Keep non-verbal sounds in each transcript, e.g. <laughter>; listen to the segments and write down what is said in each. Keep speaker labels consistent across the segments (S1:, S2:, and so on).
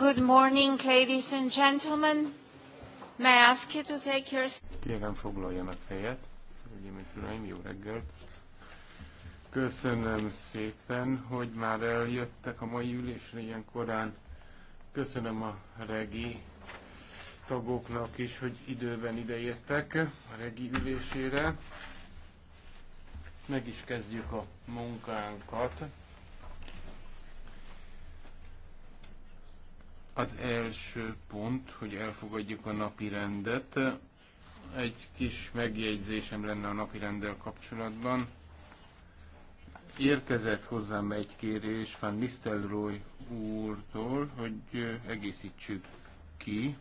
S1: Good morning, ladies and gentlemen. May I ask you to take your...
S2: Kérem foglaljanak
S1: helyet. Hölgyeim és uraim, jó reggelt. Köszönöm szépen, hogy már eljöttek a mai ülésre ilyen korán. Köszönöm a regi tagoknak is, hogy időben ideértek a regi ülésére. Meg is kezdjük a munkánkat Az első pont, hogy elfogadjuk a napi rendet. Egy kis megjegyzésem lenne a napi rendel kapcsolatban. Érkezett hozzám egy kérés Van Nistelrooy úrtól, hogy egészítsük ki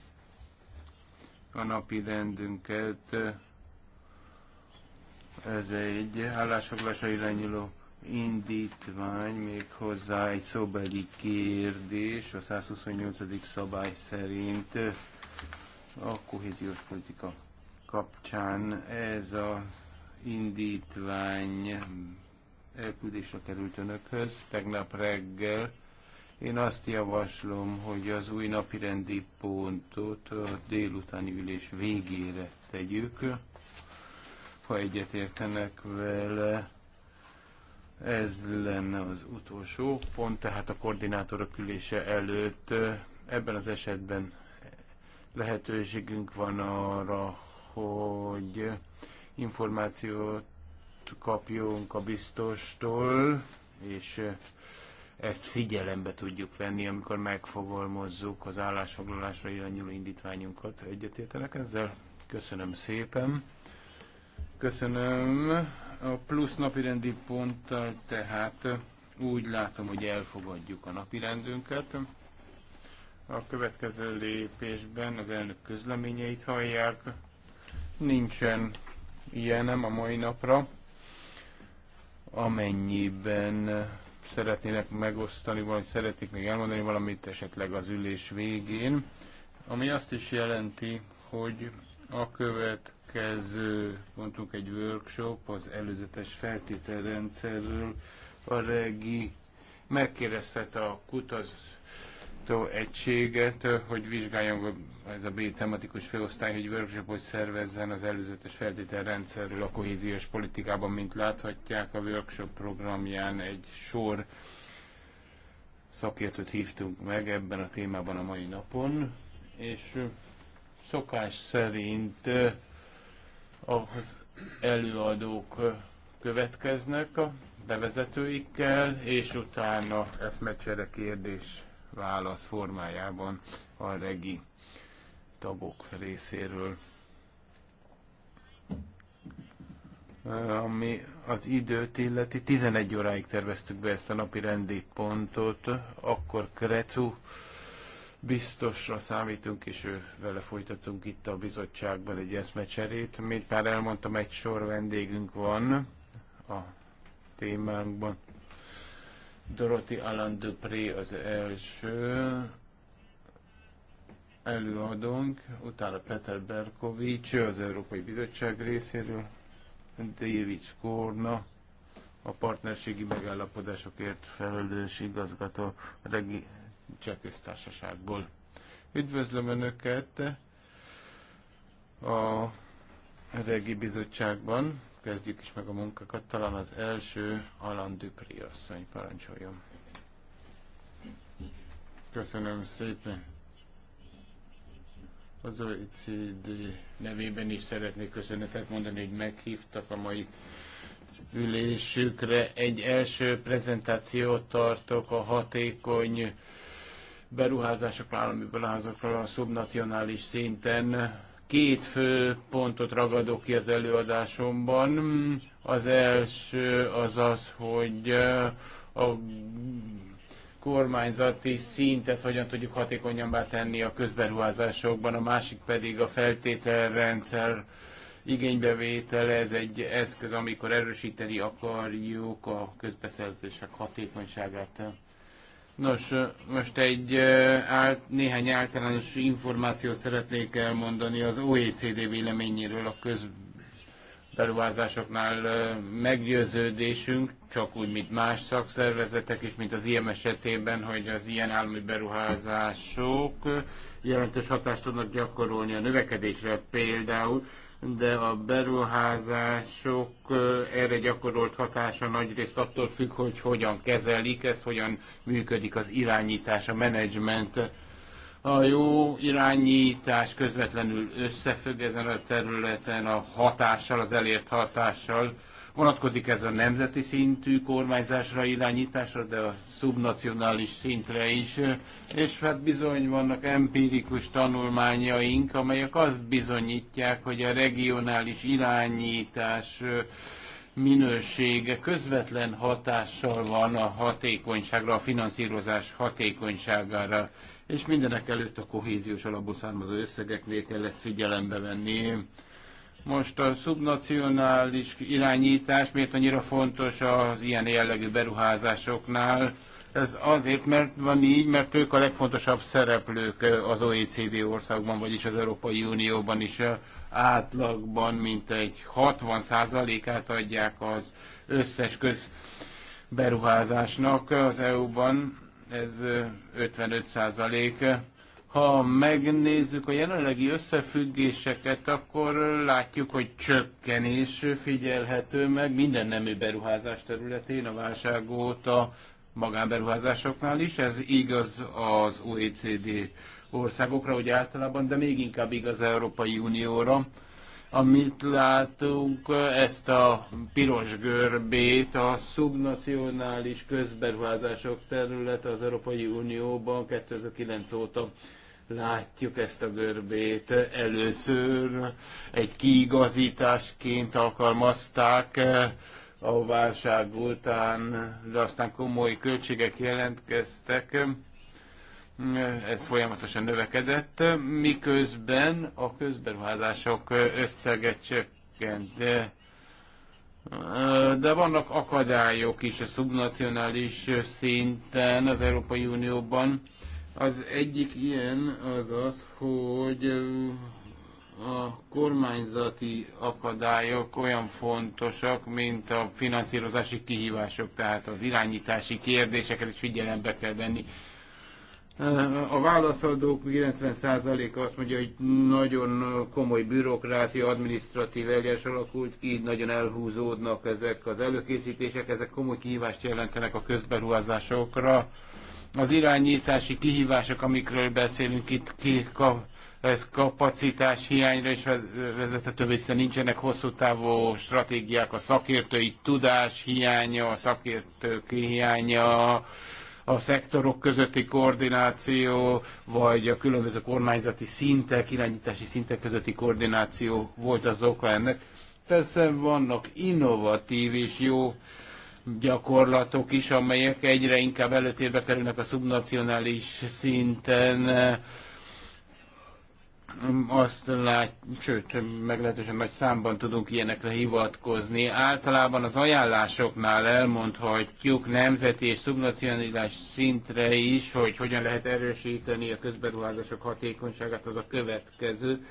S1: a napi rendünket. Ez egy állásfoglalásra irányuló indítvány, méghozzá egy szóbeli kérdés a 128. szabály szerint a kohéziós politika kapcsán ez a indítvány elküldésre került önökhöz tegnap reggel. Én azt javaslom, hogy az új napi rendi pontot a délutáni ülés végére tegyük, ha egyetértenek vele ez lenne az utolsó pont, tehát a koordinátorok ülése előtt ebben az esetben lehetőségünk van arra, hogy információt kapjunk a biztostól, és ezt figyelembe tudjuk venni, amikor megfogalmazzuk az állásfoglalásra irányuló indítványunkat. Egyetértenek ezzel? Köszönöm szépen. Köszönöm a plusz napirendi ponttal tehát úgy látom, hogy elfogadjuk a napirendünket. A következő lépésben az elnök közleményeit hallják. Nincsen ilyenem a mai napra. Amennyiben szeretnének megosztani, vagy szeretik még elmondani valamit esetleg az ülés végén, ami azt is jelenti, hogy a következő pontunk egy workshop az előzetes feltételrendszerről. A regi megkérdezte a kutató egységet, hogy vizsgáljon ez a B tematikus főosztály, hogy workshopot szervezzen az előzetes feltételrendszerről a kohéziós politikában, mint láthatják a workshop programján egy sor szakértőt hívtunk meg ebben a témában a mai napon, és Szokás szerint az előadók következnek a bevezetőikkel, és utána eszmecsere kérdés válasz formájában a regi tagok részéről. Ami az időt illeti, 11 óráig terveztük be ezt a napi rendi pontot, akkor Krecu biztosra számítunk, és ő vele folytatunk itt a bizottságban egy eszmecserét. Még pár elmondtam, egy sor vendégünk van a témánkban. Doroti Alan Dupré az első előadónk, utána Peter Berkovics az Európai Bizottság részéről, David Skorna, a partnerségi megállapodásokért felelős igazgató, regi Cseh köztársaságból. Üdvözlöm Önöket a Regi Bizottságban. Kezdjük is meg a munkakat. Talán az első Alan Dupri asszony parancsoljon. Köszönöm szépen. Az OECD nevében is szeretnék köszönetet mondani, hogy meghívtak a mai ülésükre. Egy első prezentációt tartok a hatékony beruházásokról, állami beruházásokról a szubnacionális szinten. Két fő pontot ragadok ki az előadásomban. Az első az az, hogy a kormányzati szintet hogyan tudjuk hatékonyabbá tenni a közberuházásokban, a másik pedig a feltételrendszer igénybevétele, ez egy eszköz, amikor erősíteni akarjuk a közbeszerzések hatékonyságát. Nos, most egy át, néhány általános információt szeretnék elmondani az OECD véleményéről a közberuházásoknál meggyőződésünk, csak úgy, mint más szakszervezetek is, mint az ilyen esetében, hogy az ilyen állami beruházások jelentős hatást tudnak gyakorolni a növekedésre például de a beruházások erre gyakorolt hatása nagyrészt attól függ, hogy hogyan kezelik ezt, hogyan működik az irányítás, a menedzsment. A jó irányítás közvetlenül összefügg ezen a területen a hatással, az elért hatással, Vonatkozik ez a nemzeti szintű kormányzásra, irányításra, de a szubnacionális szintre is. És hát bizony vannak empirikus tanulmányaink, amelyek azt bizonyítják, hogy a regionális irányítás minősége közvetlen hatással van a hatékonyságra, a finanszírozás hatékonyságára, és mindenek előtt a kohéziós alapból származó összegeknél kell ezt figyelembe venni. Most a szubnacionális irányítás miért annyira fontos az ilyen jellegű beruházásoknál? Ez azért, mert van így, mert ők a legfontosabb szereplők az OECD országban, vagyis az Európai Unióban is átlagban mint egy 60%-át adják az összes közberuházásnak az EU-ban, ez 55%. Ha megnézzük a jelenlegi összefüggéseket, akkor látjuk, hogy csökkenés figyelhető meg minden nemű beruházás területén a válság óta magánberuházásoknál is. Ez igaz az OECD országokra, hogy általában, de még inkább igaz Európai Unióra amit látunk, ezt a piros görbét, a szubnacionális közberuházások terület az Európai Unióban 2009 óta látjuk ezt a görbét. Először egy kiigazításként alkalmazták a válság után, de aztán komoly költségek jelentkeztek ez folyamatosan növekedett, miközben a közberuházások összege csökkent. De vannak akadályok is a szubnacionális szinten az Európai Unióban. Az egyik ilyen az az, hogy a kormányzati akadályok olyan fontosak, mint a finanszírozási kihívások, tehát az irányítási kérdéseket is figyelembe kell venni. A válaszadók 90%-a azt mondja, hogy nagyon komoly bürokrácia, administratív eljárás alakult ki, így nagyon elhúzódnak ezek az előkészítések, ezek komoly kihívást jelentenek a közberuházásokra. Az irányítási kihívások, amikről beszélünk itt, ki kap, ez kapacitás hiányra is vezethető hiszen nincsenek hosszú távú stratégiák, a szakértői tudás hiánya, a szakértők hiánya, a szektorok közötti koordináció, vagy a különböző kormányzati szintek, irányítási szintek közötti koordináció volt az oka ennek. Persze vannak innovatív és jó gyakorlatok is, amelyek egyre inkább előtérbe kerülnek a szubnacionális szinten, azt lát, sőt, meglehetősen nagy számban tudunk ilyenekre hivatkozni. Általában az ajánlásoknál elmondhatjuk nemzeti és szubnacionális szintre is, hogy hogyan lehet erősíteni a közberuházások hatékonyságát, az a következő.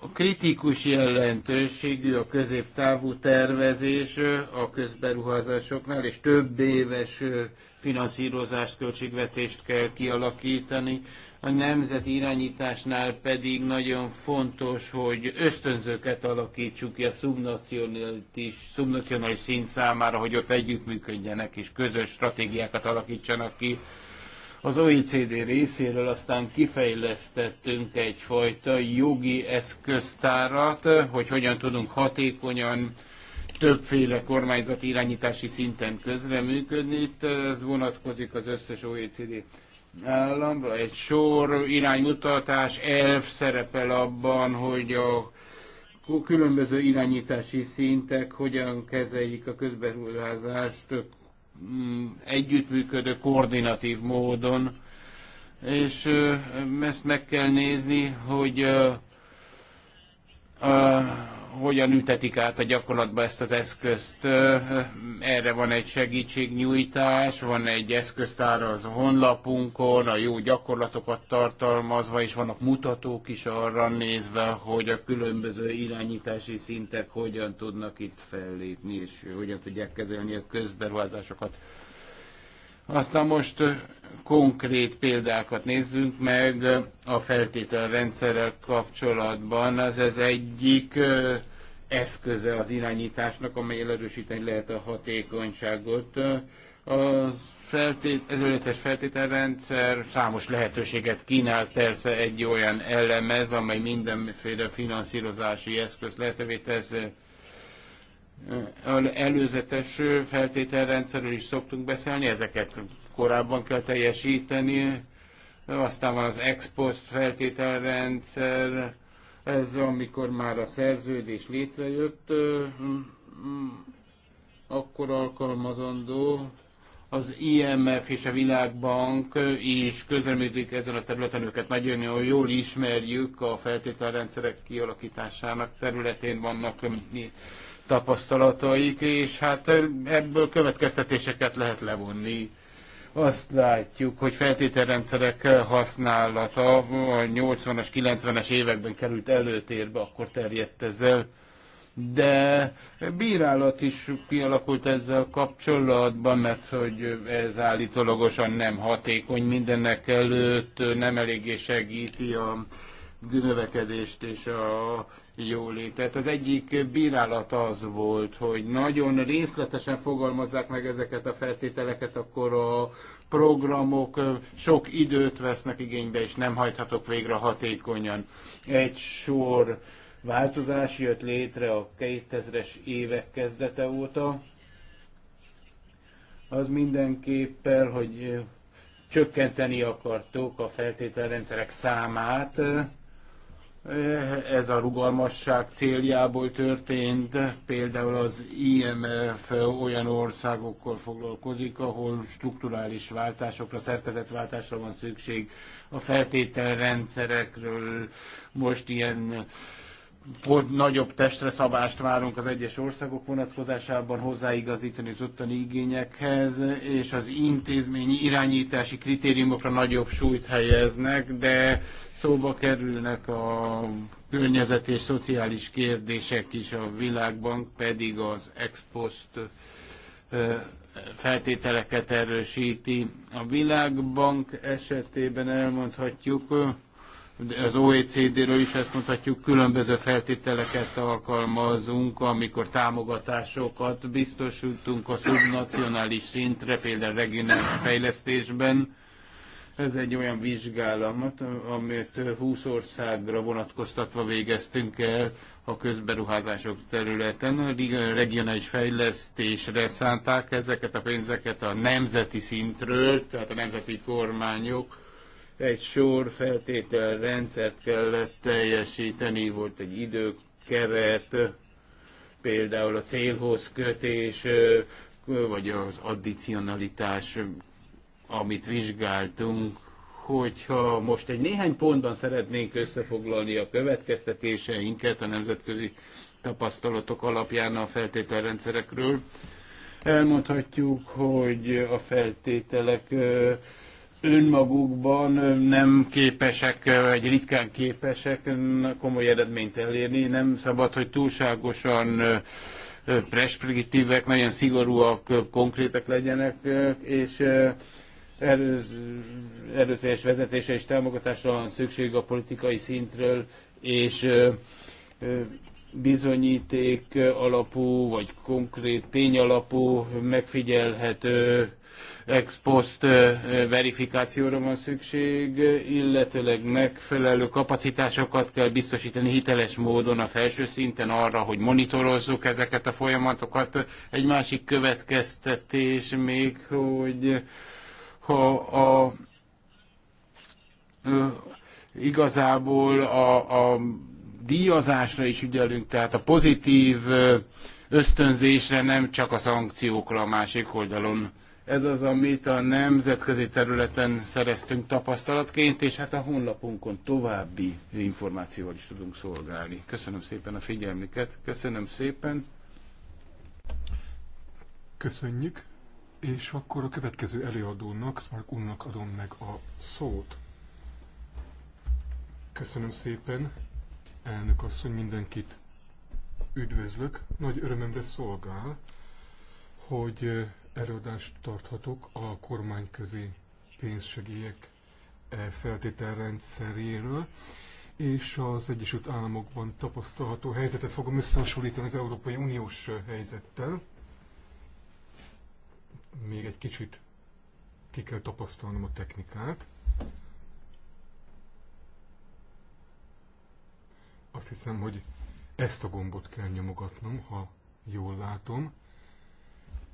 S1: A kritikus jelentőségű a középtávú tervezés a közberuházásoknál, és több éves finanszírozást, költségvetést kell kialakítani a nemzeti irányításnál pedig nagyon fontos, hogy ösztönzőket alakítsuk ki a szubnacionális szint számára, hogy ott együttműködjenek és közös stratégiákat alakítsanak ki. Az OECD részéről aztán kifejlesztettünk egyfajta jogi eszköztárat, hogy hogyan tudunk hatékonyan többféle kormányzati irányítási szinten közreműködni. Itt ez vonatkozik az összes OECD államra. Egy sor iránymutatás, elf szerepel abban, hogy a különböző irányítási szintek hogyan kezeljék a közberuházást mm, együttműködő, koordinatív módon. És ezt meg kell nézni, hogy a, a hogyan ütetik át a gyakorlatba ezt az eszközt. Erre van egy segítségnyújtás, van egy eszköztár az honlapunkon, a jó gyakorlatokat tartalmazva, és vannak mutatók is arra nézve, hogy a különböző irányítási szintek hogyan tudnak itt fellépni, és hogyan tudják kezelni a közberuházásokat. Aztán most konkrét példákat nézzünk meg a feltételrendszerrel kapcsolatban. Az ez egyik eszköze az irányításnak, amely erősíteni lehet a hatékonyságot. A feltét, ez feltételrendszer számos lehetőséget kínál, persze egy olyan elemez, amely mindenféle finanszírozási eszköz lehetővé tesz, előzetes feltételrendszerről is szoktunk beszélni, ezeket korábban kell teljesíteni, aztán van az ex post feltételrendszer, ez amikor már a szerződés létrejött, akkor alkalmazandó, az IMF és a Világbank is közreműködik ezen a területen, őket nagyon jól ismerjük, a feltételrendszerek kialakításának területén vannak tapasztalataik, és hát ebből következtetéseket lehet levonni. Azt látjuk, hogy feltételrendszerek használata a 80-as, 90-es években került előtérbe, akkor terjedt ezzel de bírálat is kialakult ezzel kapcsolatban, mert hogy ez állítólagosan nem hatékony mindennek előtt, nem eléggé segíti a növekedést és a jólétet. Az egyik bírálat az volt, hogy nagyon részletesen fogalmazzák meg ezeket a feltételeket, akkor a programok sok időt vesznek igénybe, és nem hajthatok végre hatékonyan. Egy sor változás jött létre a 2000-es évek kezdete óta. Az mindenképpen, hogy csökkenteni akartuk a feltételrendszerek számát, ez a rugalmasság céljából történt, például az IMF olyan országokkal foglalkozik, ahol strukturális váltásokra, szerkezetváltásra van szükség. A feltételrendszerekről most ilyen nagyobb testre szabást várunk az egyes országok vonatkozásában hozzáigazítani az ottani igényekhez, és az intézményi irányítási kritériumokra nagyobb súlyt helyeznek, de szóba kerülnek a környezet és szociális kérdések is, a világbank pedig az expost feltételeket erősíti. A világbank esetében elmondhatjuk, az OECD-ről is ezt mondhatjuk, különböző feltételeket alkalmazunk, amikor támogatásokat biztosítunk a szubnacionális szintre, például regionális fejlesztésben. Ez egy olyan vizsgálat, amit 20 országra vonatkoztatva végeztünk el a közberuházások területen. A regionális fejlesztésre szánták ezeket a pénzeket a nemzeti szintről, tehát a nemzeti kormányok egy sor rendszert kellett teljesíteni, volt egy időkeret, például a célhoz kötés, vagy az addicionalitás, amit vizsgáltunk, hogyha most egy néhány pontban szeretnénk összefoglalni a következtetéseinket a nemzetközi tapasztalatok alapján a feltételrendszerekről, elmondhatjuk, hogy a feltételek önmagukban nem képesek, vagy ritkán képesek komoly eredményt elérni. Nem szabad, hogy túlságosan preskriptívek, nagyon szigorúak, konkrétek legyenek, és erőteljes vezetése és támogatásra van szükség a politikai szintről, és bizonyíték alapú, vagy konkrét tény alapú, megfigyelhető ex post verifikációra van szükség, illetőleg megfelelő kapacitásokat kell biztosítani hiteles módon a felső szinten arra, hogy monitorozzuk ezeket a folyamatokat. Egy másik következtetés még, hogy ha a, a igazából a, a díjazásra is ügyelünk, tehát a pozitív ösztönzésre, nem csak a szankciókra a másik oldalon. Ez az, amit a nemzetközi területen szereztünk tapasztalatként, és hát a honlapunkon további információval is tudunk szolgálni. Köszönöm szépen a figyelmüket, köszönöm szépen.
S2: Köszönjük, és akkor a következő előadónak, Szmark Unnak adom meg a szót. Köszönöm szépen. Elnök asszony, mindenkit üdvözlök. Nagy örömömre szolgál, hogy előadást tarthatok a kormányközi pénzsegélyek e, feltételrendszeréről, és az Egyesült Államokban tapasztalható helyzetet fogom összehasonlítani az Európai Uniós helyzettel. Még egy kicsit ki kell tapasztalnom a technikát. Azt hiszem, hogy ezt a gombot kell nyomogatnom, ha jól látom.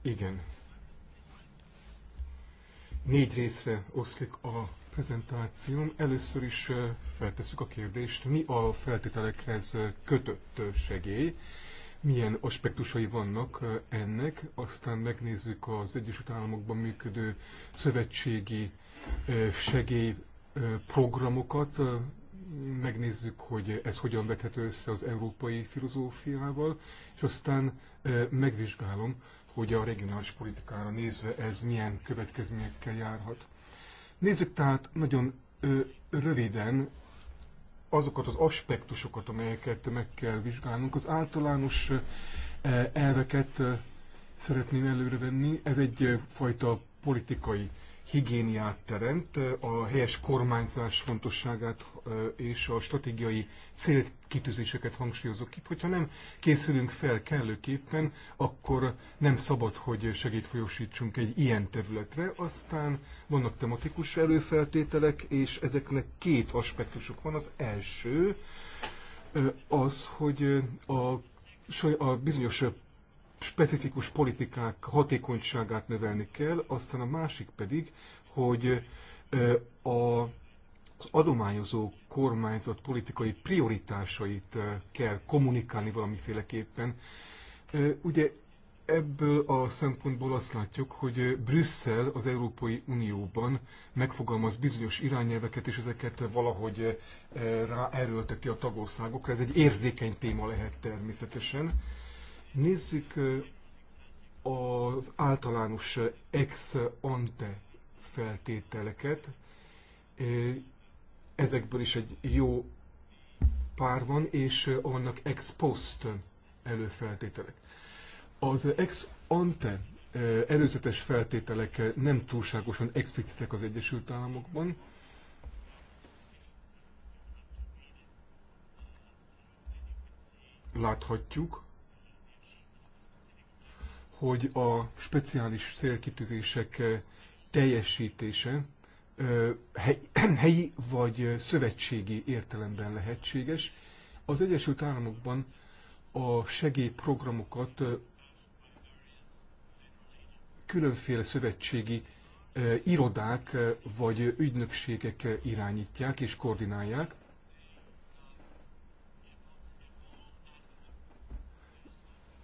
S2: Igen. Négy részre oszlik a prezentációm. Először is feltesszük a kérdést, mi a feltételekhez kötött segély, milyen aspektusai vannak ennek, aztán megnézzük az Egyesült Államokban működő szövetségi programokat megnézzük, hogy ez hogyan vethető össze az európai filozófiával, és aztán eh, megvizsgálom, hogy a regionális politikára nézve ez milyen következményekkel járhat. Nézzük tehát nagyon röviden azokat az aspektusokat, amelyeket meg kell vizsgálnunk. Az általános eh, elveket eh, szeretném előrevenni. Ez egyfajta politikai higiéniát teremt, a helyes kormányzás fontosságát és a stratégiai célkitűzéseket hangsúlyozok itt. Hogyha nem készülünk fel kellőképpen, akkor nem szabad, hogy segít egy ilyen területre. Aztán vannak tematikus előfeltételek, és ezeknek két aspektusuk van. Az első az, hogy a, a bizonyos specifikus politikák hatékonyságát növelni kell, aztán a másik pedig, hogy a az adományozó kormányzat politikai prioritásait kell kommunikálni valamiféleképpen. Ugye ebből a szempontból azt látjuk, hogy Brüsszel az Európai Unióban megfogalmaz bizonyos irányelveket, és ezeket valahogy ráerőlteti a tagországokra. Ez egy érzékeny téma lehet természetesen Nézzük az általános ex ante feltételeket. Ezekből is egy jó pár van, és vannak ex post előfeltételek. Az ex ante előzetes feltételek nem túlságosan explicitek az Egyesült Államokban. Láthatjuk, hogy a speciális célkitűzések teljesítése <clears throat> helyi vagy szövetségi értelemben lehetséges. Az Egyesült Államokban a segélyprogramokat különféle szövetségi irodák vagy ügynökségek irányítják és koordinálják.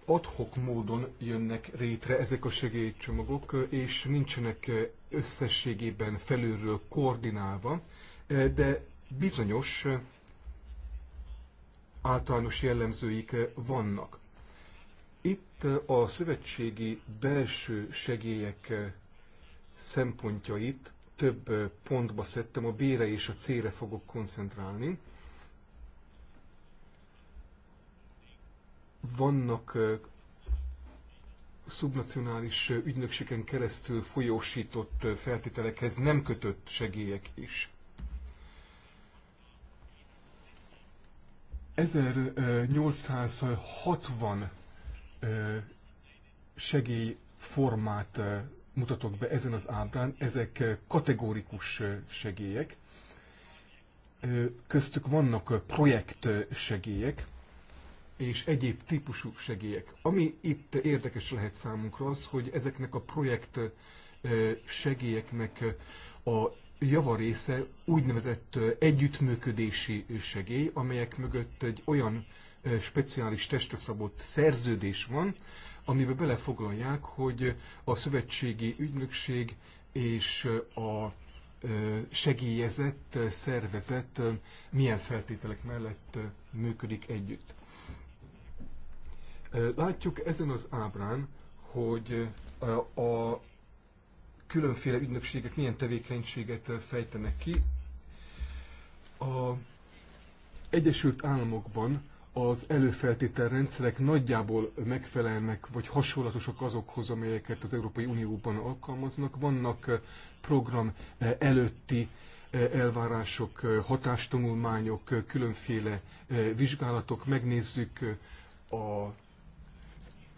S2: adhok módon jönnek rétre ezek a segélycsomagok, és nincsenek összességében felülről koordinálva, de bizonyos általános jellemzőik vannak. Itt a szövetségi belső segélyek szempontjait több pontba szedtem, a bére és a célra fogok koncentrálni. vannak szubnacionális ügynökségen keresztül folyósított feltételekhez nem kötött segélyek is. 1860 segélyformát mutatok be ezen az ábrán, ezek kategórikus segélyek. Köztük vannak projekt segélyek, és egyéb típusú segélyek. Ami itt érdekes lehet számunkra az, hogy ezeknek a projekt segélyeknek a javarésze úgynevezett együttműködési segély, amelyek mögött egy olyan speciális testre szabott szerződés van, amiben belefoglalják, hogy a szövetségi ügynökség és a segélyezett szervezet milyen feltételek mellett működik együtt. Látjuk ezen az ábrán, hogy a különféle ügynökségek milyen tevékenységet fejtenek ki. Az Egyesült Államokban az rendszerek nagyjából megfelelnek, vagy hasonlatosak azokhoz, amelyeket az Európai Unióban alkalmaznak. Vannak program előtti elvárások, hatástanulmányok, különféle vizsgálatok, megnézzük a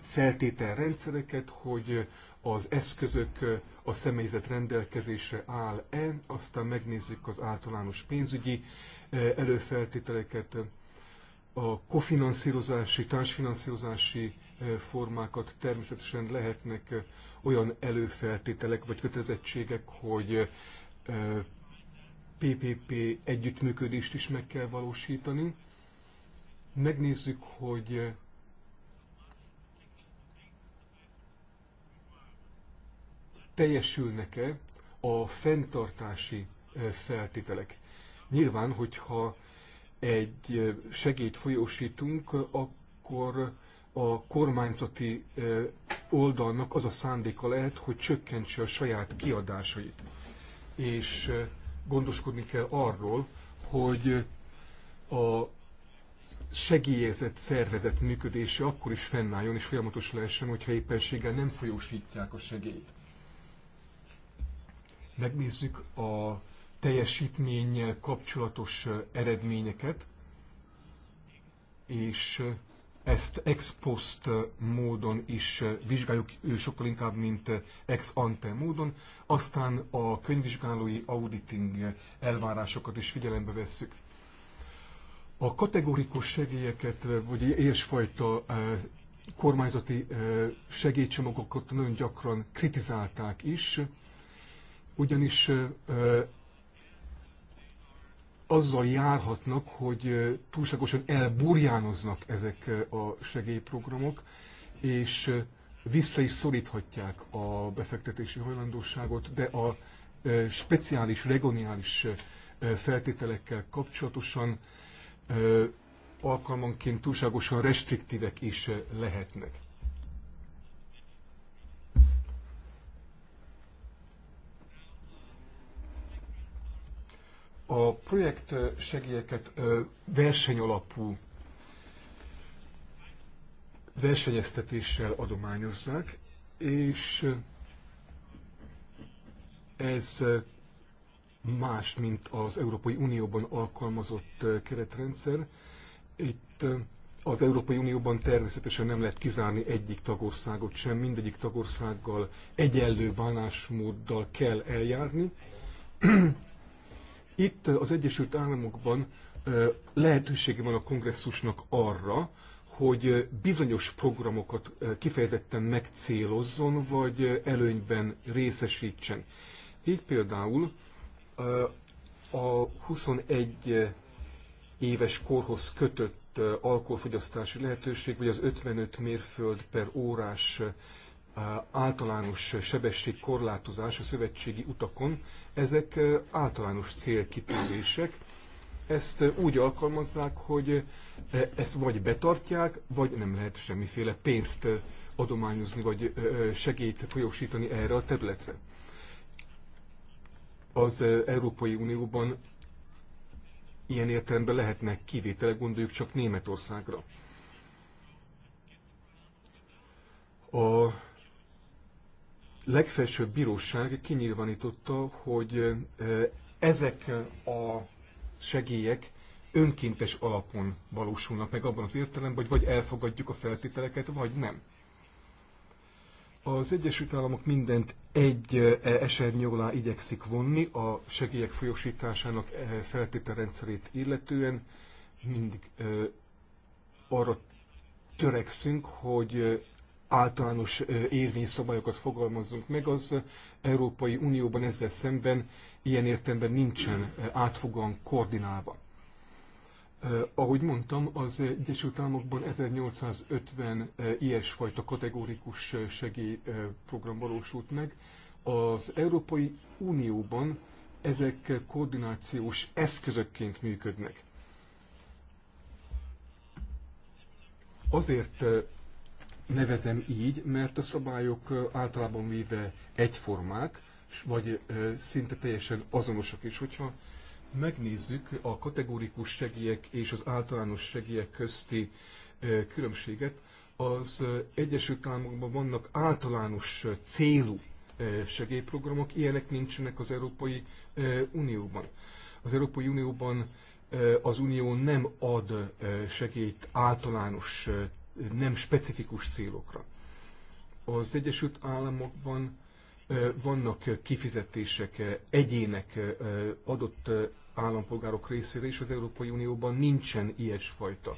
S2: feltételrendszereket, hogy az eszközök a személyzet rendelkezésre áll-e, aztán megnézzük az általános pénzügyi eh, előfeltételeket, a kofinanszírozási, társfinanszírozási eh, formákat természetesen lehetnek eh, olyan előfeltételek vagy kötelezettségek, hogy PPP együttműködést is meg kell valósítani. Megnézzük, hogy teljesülnek-e a fenntartási feltételek. Nyilván, hogyha egy segélyt folyósítunk, akkor a kormányzati oldalnak az a szándéka lehet, hogy csökkentse a saját kiadásait. És gondoskodni kell arról, hogy a segélyezett szervezet működése akkor is fennálljon és folyamatos lehessen, hogyha éppenséggel nem folyósítják a segélyt megnézzük a teljesítménnyel kapcsolatos eredményeket, és ezt ex post módon is vizsgáljuk sokkal inkább, mint ex ante módon. Aztán a könyvvizsgálói auditing elvárásokat is figyelembe vesszük. A kategórikus segélyeket, vagy ilyesfajta kormányzati segélycsomagokat nagyon gyakran kritizálták is ugyanis azzal járhatnak, hogy túlságosan elburjánoznak ezek a segélyprogramok, és vissza is szoríthatják a befektetési hajlandóságot, de a speciális, regionális feltételekkel kapcsolatosan alkalmanként túlságosan restriktívek is lehetnek. a projekt segélyeket versenyalapú versenyeztetéssel adományozzák, és ez más, mint az Európai Unióban alkalmazott keretrendszer. Itt az Európai Unióban természetesen nem lehet kizárni egyik tagországot sem, mindegyik tagországgal egyenlő bánásmóddal kell eljárni. Itt az Egyesült Államokban lehetősége van a kongresszusnak arra, hogy bizonyos programokat kifejezetten megcélozzon, vagy előnyben részesítsen. Így például a 21 éves korhoz kötött alkoholfogyasztási lehetőség, vagy az 55 mérföld per órás általános sebességkorlátozás a szövetségi utakon, ezek általános célkitűzések. Ezt úgy alkalmazzák, hogy ezt vagy betartják, vagy nem lehet semmiféle pénzt adományozni, vagy segélyt folyósítani erre a területre. Az Európai Unióban ilyen értelemben lehetnek kivételek, gondoljuk csak Németországra. A legfelsőbb bíróság kinyilvánította, hogy ezek a segélyek önkéntes alapon valósulnak meg abban az értelemben, hogy vagy elfogadjuk a feltételeket, vagy nem. Az Egyesült Államok mindent egy esernyő alá igyekszik vonni a segélyek folyosításának feltételrendszerét illetően. Mindig arra törekszünk, hogy általános érvényszabályokat fogalmazzunk meg, az Európai Unióban ezzel szemben ilyen értelemben nincsen átfogóan koordinálva. Ahogy mondtam, az Egyesült Államokban 1850 ilyesfajta kategórikus segélyprogram valósult meg. Az Európai Unióban ezek koordinációs eszközökként működnek. Azért nevezem így, mert a szabályok általában véve egyformák, vagy szinte teljesen azonosak is. Hogyha megnézzük a kategórikus segélyek és az általános segélyek közti különbséget, az Egyesült Államokban vannak általános célú segélyprogramok, ilyenek nincsenek az Európai Unióban. Az Európai Unióban az Unió nem ad segélyt általános nem specifikus célokra. Az Egyesült Államokban vannak kifizetések egyének adott állampolgárok részére, és az Európai Unióban nincsen ilyesfajta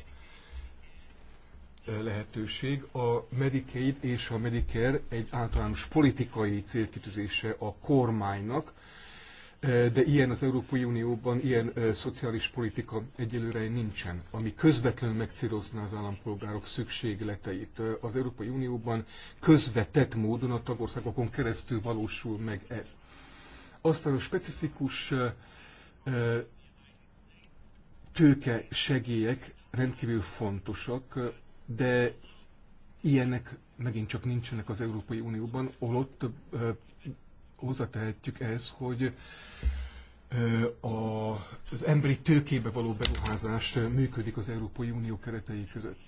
S2: lehetőség. A Medicaid és a Medicare egy általános politikai célkitűzése a kormánynak, de ilyen az Európai Unióban, ilyen szociális politika egyelőre nincsen, ami közvetlenül megcélozná az állampolgárok szükségleteit. Az Európai Unióban közvetett módon a tagországokon keresztül valósul meg ez. Aztán a specifikus tőke segélyek rendkívül fontosak, de ilyenek megint csak nincsenek az Európai Unióban, holott hozzátehetjük ez, hogy a, az emberi tőkébe való beruházás működik az Európai Unió keretei között.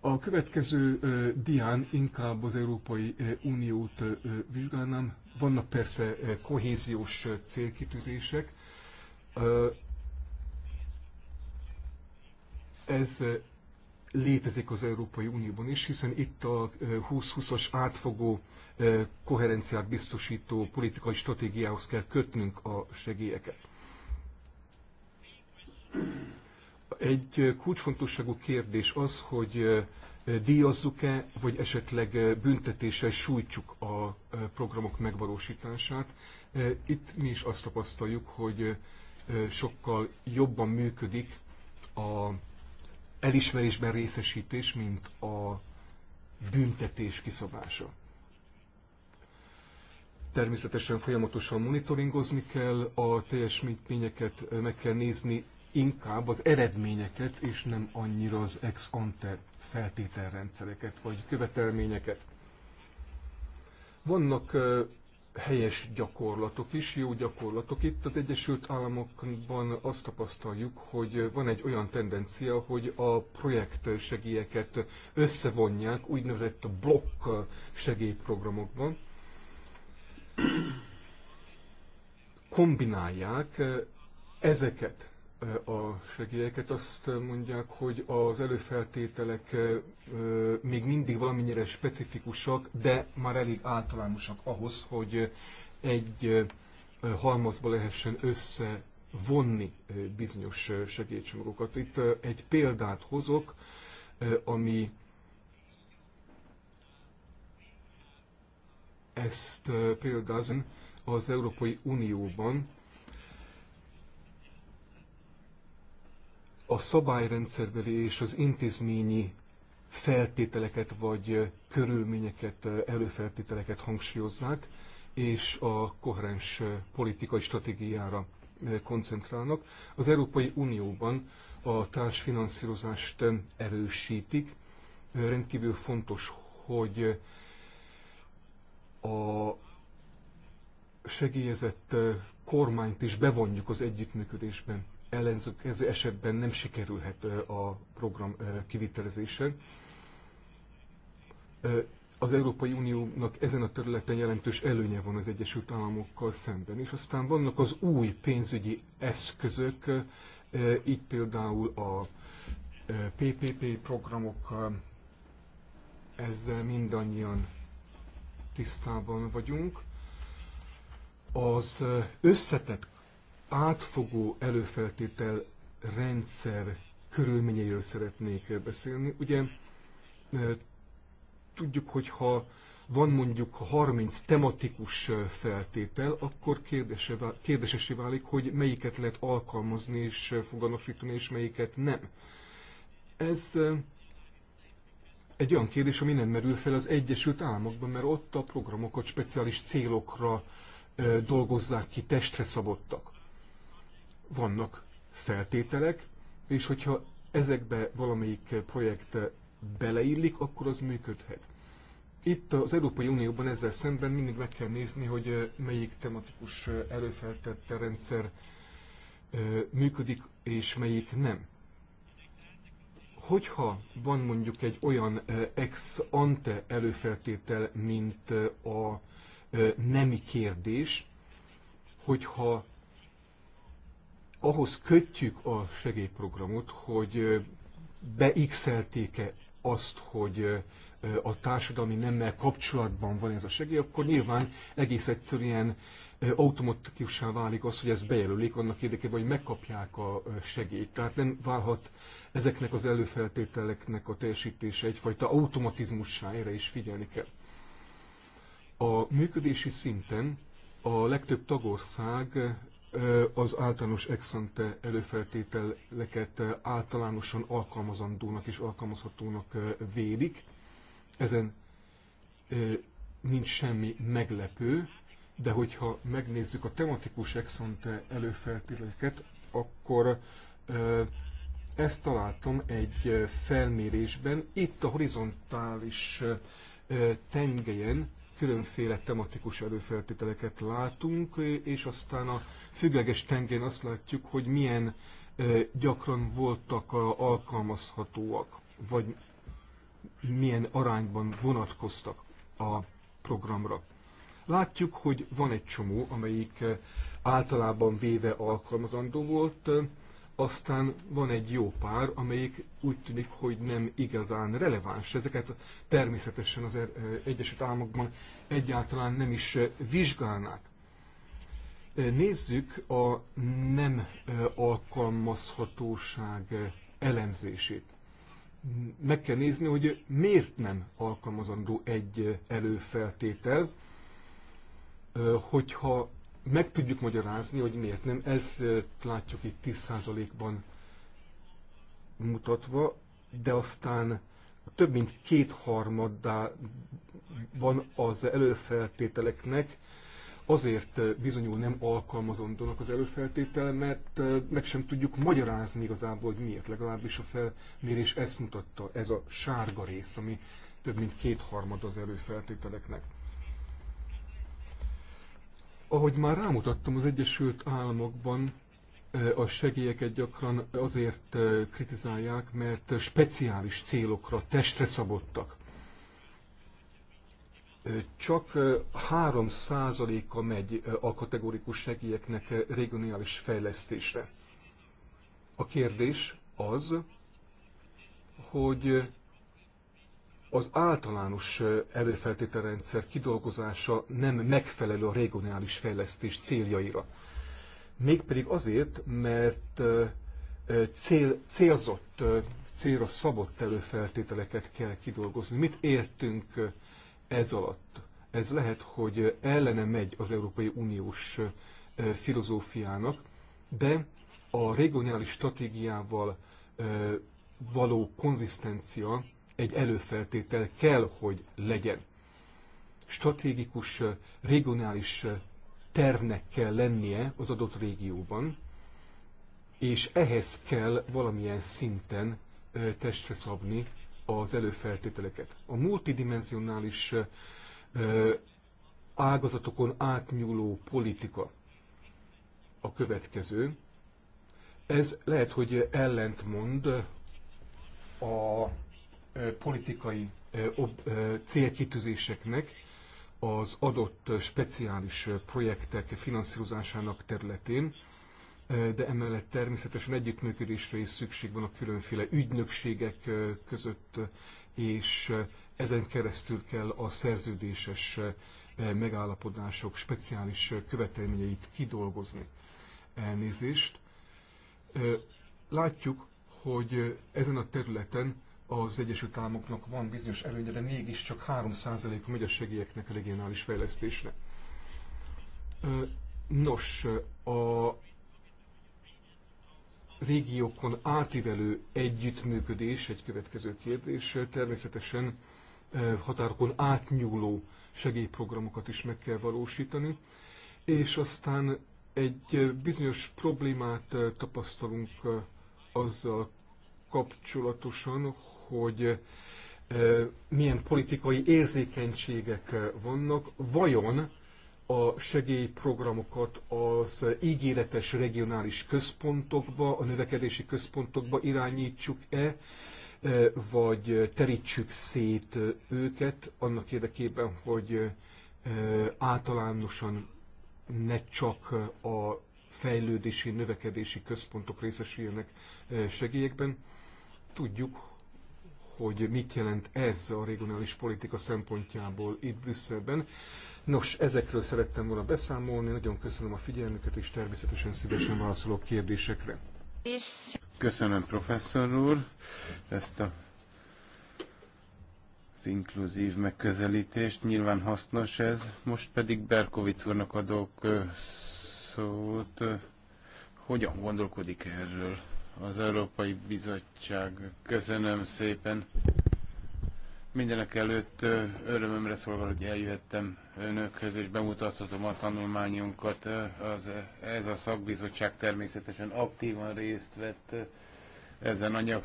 S2: A következő dián inkább az Európai Uniót vizsgálnám. Vannak persze kohéziós célkitűzések. Ez létezik az Európai Unióban is, hiszen itt a 2020-as átfogó koherenciát biztosító politikai stratégiához kell kötnünk a segélyeket. Egy kulcsfontosságú kérdés az, hogy díjazzuk-e, vagy esetleg büntetéssel sújtsuk a programok megvalósítását. Itt mi is azt tapasztaljuk, hogy sokkal jobban működik a elismerésben részesítés, mint a büntetés kiszabása. Természetesen folyamatosan monitoringozni kell, a teljes mintményeket, meg kell nézni, inkább az eredményeket, és nem annyira az ex ante feltételrendszereket vagy követelményeket. Vannak helyes gyakorlatok is, jó gyakorlatok. Itt az Egyesült Államokban azt tapasztaljuk, hogy van egy olyan tendencia, hogy a projekt segélyeket összevonják úgynevezett blokk segélyprogramokban. Kombinálják ezeket a segélyeket, azt mondják, hogy az előfeltételek még mindig valamennyire specifikusak, de már elég általánosak ahhoz, hogy egy halmazba lehessen összevonni bizonyos segélycsomagokat. Itt egy példát hozok, ami ezt példázom az Európai Unióban a szabályrendszerbeli és az intézményi feltételeket vagy körülményeket, előfeltételeket hangsúlyoznák, és a koherens politikai stratégiára koncentrálnak. Az Európai Unióban a társfinanszírozást erősítik. Rendkívül fontos, hogy a segélyezett kormányt is bevonjuk az együttműködésben ellenző esetben nem sikerülhet a program kivitelezése. Az Európai Uniónak ezen a területen jelentős előnye van az Egyesült Államokkal szemben, és aztán vannak az új pénzügyi eszközök, így például a PPP programok, ezzel mindannyian tisztában vagyunk. Az összetett átfogó előfeltétel rendszer körülményeiről szeretnék beszélni. Ugye tudjuk, hogy ha van mondjuk 30 tematikus feltétel, akkor kérdésesé válik, hogy melyiket lehet alkalmazni és foganosítani, és melyiket nem. Ez egy olyan kérdés, ami nem merül fel az Egyesült Államokban, mert ott a programokat speciális célokra dolgozzák ki, testre szabottak vannak feltételek, és hogyha ezekbe valamelyik projekt beleillik, akkor az működhet. Itt az Európai Unióban ezzel szemben mindig meg kell nézni, hogy melyik tematikus előfeltette rendszer működik, és melyik nem. Hogyha van mondjuk egy olyan ex ante előfeltétel, mint a nemi kérdés, hogyha ahhoz kötjük a segélyprogramot, hogy beixelték-e azt, hogy a társadalmi nemmel kapcsolatban van ez a segély, akkor nyilván egész egyszerűen automatikusan válik az, hogy ezt bejelölik annak érdekében, hogy megkapják a segélyt. Tehát nem válhat ezeknek az előfeltételeknek a teljesítése egyfajta automatizmussá, erre is figyelni kell. A működési szinten a legtöbb tagország az általános exante előfeltételeket általánosan alkalmazandónak és alkalmazhatónak védik. Ezen nincs semmi meglepő, de hogyha megnézzük a tematikus exante előfeltételeket, akkor ezt találtam egy felmérésben, itt a horizontális tengelyen különféle tematikus előfeltételeket látunk, és aztán a függleges tengén azt látjuk, hogy milyen gyakran voltak alkalmazhatóak, vagy milyen arányban vonatkoztak a programra. Látjuk, hogy van egy csomó, amelyik általában véve alkalmazandó volt, aztán van egy jó pár, amelyik úgy tűnik, hogy nem igazán releváns. Ezeket természetesen az Egyesült Államokban egyáltalán nem is vizsgálnák. Nézzük a nem alkalmazhatóság elemzését. Meg kell nézni, hogy miért nem alkalmazandó egy előfeltétel, hogyha meg tudjuk magyarázni, hogy miért nem. Ez látjuk itt 10%-ban mutatva, de aztán több mint van az előfeltételeknek azért bizonyul nem alkalmazandónak az előfeltétel, mert meg sem tudjuk magyarázni igazából, hogy miért. Legalábbis a felmérés ezt mutatta, ez a sárga rész, ami több mint kétharmad az előfeltételeknek. Ahogy már rámutattam, az Egyesült Államokban a segélyeket gyakran azért kritizálják, mert speciális célokra testre szabottak. Csak 3%-a megy a kategorikus segélyeknek regionális fejlesztésre. A kérdés az, hogy az általános előfeltételrendszer kidolgozása nem megfelelő a regionális fejlesztés céljaira. Mégpedig azért, mert cél, célzott, célra szabott előfeltételeket kell kidolgozni. Mit értünk ez alatt? Ez lehet, hogy ellene megy az Európai Uniós filozófiának, de a regionális stratégiával való konzisztencia egy előfeltétel kell, hogy legyen. Stratégikus, regionális tervnek kell lennie az adott régióban, és ehhez kell valamilyen szinten testre szabni az előfeltételeket. A multidimensionális ágazatokon átnyúló politika a következő. Ez lehet, hogy ellentmond a politikai célkitűzéseknek az adott speciális projektek finanszírozásának területén, de emellett természetesen együttműködésre is szükség van a különféle ügynökségek között, és ezen keresztül kell a szerződéses megállapodások speciális követelményeit kidolgozni. Elnézést. Látjuk, hogy ezen a területen az Egyesült Államoknak van bizonyos előnye, de csak 3% megy a segélyeknek a regionális fejlesztésre. Nos, a régiókon átívelő együttműködés egy következő kérdés. Természetesen határokon átnyúló segélyprogramokat is meg kell valósítani, és aztán egy bizonyos problémát tapasztalunk azzal kapcsolatosan, hogy e, milyen politikai érzékenységek vannak, vajon a segélyprogramokat az ígéretes regionális központokba, a növekedési központokba irányítsuk-e, e, vagy terítsük szét őket annak érdekében, hogy e, általánosan ne csak a fejlődési, növekedési központok részesüljenek segélyekben tudjuk, hogy mit jelent ez a regionális politika szempontjából itt Brüsszelben. Nos, ezekről szerettem volna beszámolni, nagyon köszönöm a figyelmüket, és természetesen szívesen válaszolok kérdésekre.
S1: Köszönöm, professzor úr, ezt a, az inkluzív megközelítést. Nyilván hasznos ez. Most pedig Berkovic úrnak adok szót. Hogyan gondolkodik erről? az Európai Bizottság. Köszönöm szépen. Mindenek előtt örömömre szolgál, hogy eljöhettem önökhöz, és bemutathatom a tanulmányunkat. Az, ez a szakbizottság természetesen aktívan részt vett ezen anyag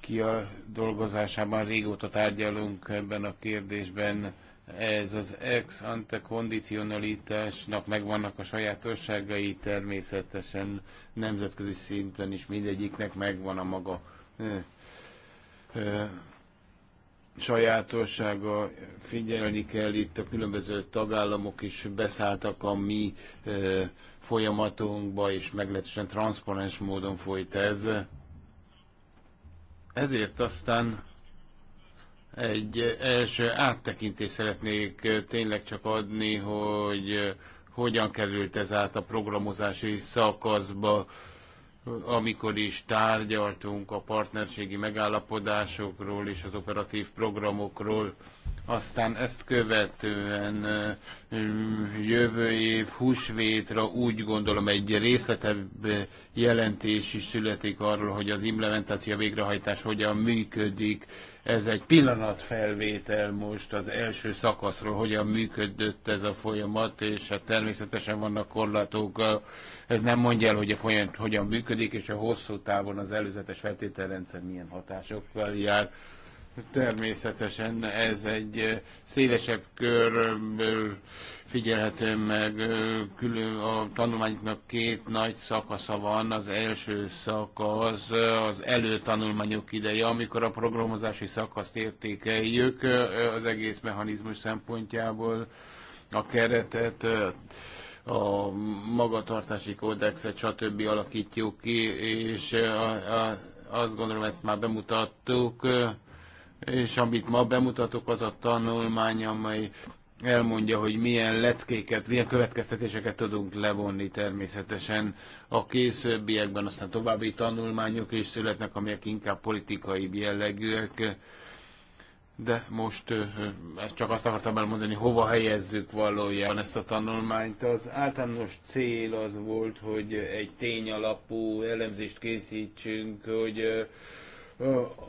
S1: ki a dolgozásában. Régóta tárgyalunk ebben a kérdésben ez az ex ante kondicionalitásnak megvannak a sajátosságai, természetesen nemzetközi szinten is mindegyiknek megvan a maga ö, ö, sajátossága. Figyelni kell, itt a különböző tagállamok is beszálltak a mi ö, folyamatunkba, és meglehetősen transzparens módon folyt ez. Ezért aztán egy első áttekintést szeretnék tényleg csak adni, hogy hogyan került ez át a programozási szakaszba, amikor is tárgyaltunk a partnerségi megállapodásokról és az operatív programokról. Aztán ezt követően jövő év húsvétra úgy gondolom egy részletebb jelentés is születik arról, hogy az implementáció végrehajtás hogyan működik, ez egy pillanatfelvétel most az első szakaszról, hogyan működött ez a folyamat, és hát természetesen vannak korlátok. Ez nem mondja el, hogy a folyamat hogyan működik, és a hosszú távon az előzetes feltételrendszer milyen hatásokkal jár. Természetesen ez egy eh, szélesebb körből figyelhető meg. Eh, külön a tanulmányoknak két nagy szakasza van. Az első szakasz eh, az előtanulmányok ideje, amikor a programozási szakaszt értékeljük az egész mechanizmus szempontjából a keretet, a magatartási kódexet, stb. alakítjuk ki, és a, a, azt gondolom, ezt már bemutattuk, és amit ma bemutatok, az a tanulmány, amely elmondja, hogy milyen leckéket, milyen következtetéseket tudunk levonni természetesen. A későbbiekben aztán további tanulmányok is születnek, amelyek inkább politikai jellegűek, de most csak azt akartam elmondani, hova helyezzük valójában ezt a tanulmányt. Az általános cél az volt, hogy egy tényalapú elemzést készítsünk, hogy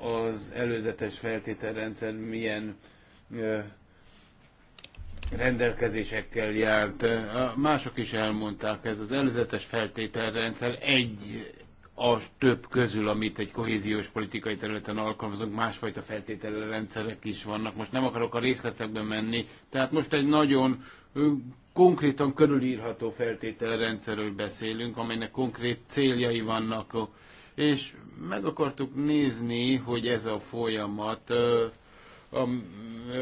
S1: az előzetes feltételrendszer milyen rendelkezésekkel járt. Mások is elmondták, ez az előzetes feltételrendszer egy a több közül, amit egy kohéziós politikai területen alkalmazunk, másfajta feltételrendszerek is vannak. Most nem akarok a részletekbe menni, tehát most egy nagyon konkrétan körülírható feltételrendszerről beszélünk, amelynek konkrét céljai vannak, és meg akartuk nézni, hogy ez a folyamat,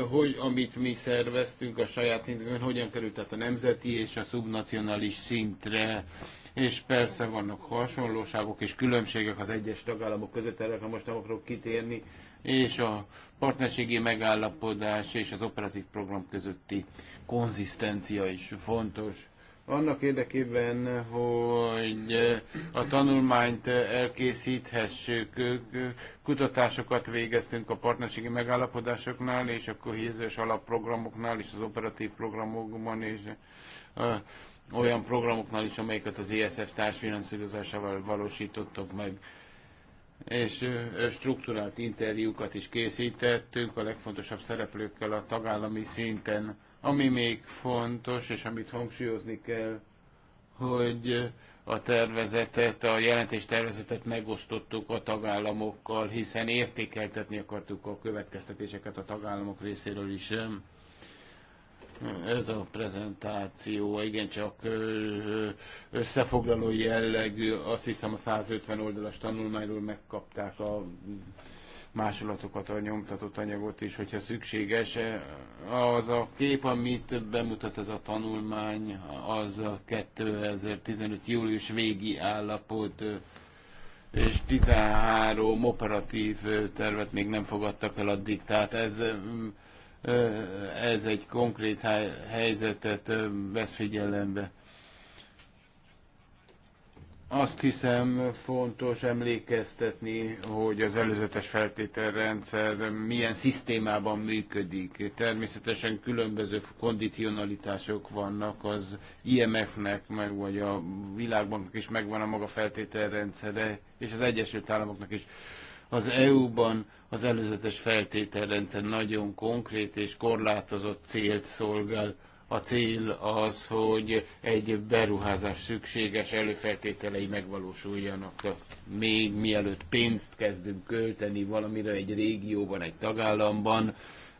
S1: hogy, amit mi szerveztünk a saját szintünkön, hogyan került tehát a nemzeti és a szubnacionális szintre, és persze vannak hasonlóságok és különbségek az egyes tagállamok között, erre most nem akarok kitérni, és a partnerségi megállapodás és az operatív program közötti konzisztencia is fontos annak érdekében, hogy a tanulmányt elkészíthessük, kutatásokat végeztünk a partnerségi megállapodásoknál, és a kohéziós alapprogramoknál, és az operatív programokban, és olyan programoknál is, amelyeket az ESF társfinanszírozásával valósítottak meg és struktúrált interjúkat is készítettünk a legfontosabb szereplőkkel a tagállami szinten ami még fontos, és amit hangsúlyozni kell, hogy a tervezetet, a jelentés tervezetet megosztottuk a tagállamokkal, hiszen értékeltetni akartuk a következtetéseket a tagállamok részéről is. Ez a prezentáció igencsak összefoglaló jellegű, azt hiszem a 150 oldalas tanulmányról megkapták a másolatokat, a nyomtatott anyagot is, hogyha szükséges. Az a kép, amit bemutat ez a tanulmány, az a 2015. július végi állapot, és 13 operatív tervet még nem fogadtak el addig. Tehát ez, ez egy konkrét helyzetet vesz figyelembe azt hiszem fontos emlékeztetni, hogy az előzetes feltételrendszer milyen szisztémában működik. Természetesen különböző kondicionalitások vannak, az IMF-nek, meg vagy a világbanknak is megvan a maga feltételrendszere, és az Egyesült Államoknak is. Az EU-ban az előzetes feltételrendszer nagyon konkrét és korlátozott célt szolgál a cél az, hogy egy beruházás szükséges előfeltételei megvalósuljanak. Még mielőtt pénzt kezdünk költeni valamire egy régióban, egy tagállamban,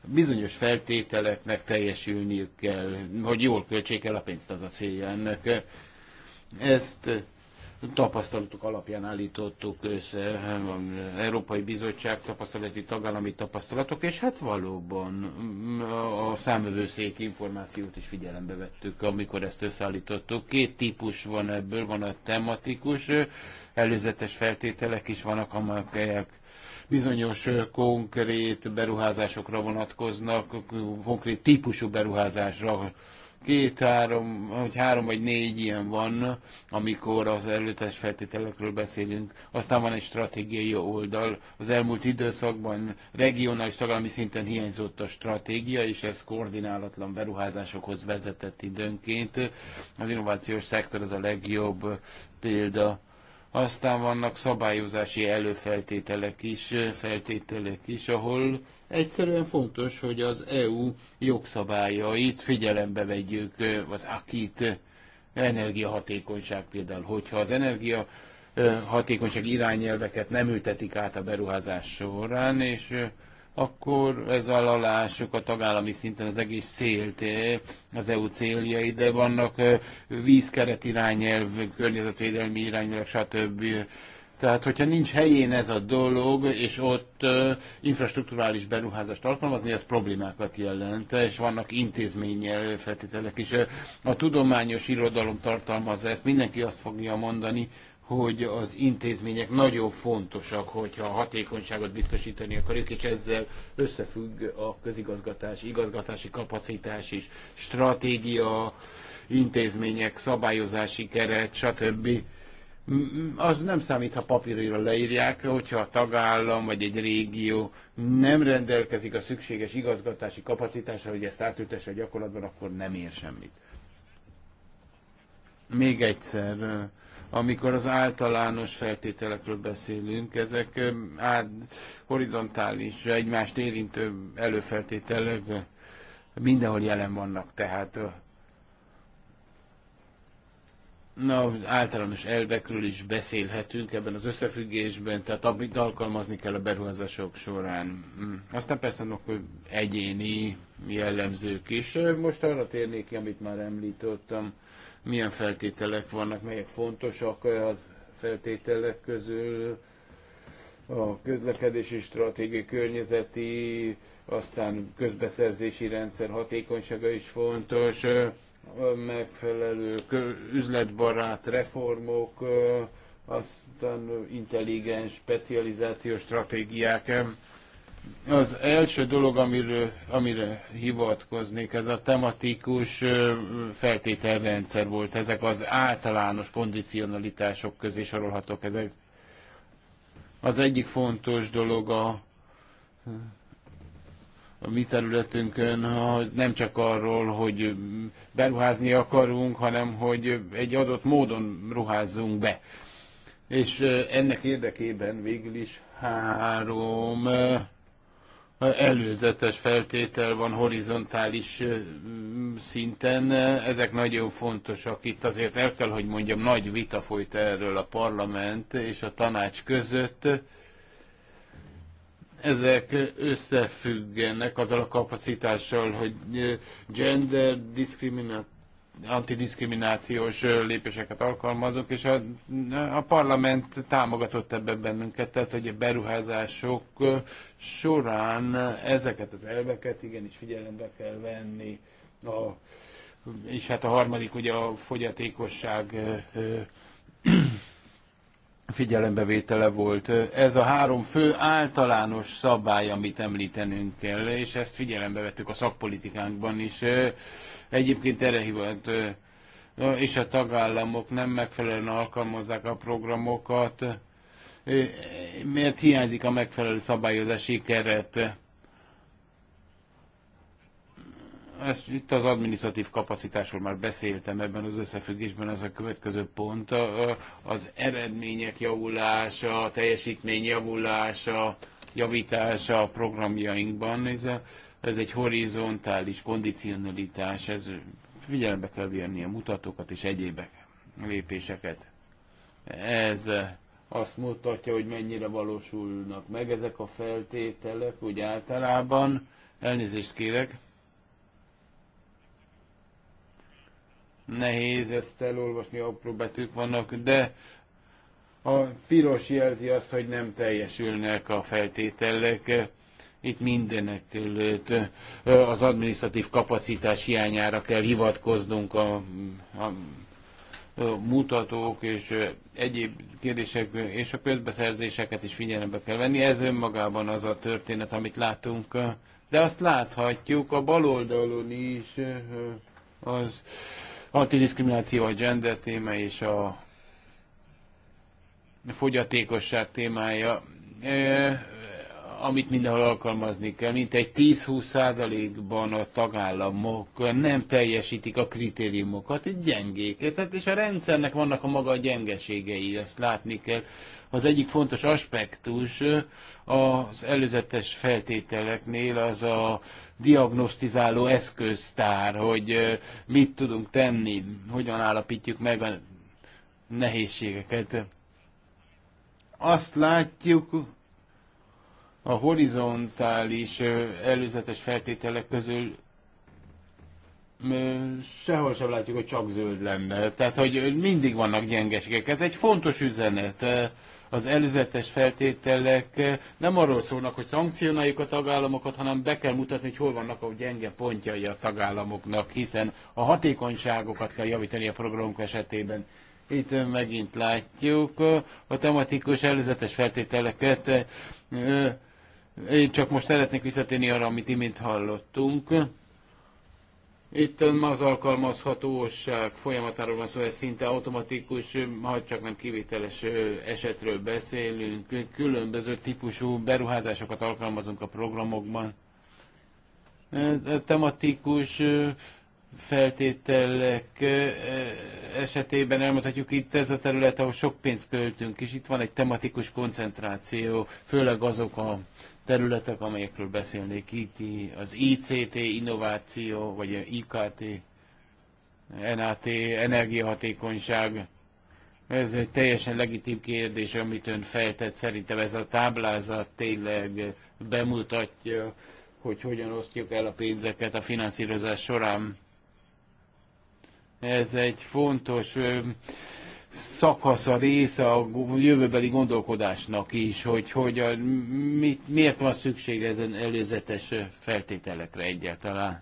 S1: bizonyos feltételeknek teljesülniük kell, hogy jól költsék el a pénzt, az a célja ennek. Ezt tapasztalatok alapján állítottuk össze, eh, Európai Bizottság tapasztalati tagállami tapasztalatok, és hát valóban mm, a számövőszék információt is figyelembe vettük, amikor ezt összeállítottuk. Két típus van ebből, van a tematikus, eh, előzetes feltételek is vannak, amelyek bizonyos eh, konkrét beruházásokra vonatkoznak, konkrét típusú beruházásra, két-három, hogy három vagy négy ilyen van, amikor az előttes feltételekről beszélünk. Aztán van egy stratégiai oldal. Az elmúlt időszakban regionális tagállami szinten hiányzott a stratégia, és ez koordinálatlan beruházásokhoz vezetett időnként. Az innovációs szektor az a legjobb példa. Aztán vannak szabályozási előfeltételek is, feltételek is, ahol Egyszerűen fontos, hogy az EU jogszabályait figyelembe vegyük, az akit energiahatékonyság például, hogyha az energia hatékonyság irányelveket nem ültetik át a beruházás során, és akkor ez alalásuk a tagállami szinten az egész célt, az EU céljai, de vannak vízkeret irányelv, környezetvédelmi irányelv, stb. Tehát, hogyha nincs helyén ez a dolog, és ott uh, infrastruktúrális beruházást alkalmazni, ez problémákat jelent, és vannak intézményel feltételek is. A tudományos irodalom tartalmazza ezt, mindenki azt fogja mondani, hogy az intézmények nagyon fontosak, hogyha a hatékonyságot biztosítani akarjuk, és ezzel összefügg a közigazgatás, igazgatási kapacitás is, stratégia, intézmények, szabályozási keret, stb. Mm, az nem számít, ha papírra leírják, hogyha a tagállam vagy egy régió nem rendelkezik a szükséges igazgatási kapacitással, hogy ezt átültesse a gyakorlatban, akkor nem ér semmit. Még egyszer, amikor az általános feltételekről beszélünk, ezek át, horizontális, egymást érintő előfeltételek mindenhol jelen vannak, tehát Na, általános elvekről is beszélhetünk ebben az összefüggésben, tehát amit alkalmazni kell a beruházások során. Hm. Aztán persze hogy egyéni jellemzők is. Most arra térnék ki, amit már említettem, milyen feltételek vannak, melyek fontosak az feltételek közül, a közlekedési stratégia, környezeti, aztán közbeszerzési rendszer hatékonysága is fontos, megfelelő üzletbarát reformok, aztán intelligens specializációs stratégiák. Az első dolog, amire amire hivatkoznék, ez a tematikus feltételrendszer volt. Ezek az általános kondicionalitások közé sorolhatók ezek. Az egyik fontos dolog a a mi területünkön, hogy nem csak arról, hogy beruházni akarunk, hanem hogy egy adott módon ruházzunk be. És ennek érdekében végül is három előzetes feltétel van horizontális szinten. Ezek nagyon fontosak. Itt azért el kell, hogy mondjam, nagy vita folyt erről a parlament és a tanács között ezek összefüggenek azzal a kapacitással, hogy gender diszkriminat antidiszkriminációs lépéseket alkalmazok, és a, a parlament támogatott ebben bennünket, tehát hogy a beruházások során ezeket az elveket igenis figyelembe kell venni. A, és hát a harmadik ugye a fogyatékosság figyelembevétele volt. Ez a három fő általános szabály, amit említenünk kell, és ezt figyelembe vettük a szakpolitikánkban is. Egyébként erre hívott, és a tagállamok nem megfelelően alkalmazzák a programokat, mert hiányzik a megfelelő szabályozási keret ezt, itt az administratív kapacitásról már beszéltem ebben az összefüggésben, ez a következő pont, az eredmények javulása, a teljesítmény javulása, javítása a programjainkban, ez, a, ez egy horizontális kondicionalitás, ez figyelembe kell venni a mutatókat és egyéb lépéseket. Ez azt mutatja, hogy mennyire valósulnak meg ezek a feltételek, úgy általában. Elnézést kérek. Nehéz ezt elolvasni, apró betűk vannak, de a piros jelzi azt, hogy nem teljesülnek a feltételek. Itt mindenek előtt az adminisztratív kapacitás hiányára kell hivatkoznunk a, a mutatók és egyéb kérdések és a közbeszerzéseket is figyelembe kell venni. Ez önmagában az a történet, amit látunk. De azt láthatjuk a baloldalon is az antidiszkrimináció, a gender téma és a fogyatékosság témája, e, amit mindenhol alkalmazni kell, mint egy 10-20%-ban a tagállamok nem teljesítik a kritériumokat, gyengék. Tehát és a rendszernek vannak a maga a gyengeségei, ezt látni kell. Az egyik fontos aspektus az előzetes feltételeknél az a diagnosztizáló eszköztár, hogy mit tudunk tenni, hogyan állapítjuk meg a nehézségeket. Azt látjuk, a horizontális előzetes feltételek közül sehol sem látjuk, hogy csak zöld lenne. Tehát, hogy mindig vannak gyengeségek. Ez egy fontos üzenet. Az előzetes feltételek eh, nem arról szólnak, hogy szankcionáljuk a tagállamokat, hanem be kell mutatni, hogy hol vannak a gyenge pontjai a tagállamoknak, hiszen a hatékonyságokat kell javítani a programok esetében. Itt megint látjuk eh, a tematikus előzetes feltételeket. Eh, én csak most szeretnék visszatérni arra, amit imént hallottunk itt az alkalmazhatóság folyamatáról van szó, ez szinte automatikus, ha csak nem kivételes esetről beszélünk. Különböző típusú beruházásokat alkalmazunk a programokban. Tematikus feltételek esetében elmondhatjuk itt ez a terület, ahol sok pénzt költünk, és itt van egy tematikus koncentráció, főleg azok a területek, amelyekről beszélnék itt, az ICT, innováció, vagy IKT, NAT, energiahatékonyság. Ez egy teljesen legitim kérdés, amit ön feltett. Szerintem ez a táblázat tényleg bemutatja, hogy hogyan osztjuk el a pénzeket a finanszírozás során. Ez egy fontos szakasza része a jövőbeli gondolkodásnak is, hogy, hogy a, mit, miért van szükség ezen előzetes feltételekre egyáltalán.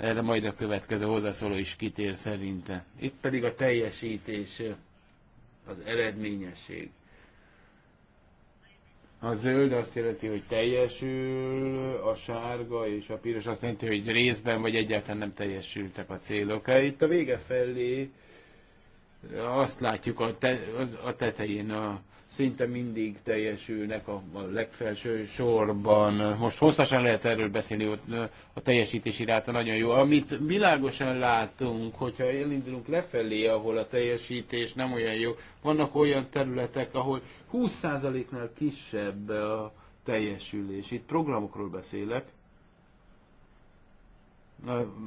S1: Erre majd a következő hozzászóló is kitér szerintem. Itt pedig a teljesítés, az eredményesség. A zöld azt jelenti, hogy teljesül, a sárga és a piros azt jelenti, hogy részben vagy egyáltalán nem teljesültek a célok. Hát itt a vége felé azt látjuk a, te, a tetején a szinte mindig teljesülnek a, a legfelső sorban. Most hosszasan lehet erről beszélni, hogy a teljesítési ráta nagyon jó. Amit világosan látunk, hogyha elindulunk lefelé, ahol a teljesítés nem olyan jó, vannak olyan területek, ahol 20%-nál kisebb a teljesülés. Itt programokról beszélek,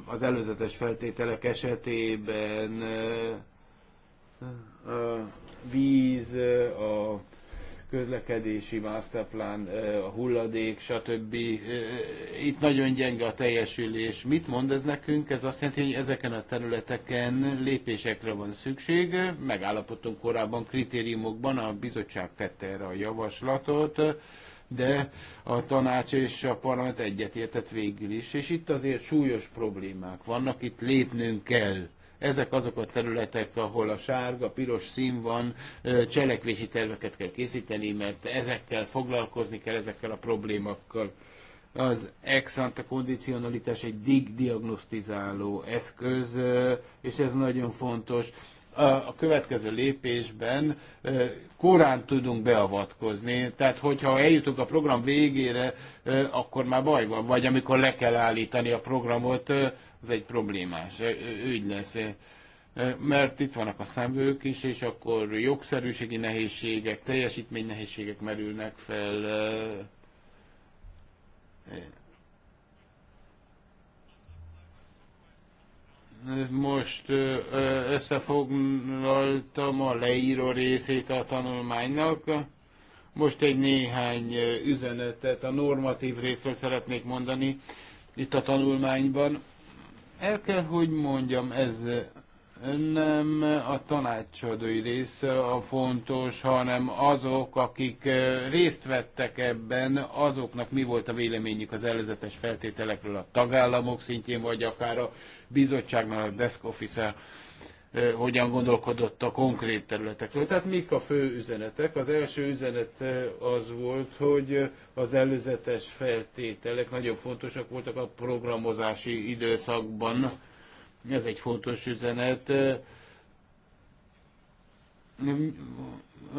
S1: az előzetes feltételek esetében víz, a közlekedési masterplan, a hulladék, stb. Itt nagyon gyenge a teljesülés. Mit mond ez nekünk? Ez azt jelenti, hogy ezeken a területeken lépésekre van szükség. Megállapodtunk korábban kritériumokban, a bizottság tette erre a javaslatot, de a tanács és a parlament egyetértett végül is, és itt azért súlyos problémák vannak, itt lépnünk kell ezek azok a területek, ahol a sárga, piros szín van, cselekvési terveket kell készíteni, mert ezekkel foglalkozni kell, ezekkel a problémákkal. Az ex ante kondicionalitás egy dig diagnosztizáló eszköz, és ez nagyon fontos a következő lépésben korán tudunk beavatkozni, tehát hogyha eljutunk a program végére, akkor már baj van, vagy amikor le kell állítani a programot, ez egy problémás ügy lesz, mert itt vannak a számvők is, és akkor jogszerűségi nehézségek, teljesítmény nehézségek merülnek fel. Most összefoglaltam a leíró részét a tanulmánynak. Most egy néhány üzenetet a normatív részről szeretnék mondani itt a tanulmányban. El kell, hogy mondjam, ez nem a tanácsadói része a fontos, hanem azok, akik eh, részt vettek ebben, azoknak mi volt a véleményük az előzetes feltételekről a tagállamok szintjén, vagy akár a bizottságnál a desk officer hogyan gondolkodott a konkrét területekről. Tehát mik a fő üzenetek? Az első üzenet az volt, hogy az előzetes feltételek nagyon fontosak voltak a programozási időszakban. Ez egy fontos üzenet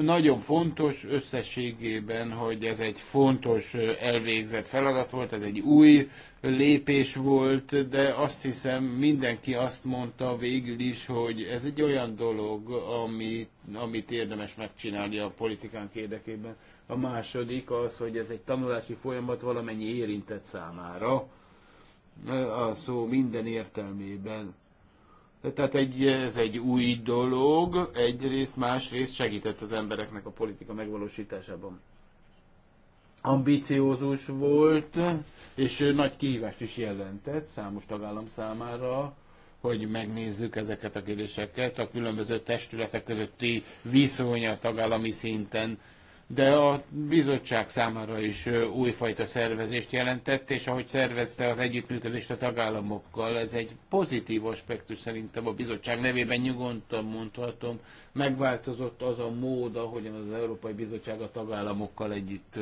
S1: nagyon fontos összességében, hogy ez egy fontos elvégzett feladat volt, ez egy új lépés volt, de azt hiszem mindenki azt mondta végül is, hogy ez egy olyan dolog, amit, amit érdemes megcsinálni a politikánk érdekében. A második az, hogy ez egy tanulási folyamat valamennyi érintett számára, a szó minden értelmében tehát egy, ez egy új dolog, egyrészt, másrészt segített az embereknek a politika megvalósításában. Ambiciózus volt, és nagy kihívást is jelentett számos tagállam számára, hogy megnézzük ezeket a kérdéseket, a különböző testületek közötti viszony a tagállami szinten, de a bizottság számára is újfajta szervezést jelentett, és ahogy szervezte az együttműködést a tagállamokkal, ez egy pozitív aspektus szerintem a bizottság nevében nyugodtan mondhatom. Megváltozott az a mód, ahogyan az Európai Bizottság a tagállamokkal együtt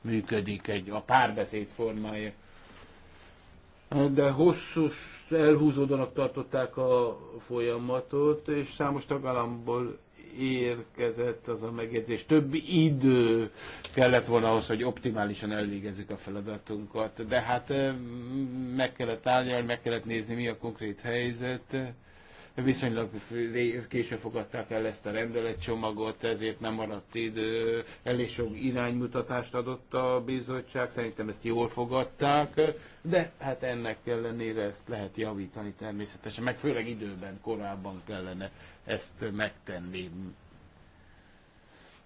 S1: működik, egy, a párbeszéd formája. De hosszú, elhúzódanak tartották a folyamatot, és számos tagállamból érkezett az a megjegyzés. Több idő kellett volna ahhoz, hogy optimálisan elvégezzük a feladatunkat, de hát eh, meg kellett állni, meg kellett nézni, mi a konkrét helyzet viszonylag később fogadták el ezt a rendeletcsomagot, ezért nem maradt idő, elég sok iránymutatást adott a bizottság, szerintem ezt jól fogadták, de hát ennek ellenére ezt lehet javítani természetesen, meg főleg időben, korábban kellene ezt megtenni.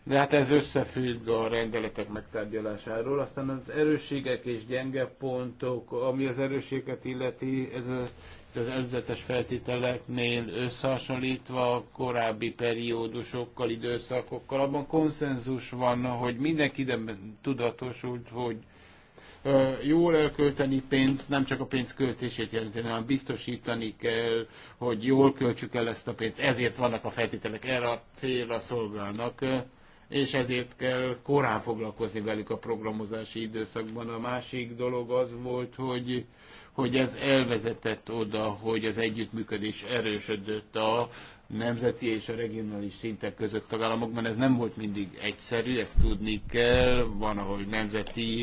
S1: De hát ez összefügg a rendeletek megtárgyalásáról. Aztán az erősségek és gyenge pontok, ami az erősséget illeti, ez a az előzetes feltételeknél összehasonlítva a korábbi periódusokkal, időszakokkal, abban konszenzus van, hogy mindenki ide tudatosult, hogy jól elkölteni pénzt, nem csak a pénz költését jelenti, hanem biztosítani kell, hogy jól költsük el ezt a pénzt. Ezért vannak a feltételek, erre a célra szolgálnak, és ezért kell korán foglalkozni velük a programozási időszakban. A másik dolog az volt, hogy hogy ez elvezetett oda, hogy az együttműködés erősödött a nemzeti és a regionális szintek között tagállamokban. Ez nem volt mindig egyszerű, ezt tudni kell. Van, ahol nemzeti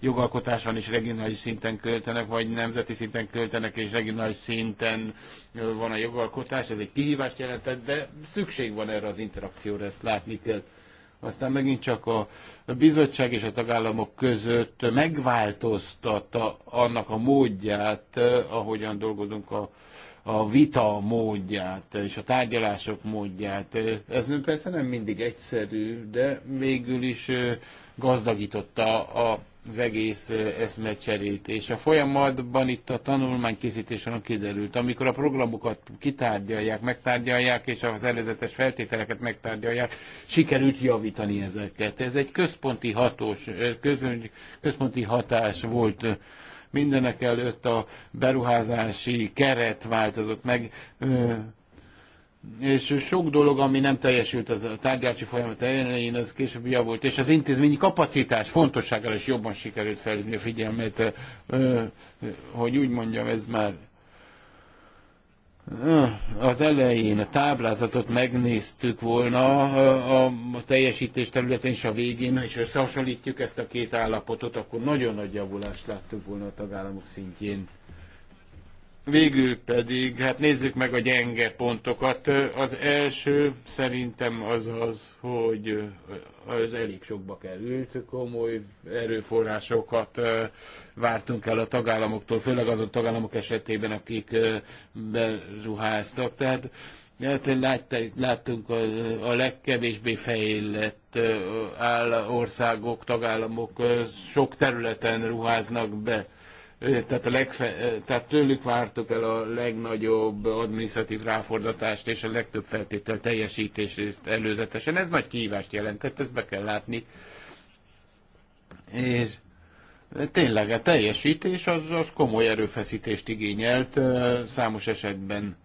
S1: jogalkotáson is regionális szinten költenek, vagy nemzeti szinten költenek, és regionális szinten van a jogalkotás. Ez egy kihívást jelentett, de szükség van erre az interakcióra, ezt látni kell aztán megint csak a bizottság és a tagállamok között megváltoztatta annak a módját, eh, ahogyan dolgozunk a, a vita módját és a tárgyalások módját. Eh, ez persze nem mindig egyszerű, de végül is eh, gazdagította a az egész eszmecserét. És a folyamatban itt a tanulmánykészítésen kiderült, amikor a programokat kitárgyalják, megtárgyalják, és az előzetes feltételeket megtárgyalják, sikerült javítani ezeket. Ez egy központi, hatós, központi hatás volt mindenek előtt a beruházási keret változott meg, és sok dolog, ami nem teljesült az a tárgyalási folyamat elején, az később javult, és az intézményi kapacitás fontosságára is jobban sikerült felhívni a figyelmet, hogy úgy mondjam, ez már az elején a táblázatot megnéztük volna a teljesítés területén és a végén, és összehasonlítjuk ezt a két állapotot, akkor nagyon nagy javulást láttuk volna a tagállamok szintjén. Végül pedig, hát nézzük meg a gyenge pontokat. Az első szerintem az az, hogy eh, az elég sokba került, komoly erőforrásokat eh, vártunk el a tagállamoktól, főleg azon tagállamok esetében, akik eh, beruháztak. Tehát hát láttunk a, a legkevésbé fejlett áll országok, tagállamok sok területen ruháznak be tehát, a legfe, tehát tőlük vártuk el a legnagyobb adminisztratív ráfordatást és a legtöbb feltétel teljesítését előzetesen. Ez nagy kihívást jelentett, ezt be kell látni. És tényleg a teljesítés az, az komoly erőfeszítést igényelt számos esetben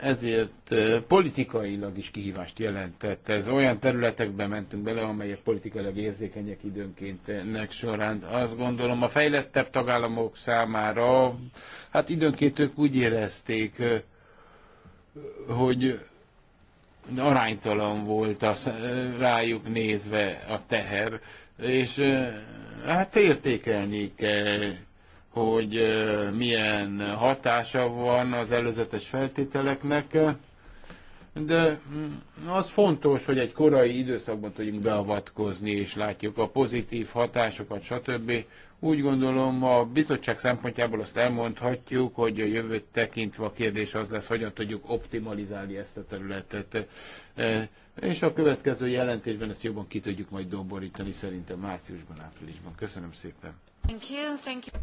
S1: ezért politikailag is kihívást jelentett. Ez olyan területekbe mentünk bele, amelyek politikailag érzékenyek időnként ennek során. Azt gondolom a fejlettebb tagállamok számára, hát időnként ők úgy érezték, hogy aránytalan volt az, rájuk nézve a teher, és hát értékelni kell hogy milyen hatása van az előzetes feltételeknek, de mm, az fontos, hogy egy korai időszakban tudjunk beavatkozni, és látjuk a pozitív hatásokat, stb. Úgy gondolom, a bizottság szempontjából azt elmondhatjuk, hogy a jövőt tekintve a kérdés az lesz, hogyan tudjuk optimalizálni ezt a területet. És a következő jelentésben ezt jobban ki tudjuk majd domborítani, szerintem márciusban, áprilisban. Köszönöm
S2: szépen. Thank you, thank you.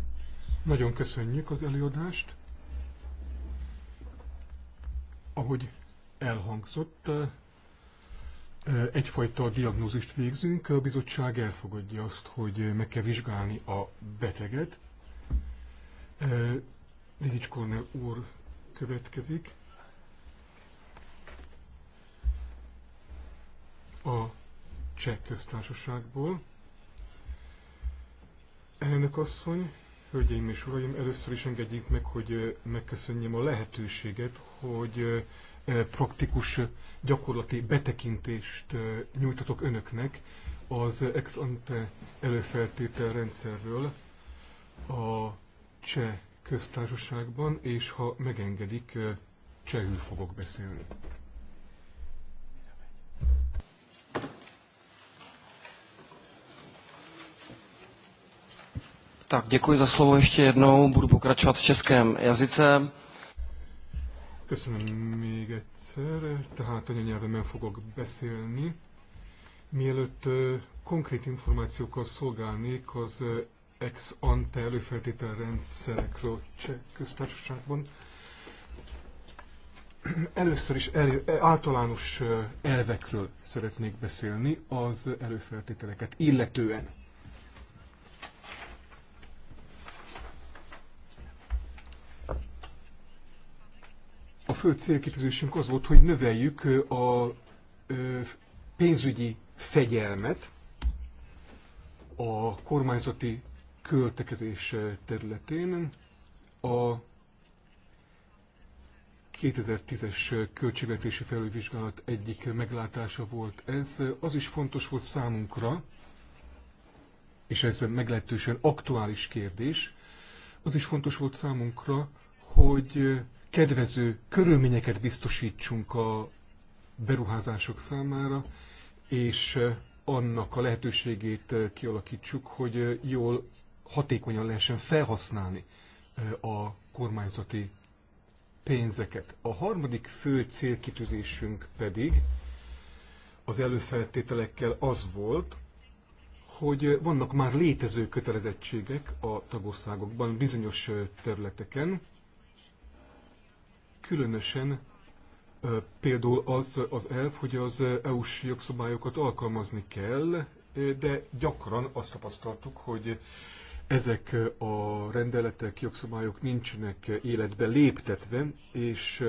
S2: Nagyon köszönjük az előadást. Ahogy elhangzott, eh, eh, egyfajta diagnózist végzünk, a bizottság elfogadja azt, hogy meg kell vizsgálni a beteget. Ligics eh, Kornel úr következik. A cseh köztársaságból. Elnök asszony, Hölgyeim és Uraim, először is engedjék meg, hogy megköszönjem a lehetőséget, hogy praktikus gyakorlati betekintést nyújtatok önöknek az ex ante előfeltétel rendszerről a cseh köztársaságban, és ha megengedik, csehül fogok beszélni. Tak děkuji za slovo ještě jednou, budu pokračovat v českém jazyce. Köszönöm még egyszer, tehát anyanyelvemen fogok beszélni. Mielőtt konkrét információkkal szolgálnék az ex ante előfeltétel rendszerekről Cseh köztársaságban, először is elő, e, általános elvekről szeretnék beszélni az előfeltételeket illetően. A fő célkitűzésünk az volt, hogy növeljük a pénzügyi fegyelmet a kormányzati költekezés területén. A 2010-es költségvetési felülvizsgálat egyik meglátása volt ez. Az is fontos volt számunkra, és ez meglehetősen aktuális kérdés, az is fontos volt számunkra, hogy kedvező körülményeket biztosítsunk a beruházások számára, és eh, annak a lehetőségét eh, kialakítsuk, hogy eh, jól, hatékonyan lehessen felhasználni a kormányzati pénzeket. A harmadik fő célkitűzésünk pedig az előfeltételekkel az volt, hogy vannak már létező kötelezettségek a tagországokban bizonyos területeken, különösen például az, az elf, hogy az EU-s jogszabályokat alkalmazni kell, de gyakran azt tapasztaltuk, hogy ezek a rendeletek, jogszabályok nincsenek életbe léptetve, és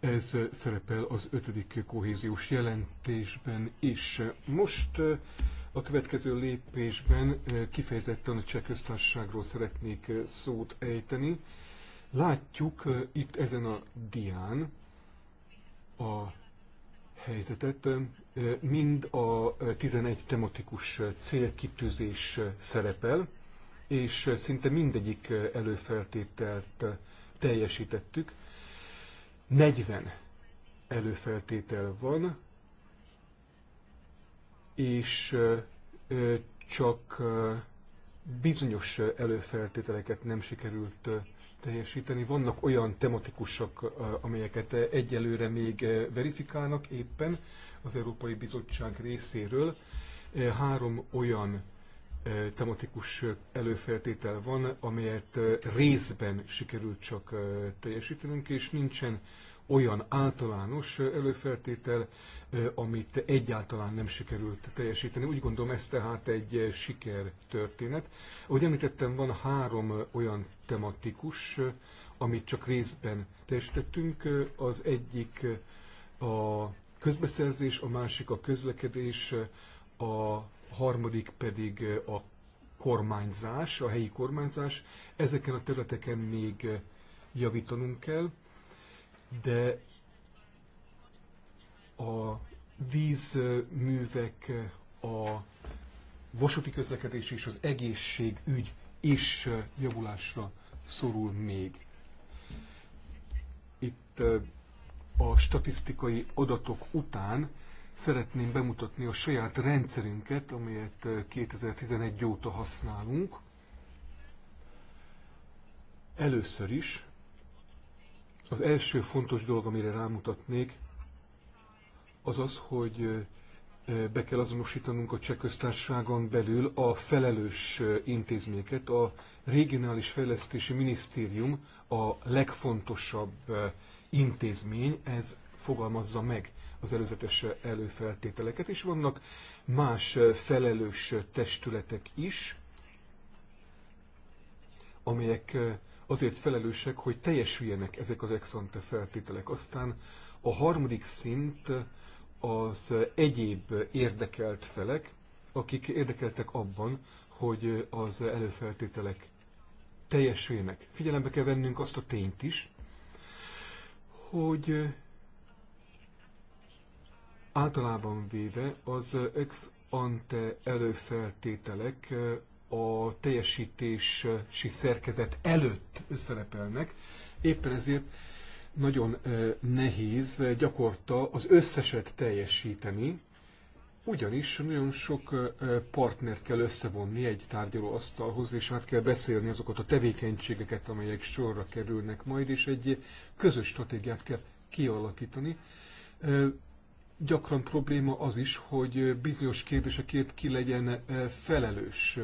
S2: ez szerepel az ötödik kohéziós jelentésben is. Most a következő lépésben kifejezetten a cseh köztársaságról szeretnék szót ejteni. Látjuk itt ezen a dián a helyzetet, mind a 11 tematikus célkitűzés szerepel, és szinte mindegyik előfeltételt teljesítettük. 40 előfeltétel van, és csak bizonyos előfeltételeket nem sikerült teljesíteni. Vannak olyan tematikusok, amelyeket egyelőre még verifikálnak éppen az Európai Bizottság részéről. Három olyan tematikus előfeltétel van, amelyet részben sikerült csak teljesítenünk, és nincsen olyan általános előfeltétel, amit egyáltalán nem sikerült teljesíteni. Úgy gondolom, ez tehát egy sikertörténet. Ahogy említettem, van három olyan tematikus, amit csak részben teljesítettünk. Az egyik a közbeszerzés, a másik a közlekedés, a harmadik pedig a kormányzás, a helyi kormányzás. Ezeken a területeken még javítanunk kell de a vízművek, a vasúti közlekedés és az egészségügy is javulásra szorul még. Itt a statisztikai adatok után szeretném bemutatni a saját rendszerünket, amelyet 2011 óta használunk. Először is az első fontos dolog, amire rámutatnék, az az, hogy be kell azonosítanunk a cseh belül a felelős intézményeket. A Regionális Fejlesztési Minisztérium a legfontosabb intézmény, ez fogalmazza meg az előzetes előfeltételeket, és vannak más felelős testületek is, amelyek azért felelősek, hogy teljesüljenek ezek az exante feltételek. Aztán a harmadik szint az egyéb érdekelt felek, akik érdekeltek abban, hogy az előfeltételek teljesüljenek. Figyelembe kell vennünk azt a tényt is, hogy általában véve az ex ante előfeltételek a teljesítési szerkezet előtt szerepelnek. Éppen ezért nagyon nehéz gyakorta az összeset teljesíteni, ugyanis nagyon sok partnert kell összevonni egy tárgyalóasztalhoz, és hát kell beszélni azokat a tevékenységeket, amelyek sorra kerülnek majd, és egy közös stratégiát kell kialakítani. Gyakran probléma az is, hogy bizonyos kérdésekért ki legyen felelős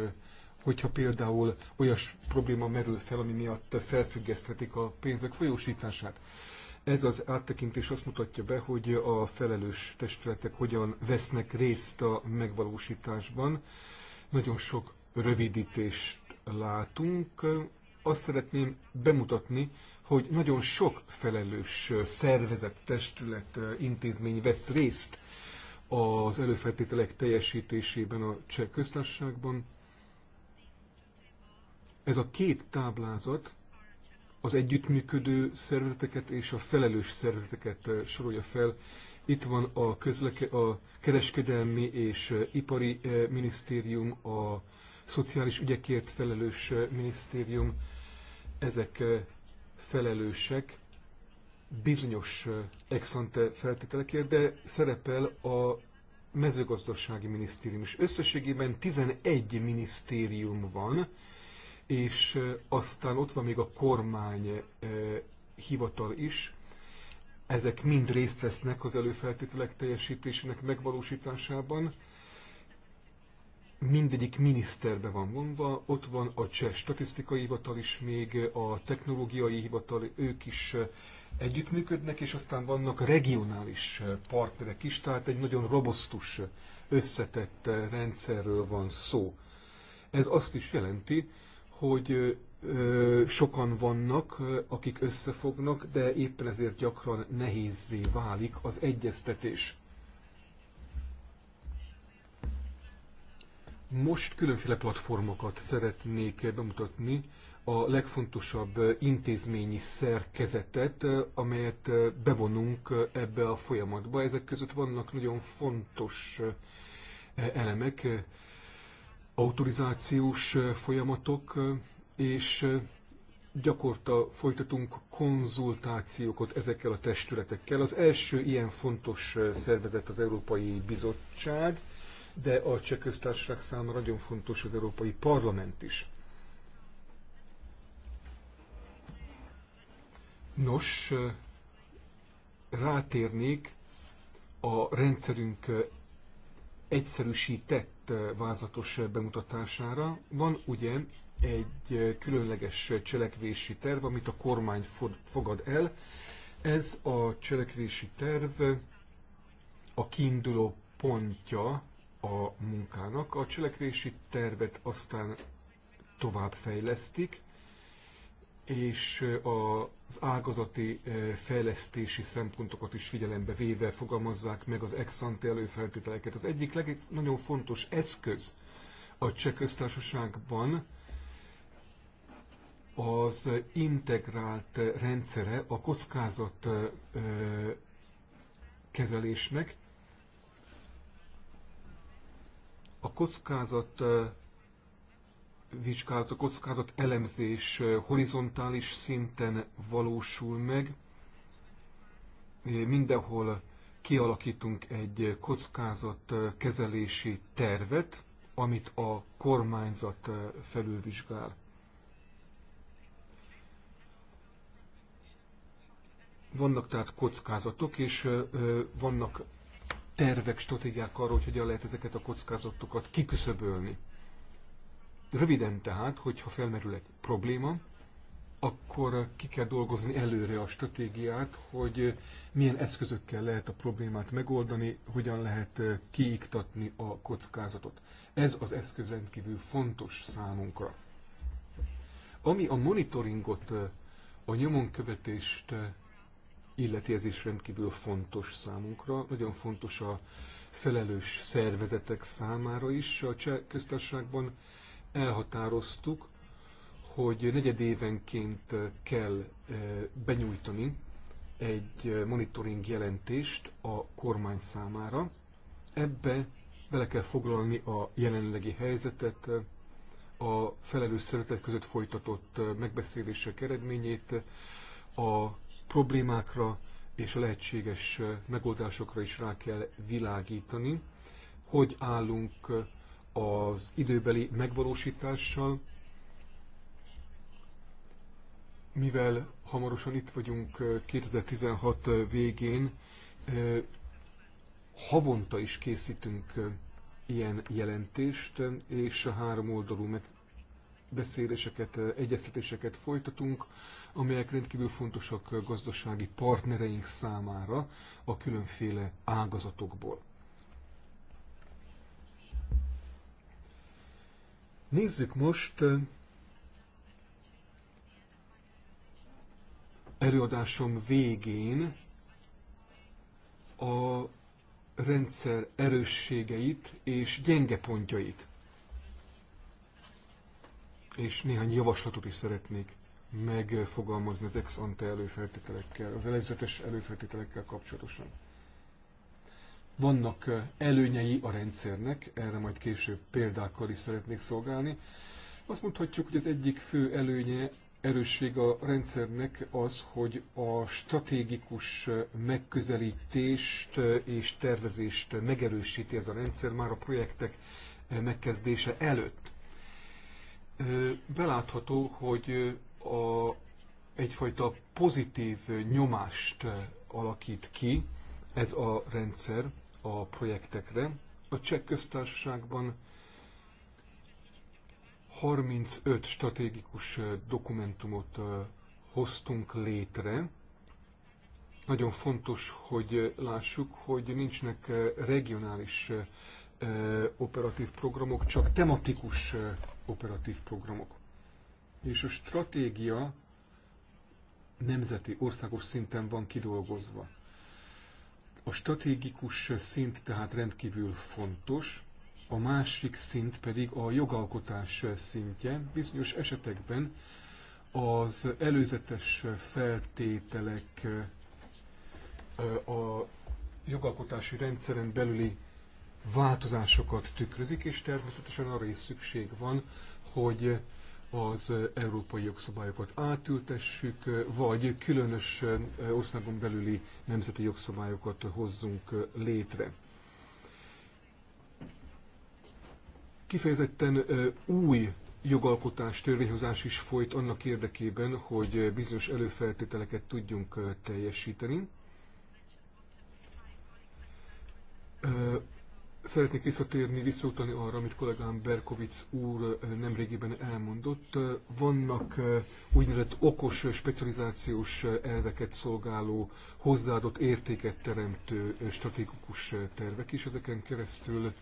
S2: hogyha például olyas probléma merül fel, ami miatt felfüggeszthetik a pénzek folyósítását. Ez az áttekintés azt mutatja be, hogy a felelős testületek hogyan vesznek részt a megvalósításban. Nagyon sok rövidítést látunk. Azt szeretném bemutatni, hogy nagyon sok felelős szervezet, testület, intézmény vesz részt az előfeltételek teljesítésében a cseh köztársaságban. Ez a két táblázat az együttműködő szervezeteket és a felelős szervezeteket eh, sorolja fel. Itt van a, közleke, a kereskedelmi és eh, ipari eh, minisztérium, a szociális ügyekért felelős minisztérium. Ezek felelősek bizonyos exante feltételekért, de szerepel a mezőgazdasági minisztérium is. Összességében 11 minisztérium van, és aztán ott van még a kormány hivatal is. Ezek mind részt vesznek az előfeltételek teljesítésének megvalósításában. Mindegyik miniszterbe van vonva, ott van a cseh statisztikai hivatal is, még a technológiai hivatal, ők is együttműködnek, és aztán vannak regionális partnerek is, tehát egy nagyon robosztus, összetett rendszerről van szó. Ez azt is jelenti, hogy sokan vannak, akik összefognak, de éppen ezért gyakran nehézzé válik az egyeztetés. Most különféle platformokat szeretnék bemutatni, a legfontosabb intézményi szerkezetet, amelyet bevonunk ebbe a folyamatba. Ezek között vannak nagyon fontos elemek, autorizációs folyamatok, és gyakorta folytatunk konzultációkat ezekkel a testületekkel. Az első ilyen fontos szervezet az Európai Bizottság, de a cseh köztársaság számára nagyon fontos az Európai Parlament is. Nos, rátérnék a rendszerünk egyszerűsített vázatos bemutatására. Van ugye egy különleges cselekvési terv, amit a kormány fogad el. Ez a cselekvési terv a kiinduló pontja a munkának. A cselekvési tervet aztán továbbfejlesztik, és az ágazati fejlesztési szempontokat is figyelembe véve fogalmazzák meg az ex-ante előfeltételeket. Az egyik legnagyobb fontos eszköz a cseh köztársaságban az integrált rendszere a kockázat kezelésnek. A kockázat vizsgálat, a kockázat elemzés horizontális szinten valósul meg. Mindenhol kialakítunk egy kockázat kezelési tervet, amit a kormányzat felülvizsgál. Vannak tehát kockázatok, és vannak tervek, stratégiák arról, hogy hogyan lehet ezeket a kockázatokat kiküszöbölni. Röviden tehát, hogyha felmerül egy probléma, akkor ki kell dolgozni előre a stratégiát, hogy milyen eszközökkel lehet a problémát megoldani, hogyan lehet eh, kiiktatni a kockázatot. Ez az eszköz rendkívül fontos számunkra. Ami a monitoringot, eh, a nyomonkövetést eh, illeti, ez is rendkívül fontos számunkra. Nagyon fontos a felelős szervezetek számára is a cseh köztársaságban elhatároztuk, hogy negyedévenként kell eh, benyújtani egy eh, monitoring jelentést a kormány számára. Ebbe bele kell foglalni a jelenlegi helyzetet, a felelős szervezetek között folytatott eh, megbeszélések eredményét, a problémákra és a lehetséges megoldásokra is rá kell világítani, hogy állunk az időbeli megvalósítással, mivel hamarosan itt vagyunk 2016 végén, havonta is készítünk ilyen jelentést, és a három oldalú megbeszéléseket, egyeztetéseket folytatunk, amelyek rendkívül fontosak gazdasági partnereink számára a különféle ágazatokból. Nézzük most előadásom végén a rendszer erősségeit és gyenge pontjait. És néhány javaslatot is szeretnék megfogalmazni az ex ante előfeltételekkel, az előzetes előfeltételekkel kapcsolatosan. Vannak előnyei a rendszernek, erre majd később példákkal is szeretnék szolgálni. Azt mondhatjuk, hogy az egyik fő előnye, erősség a rendszernek az, hogy a stratégikus megközelítést és tervezést megerősíti ez a rendszer már a projektek megkezdése előtt. Belátható, hogy a, egyfajta pozitív nyomást alakít ki ez a rendszer a projektekre. A cseh köztársaságban 35 stratégikus dokumentumot hoztunk létre. Nagyon fontos, hogy lássuk, hogy nincsnek regionális operatív programok, csak tematikus operatív programok. És a stratégia nemzeti, országos szinten van kidolgozva. A stratégikus szint tehát rendkívül fontos, a másik szint pedig a jogalkotás szintje. Bizonyos esetekben az előzetes feltételek a jogalkotási rendszeren belüli változásokat tükrözik, és természetesen arra is szükség van, hogy az európai jogszabályokat átültessük, vagy különös országon belüli nemzeti jogszabályokat hozzunk létre. Kifejezetten új jogalkotás, törvényhozás is folyt annak érdekében, hogy bizonyos előfeltételeket tudjunk teljesíteni Szeretnék visszatérni, visszautalni arra, amit kollégám Berkovic úr eh, nemrégiben elmondott. Eh, vannak eh, úgynevezett okos, specializációs elveket szolgáló, hozzáadott értéket teremtő stratégikus tervek is. Ezeken keresztül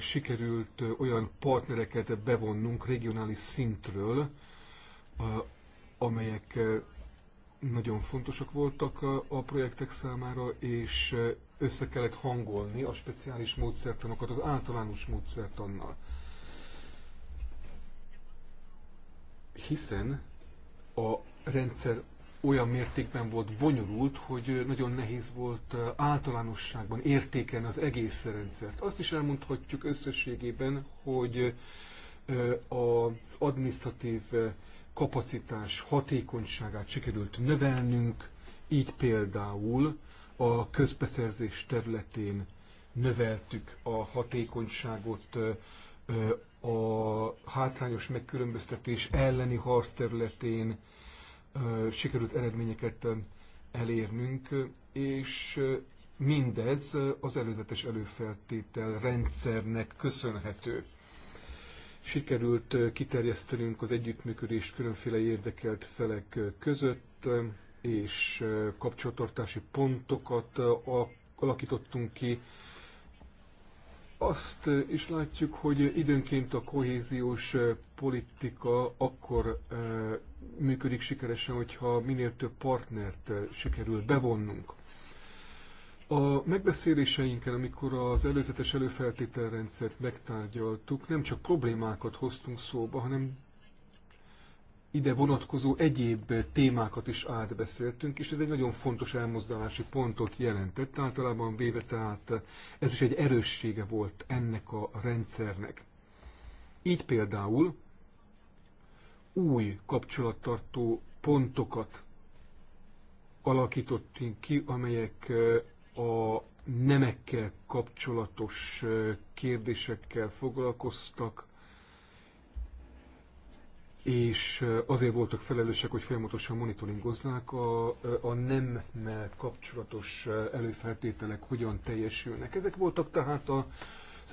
S2: sikerült olyan partnereket bevonnunk regionális szintről, amelyek nagyon fontosak voltak a projektek számára, és össze kellett hangolni a speciális módszertanokat az általános módszertannal. Hiszen a rendszer olyan mértékben volt bonyolult, hogy nagyon nehéz volt eh, általánosságban értékelni az egész rendszert. Azt is elmondhatjuk összességében, hogy eh, az administratív eh, kapacitás hatékonyságát sikerült növelnünk, így például a közbeszerzés területén növeltük a hatékonyságot, a hátrányos megkülönböztetés elleni harc területén sikerült eredményeket elérnünk, és mindez az előzetes előfeltétel rendszernek köszönhető. Sikerült kiterjesztenünk az együttműködést különféle érdekelt felek között, és kapcsolattartási pontokat alakítottunk ki. Azt is látjuk, hogy időnként a kohéziós politika akkor működik sikeresen, hogyha minél több partnert sikerül bevonnunk. A megbeszéléseinken, amikor az előzetes előfeltételrendszert megtárgyaltuk, nem csak problémákat hoztunk szóba, hanem ide vonatkozó egyéb témákat is átbeszéltünk, és ez egy nagyon fontos elmozdulási pontot jelentett. Általában véve tehát ez is egy erőssége volt ennek a rendszernek. Így például új kapcsolattartó pontokat alakítottunk ki, amelyek a nemekkel kapcsolatos kérdésekkel foglalkoztak, és azért voltak felelősek, hogy folyamatosan monitoringozzák a, a nem kapcsolatos előfeltételek hogyan teljesülnek. Ezek voltak tehát az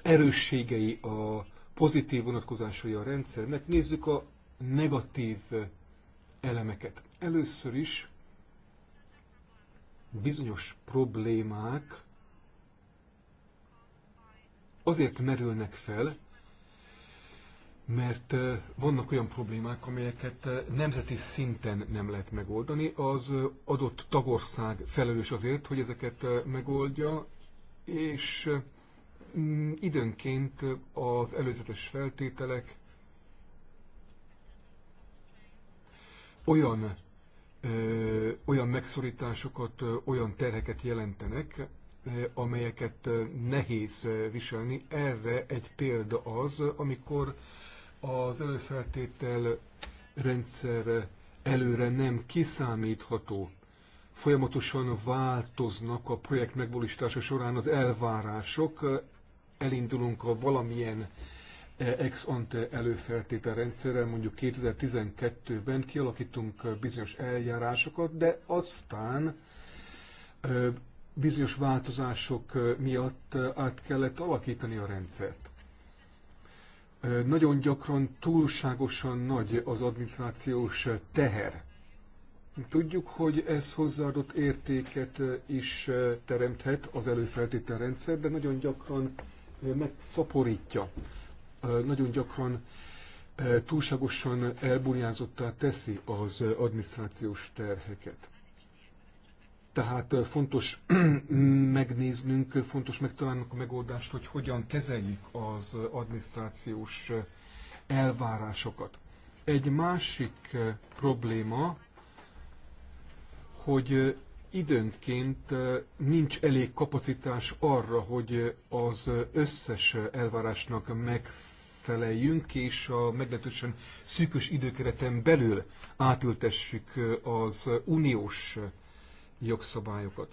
S2: erősségei, a pozitív vonatkozásai a rendszernek. Nézzük a negatív elemeket. Először is bizonyos problémák azért merülnek fel, mert vannak olyan problémák, amelyeket nemzeti szinten nem lehet megoldani. Az adott tagország felelős azért, hogy ezeket megoldja, és időnként az előzetes feltételek olyan, olyan megszorításokat, olyan terheket jelentenek, amelyeket nehéz viselni. Erre egy példa az, amikor az előfeltétel rendszer előre nem kiszámítható. Folyamatosan változnak a projekt megvalósítása során az elvárások. Elindulunk a valamilyen eh, ex ante előfeltétel rendszerrel, mondjuk 2012-ben kialakítunk eh, bizonyos eljárásokat, de aztán eh, bizonyos változások miatt át kellett alakítani a rendszert nagyon gyakran túlságosan nagy az adminisztrációs teher. Tudjuk, hogy ez hozzáadott értéket is teremthet az rendszer, de nagyon gyakran megszaporítja. Nagyon gyakran túlságosan elburjánzottá teszi az adminisztrációs terheket. Tehát fontos <clears throat> megnéznünk, fontos megtalálnunk a megoldást, hogy hogyan kezeljük az adminisztrációs elvárásokat. Egy másik probléma, hogy időnként nincs elég kapacitás arra, hogy az összes elvárásnak megfeleljünk, és a meglehetősen szűkös időkereten belül átültessük az uniós jogszabályokat.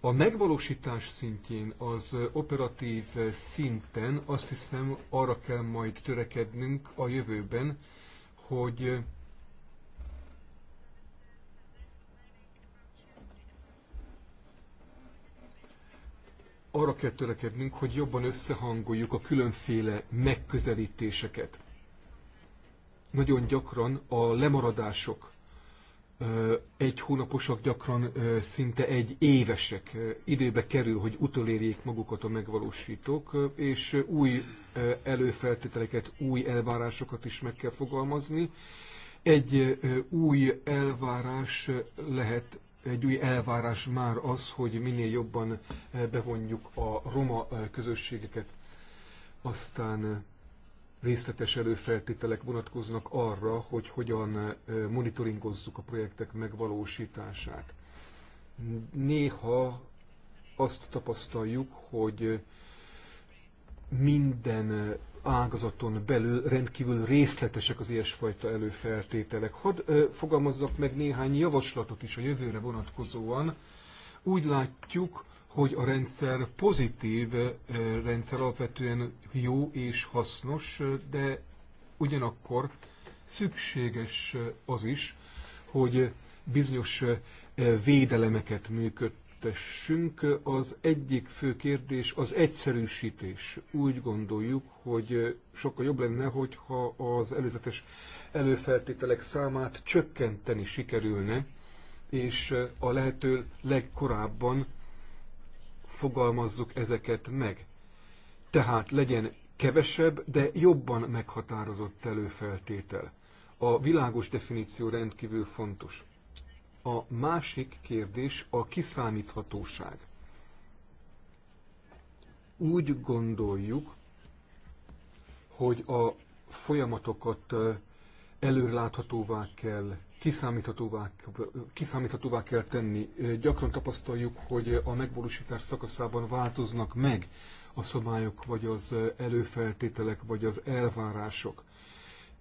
S2: A megvalósítás szintjén, az operatív szinten azt hiszem arra kell majd törekednünk a jövőben, hogy arra kell törekednünk, hogy jobban összehangoljuk a különféle megközelítéseket. Nagyon gyakran a lemaradások egy hónaposak gyakran szinte egy évesek. Időbe kerül, hogy utolérjék magukat a megvalósítók, és új előfeltételeket, új elvárásokat is meg kell fogalmazni. Egy új elvárás lehet egy új elvárás már az, hogy minél jobban bevonjuk a roma közösségeket. Aztán részletes előfeltételek vonatkoznak arra, hogy hogyan monitoringozzuk a projektek megvalósítását. Néha azt tapasztaljuk, hogy minden ágazaton belül rendkívül részletesek az ilyesfajta előfeltételek. Hadd fogalmazzak meg néhány javaslatot is a jövőre vonatkozóan. Úgy látjuk, hogy a rendszer pozitív rendszer alapvetően jó és hasznos, de ugyanakkor szükséges az is, hogy bizonyos védelemeket működtessünk. Az egyik fő kérdés az egyszerűsítés. Úgy gondoljuk, hogy sokkal jobb lenne, hogyha az előzetes előfeltételek számát csökkenteni sikerülne, és a lehető legkorábban fogalmazzuk ezeket meg. Tehát legyen kevesebb, de jobban meghatározott előfeltétel. A világos definíció rendkívül fontos. A másik kérdés a kiszámíthatóság. Úgy gondoljuk, hogy a folyamatokat előrláthatóvá kell kiszámíthatóvá, kiszámíthatóvá kell tenni. Gyakran tapasztaljuk, hogy a megvalósítás szakaszában változnak meg a szabályok, vagy az előfeltételek, vagy az elvárások.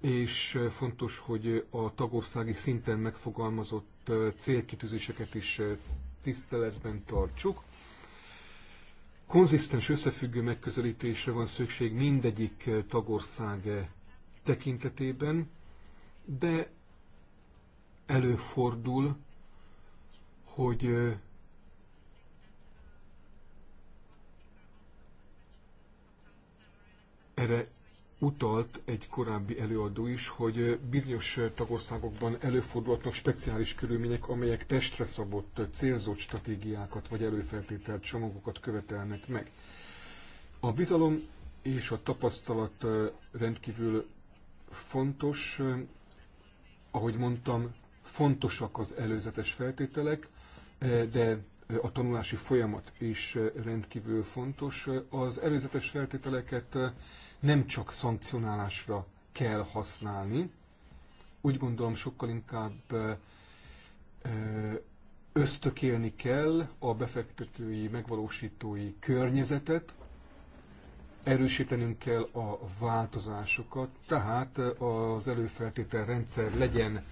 S2: És fontos, hogy a tagországi szinten megfogalmazott célkitűzéseket is tiszteletben tartsuk. Konzisztens összefüggő megközelítésre van szükség mindegyik tagország tekintetében, de előfordul, hogy erre utalt egy korábbi előadó is, hogy bizonyos tagországokban előfordulhatnak speciális körülmények, amelyek testre szabott célzott stratégiákat vagy előfeltételt csomagokat követelnek meg. A bizalom és a tapasztalat rendkívül fontos. Ahogy mondtam, Fontosak az előzetes feltételek, eh, de eh, a tanulási folyamat is eh, rendkívül fontos. Az előzetes feltételeket nem csak szankcionálásra kell használni, úgy gondolom sokkal inkább ösztökélni kell a befektetői, megvalósítói környezetet, erősítenünk kell a változásokat, tehát az előfeltétel rendszer legyen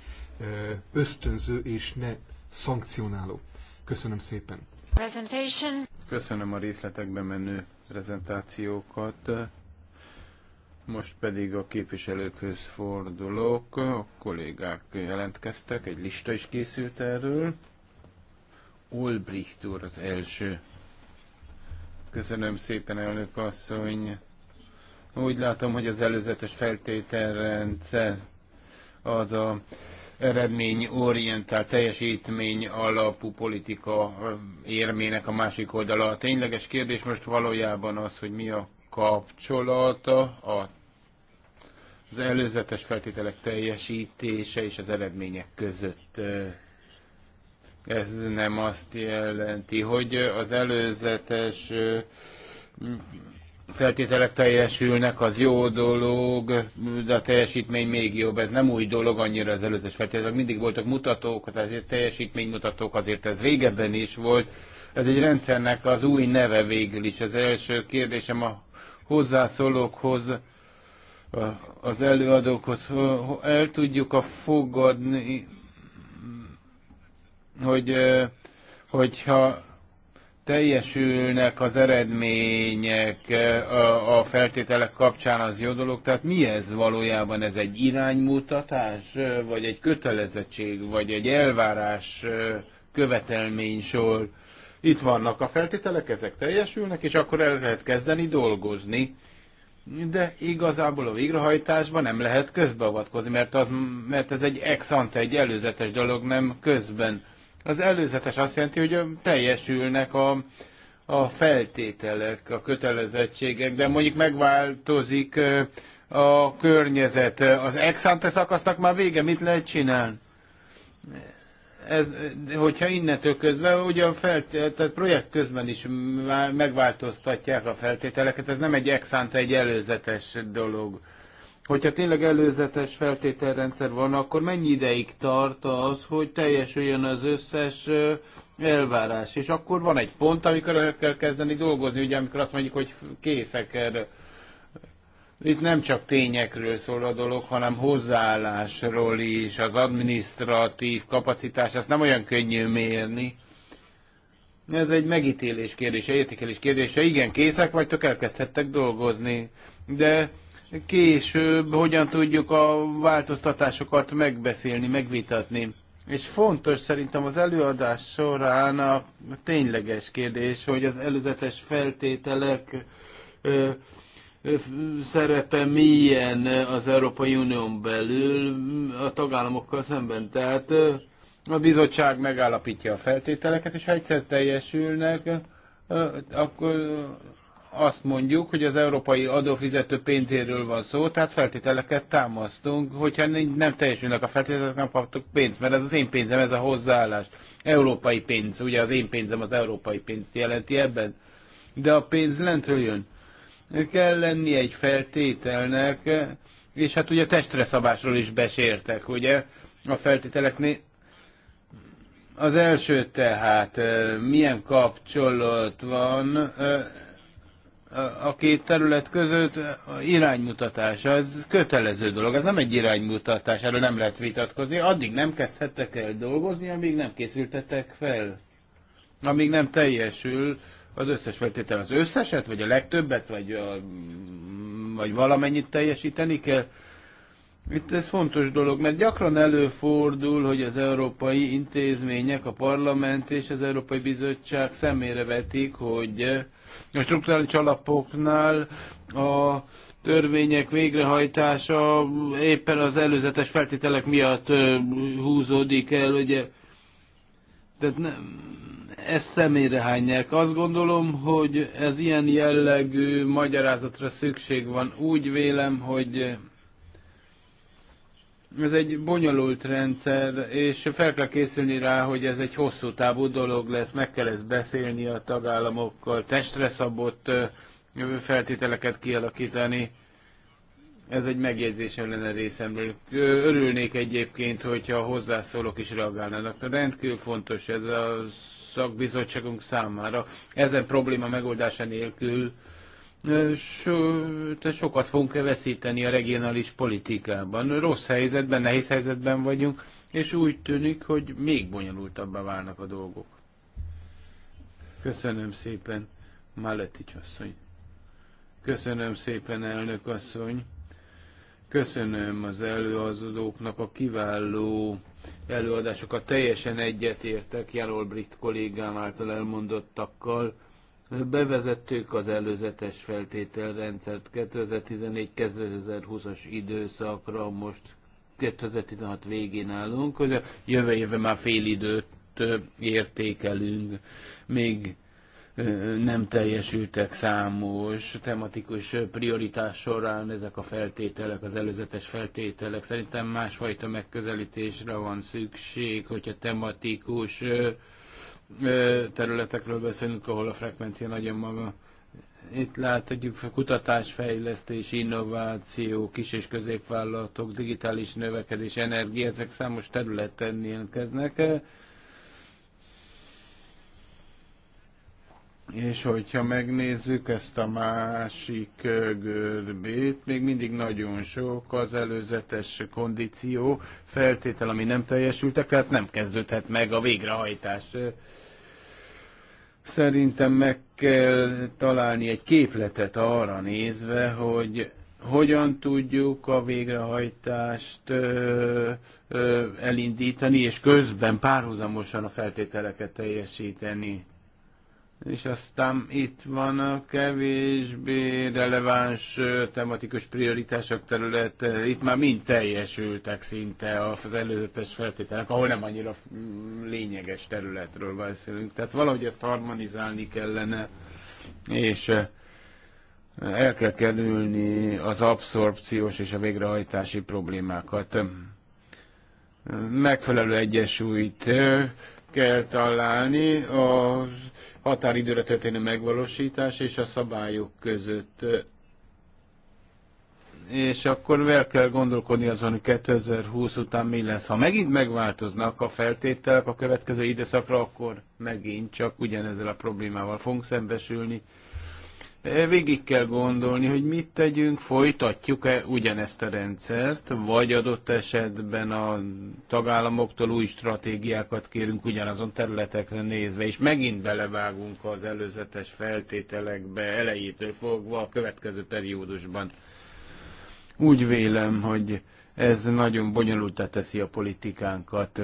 S2: ösztönző és ne szankcionáló. Köszönöm szépen.
S1: Presentation. Köszönöm a részletekben menő prezentációkat. Most pedig a képviselőkhöz fordulok. A kollégák jelentkeztek, egy lista is készült erről. Olbricht úr az első. Köszönöm szépen, elnök asszony. Úgy látom, hogy az előzetes feltételrendszer az a eredmény orientál teljesítmény alapú politika eh, érmének a másik oldala. A tényleges kérdés most valójában az, hogy mi a kapcsolata a, az előzetes feltételek teljesítése és az eredmények között. Eh, ez nem azt jelenti, hogy az előzetes eh, feltételek teljesülnek, az jó dolog, de a teljesítmény még jobb. Ez nem új dolog annyira az előzős feltételek. Mindig voltak mutatók, azért teljesítménymutatók, azért ez régebben is volt. Ez egy rendszernek az új neve végül is. Az első kérdésem a hozzászólókhoz, az előadókhoz. El tudjuk a fogadni, hogy hogyha teljesülnek az eredmények a feltételek kapcsán, az jó dolog. Tehát mi ez valójában? Ez egy iránymutatás, vagy egy kötelezettség, vagy egy elvárás követelménysor? Itt vannak a feltételek, ezek teljesülnek, és akkor el lehet kezdeni dolgozni. De igazából a végrehajtásban nem lehet közbeavatkozni, mert, az, mert ez egy ex ante, egy előzetes dolog, nem közben az előzetes azt jelenti, hogy teljesülnek a, a feltételek, a kötelezettségek, de mondjuk megváltozik a környezet. Az ex ante szakasznak már vége, mit lehet csinálni? Ez, hogyha innentől közben, ugye a felt, tehát projekt közben is megváltoztatják a feltételeket, ez nem egy ex ante, egy előzetes dolog hogyha tényleg előzetes feltételrendszer van, akkor mennyi ideig tart az, hogy teljesüljön az összes elvárás? És akkor van egy pont, amikor el kell kezdeni dolgozni, ugye amikor azt mondjuk, hogy készek erre. Itt nem csak tényekről szól a dolog, hanem hozzáállásról is, az administratív kapacitás, ezt nem olyan könnyű mérni. Ez egy megítélés kérdése, értékelés kérdése. Igen, készek vagytok, elkezdhettek dolgozni, de később hogyan tudjuk a változtatásokat megbeszélni, megvitatni. És fontos szerintem az előadás során a tényleges kérdés, hogy az előzetes feltételek ö, ö, szerepe milyen az Európai Unión belül a tagállamokkal szemben. Tehát ö, a bizottság megállapítja a feltételeket, és ha egyszer teljesülnek, akkor azt mondjuk, hogy az európai adófizető pénzéről van szó, tehát feltételeket támasztunk, hogyha nem teljesülnek a feltételek, nem kaptuk pénzt, mert ez az én pénzem, ez a hozzáállás. Európai pénz, ugye az én pénzem az európai pénzt jelenti ebben, de a pénz lentről jön. Kell lenni egy feltételnek, és hát ugye testre szabásról is besértek, ugye a feltételeknél. Az első tehát, eh, milyen kapcsolat van eh, a két terület között iránymutatás, az kötelező dolog, ez nem egy iránymutatás, erről nem lehet vitatkozni, addig nem kezdhettek el dolgozni, amíg nem készültetek fel, amíg nem teljesül az összes feltétel, az összeset, vagy a legtöbbet, vagy, a, vagy valamennyit teljesíteni kell, itt ez fontos dolog, mert gyakran előfordul, hogy az európai intézmények, a parlament és az Európai Bizottság szemére vetik, hogy a struktúrális alapoknál a törvények végrehajtása éppen az előzetes feltételek miatt húzódik el, ugye. Tehát nem, ezt szemére hányják. Azt gondolom, hogy ez ilyen jellegű magyarázatra szükség van. Úgy vélem, hogy ez egy bonyolult rendszer, és fel kell készülni rá, hogy ez egy hosszú távú dolog lesz, meg kell ezt beszélni a tagállamokkal, testre szabott feltételeket kialakítani. Ez egy megjegyzés ellene részemről. Örülnék egyébként, hogyha a hozzászólók is reagálnának. Rendkívül fontos ez a szakbizottságunk számára. Ezen probléma megoldása nélkül So, sokat fogunk veszíteni a regionális politikában. Rossz helyzetben, nehéz helyzetben vagyunk, és úgy tűnik, hogy még bonyolultabbá válnak a dolgok. Köszönöm szépen, Maletics asszony. Köszönöm szépen, elnök asszony. Köszönöm az előadóknak a kiváló előadásokat. Teljesen egyetértek Jan Brit kollégám által elmondottakkal Bevezettük az előzetes feltételrendszert 2014-2020-as időszakra, most 2016 végén állunk, hogy a jövő évben már fél időt értékelünk, még nem teljesültek számos tematikus prioritás során ezek a feltételek, az előzetes feltételek. Szerintem másfajta megközelítésre van szükség, hogyha tematikus területekről beszélünk, ahol a frekvencia nagyon maga. Itt láthatjuk kutatás, fejlesztés, innováció, kis- és középvállalatok, digitális növekedés, energia, ezek számos területen jelentkeznek. És hogyha megnézzük ezt a másik görbét, még mindig nagyon sok az előzetes kondíció, feltétel, ami nem teljesültek, tehát nem kezdődhet meg a végrehajtás. Szerintem meg kell találni egy képletet arra nézve, hogy hogyan tudjuk a végrehajtást ö, ö, elindítani, és közben párhuzamosan a feltételeket teljesíteni és aztán itt van a kevésbé releváns tematikus prioritások területe. Itt már mind teljesültek szinte az előzetes feltételek, ahol nem annyira mm, lényeges területről beszélünk. Tehát valahogy ezt harmonizálni kellene, és el kell kerülni az abszorpciós és a végrehajtási problémákat. Megfelelő egyensúlyt kell találni a határidőre történő megvalósítás és a szabályok között. És akkor el kell gondolkodni azon, hogy 2020 után mi lesz. Ha megint megváltoznak a feltételek a következő időszakra, akkor megint csak ugyanezzel a problémával fogunk szembesülni. Végig kell gondolni, hogy mit tegyünk, folytatjuk-e ugyanezt a rendszert, vagy adott esetben a tagállamoktól új stratégiákat kérünk ugyanazon területekre nézve, és megint belevágunk az előzetes feltételekbe elejétől fogva a következő periódusban. Úgy vélem, hogy ez nagyon bonyolultá teszi a politikánkat,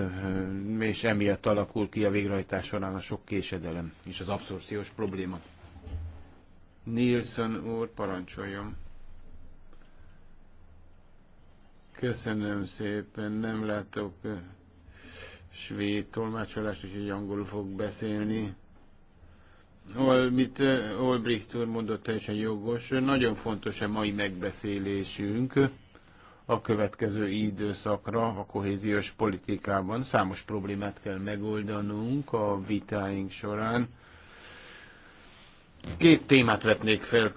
S1: és emiatt alakul ki a végrehajtás során a sok késedelem és az abszorciós probléma. Nielsen úr, parancsoljon. Köszönöm szépen, nem látok eh, svéd tolmácsolást, úgyhogy angolul fog beszélni. Amit eh, Olbricht úr mondott, teljesen jogos. Nagyon fontos a mai megbeszélésünk a következő időszakra a kohéziós politikában. Számos problémát kell megoldanunk a vitáink során Két témát vetnék fel,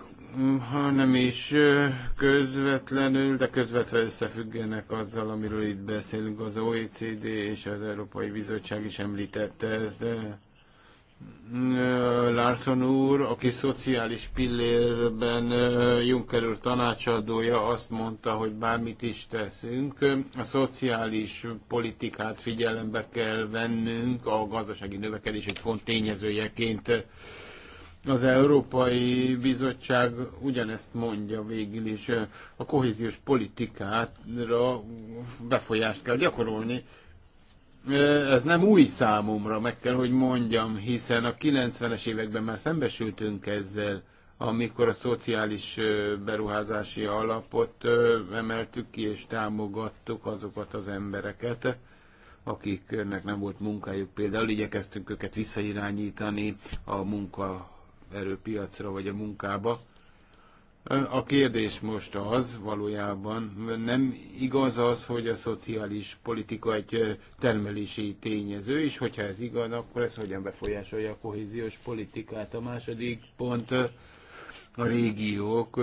S1: Ha nem is közvetlenül, de közvetve összefüggenek azzal, amiről itt beszélünk, az OECD és az Európai Bizottság is említette ezt. Larson úr, aki szociális pillérben Juncker úr tanácsadója, azt mondta, hogy bármit is teszünk, a szociális politikát figyelembe kell vennünk a gazdasági növekedés egy font tényezőjeként. Az Európai Bizottság ugyanezt mondja végül is, a kohéziós politikára befolyást kell gyakorolni. Ez nem új számomra, meg kell, hogy mondjam, hiszen a 90-es években már szembesültünk ezzel, amikor a szociális beruházási alapot emeltük ki, és támogattuk azokat az embereket, akiknek nem volt munkájuk. Például igyekeztünk őket visszairányítani a munka erőpiacra vagy a munkába. A kérdés most az valójában, nem igaz az, hogy a szociális politika egy termelési tényező, és hogyha ez igaz, akkor ez hogyan befolyásolja a kohéziós politikát. A második pont a régiók,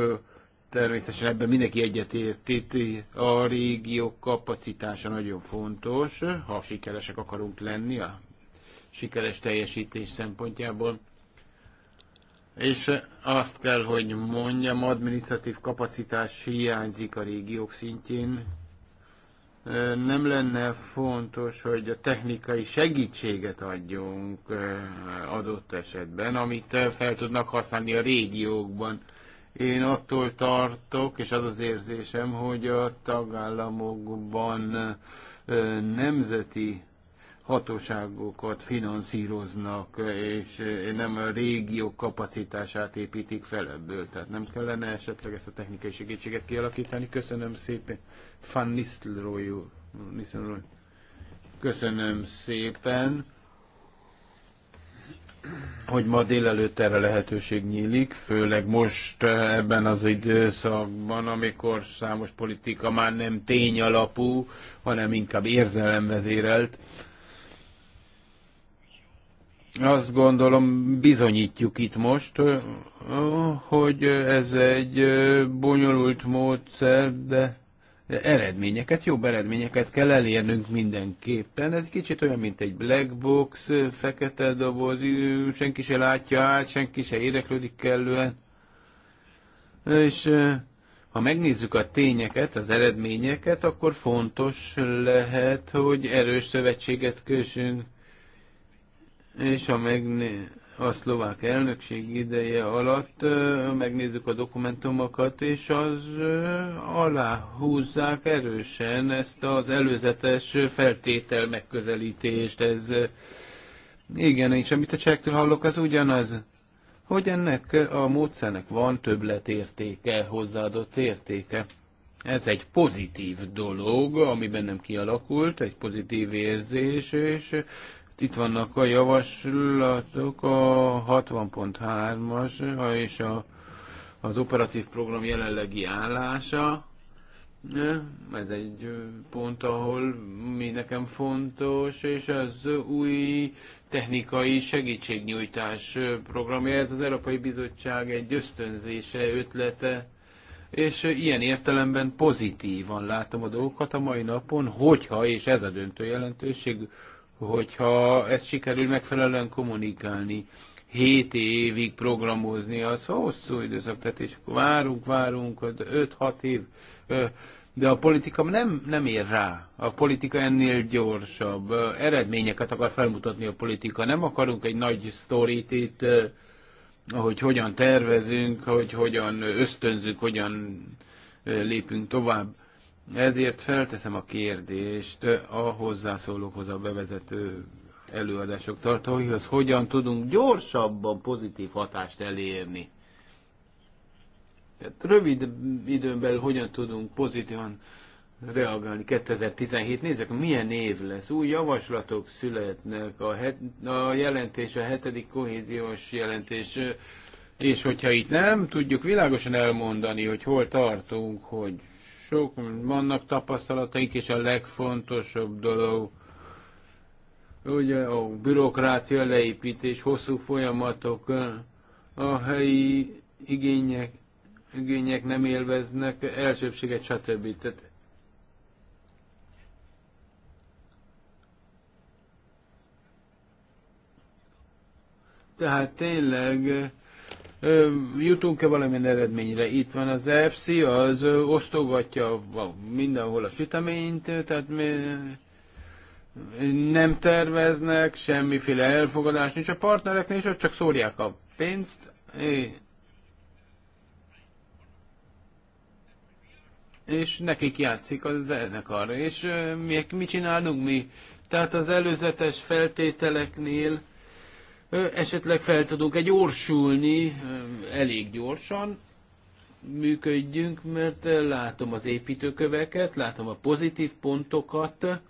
S1: természetesen ebben mindenki egyetért, itt a régiók kapacitása nagyon fontos, ha sikeresek akarunk lenni a sikeres teljesítés szempontjából és azt kell, hogy mondjam, administratív kapacitás hiányzik a régiók szintjén. Nem lenne fontos, hogy a technikai segítséget adjunk adott esetben, amit fel tudnak használni a régiókban. Én attól tartok, és az az érzésem, hogy a tagállamokban nemzeti hatóságokat finanszíroznak, és eh, nem a régiók kapacitását építik fel ebből. Tehát nem kellene esetleg ezt a technikai segítséget kialakítani. Köszönöm szépen. Van Nistelrooy Köszönöm szépen, hogy ma délelőtt erre lehetőség nyílik, főleg most eh, ebben az időszakban, amikor számos politika már nem tényalapú, hanem inkább érzelemvezérelt. vezérelt azt gondolom bizonyítjuk itt most, hogy ez egy bonyolult módszer, de eredményeket, jobb eredményeket kell elérnünk mindenképpen. Ez kicsit olyan, mint egy black box, fekete doboz, senki se látja át, senki se érdeklődik kellően. És ha megnézzük a tényeket, az eredményeket, akkor fontos lehet, hogy erős szövetséget kössünk és ha megné- a szlovák elnökség ideje alatt megnézzük a dokumentumokat, és az alá húzzák erősen ezt az előzetes feltétel megközelítést. Ez igen, és amit a csektől hallok, az ugyanaz hogy ennek a módszernek van többletértéke, hozzáadott értéke. Ez egy pozitív dolog, ami bennem kialakult, egy pozitív érzés, és itt vannak a javaslatok, a 60.3-as és a, az operatív program jelenlegi állása. Ez egy pont, ahol mi nekem fontos, és az új technikai segítségnyújtás programja, ez az Európai Bizottság egy ösztönzése, ötlete, és ilyen értelemben pozitívan látom a dolgokat a mai napon, hogyha, és ez a döntő jelentőség, hogyha ezt sikerül megfelelően kommunikálni. 7 évig programozni, az hosszú időszak, tehát és akkor várunk, várunk, 5-6 év, de a politika nem, nem ér rá. A politika ennél gyorsabb. Eredményeket akar felmutatni a politika. Nem akarunk egy nagy sztorit itt, hogy hogyan tervezünk, hogy hogyan ösztönzünk, hogyan lépünk tovább. Ezért felteszem a kérdést a hozzászólókhoz, a bevezető előadások tartóihoz hogyan tudunk gyorsabban pozitív hatást elérni. Tehát rövid időn belül hogyan tudunk pozitívan reagálni. 2017, nézzük, milyen év lesz. Új javaslatok születnek, a, het, a jelentés, a hetedik kohéziós jelentés, és hogyha itt nem tudjuk világosan elmondani, hogy hol tartunk, hogy sok, vannak tapasztalataink, és a legfontosabb dolog, ugye a bürokrácia leépítés, hosszú folyamatok, a helyi igények, igények nem élveznek elsőbséget, stb. Tehát Tehát tényleg jutunk-e valamilyen eredményre. Itt van az EFC, az osztogatja mindenhol a süteményt, tehát mi nem terveznek, semmiféle elfogadás nincs a partnereknél, és ott csak szórják a pénzt. É. És nekik játszik az zenekar. És mi, mit csinálunk mi? Tehát az előzetes feltételeknél esetleg fel tudunk egy gyorsulni, elég gyorsan működjünk, mert látom az építőköveket, látom a pozitív pontokat,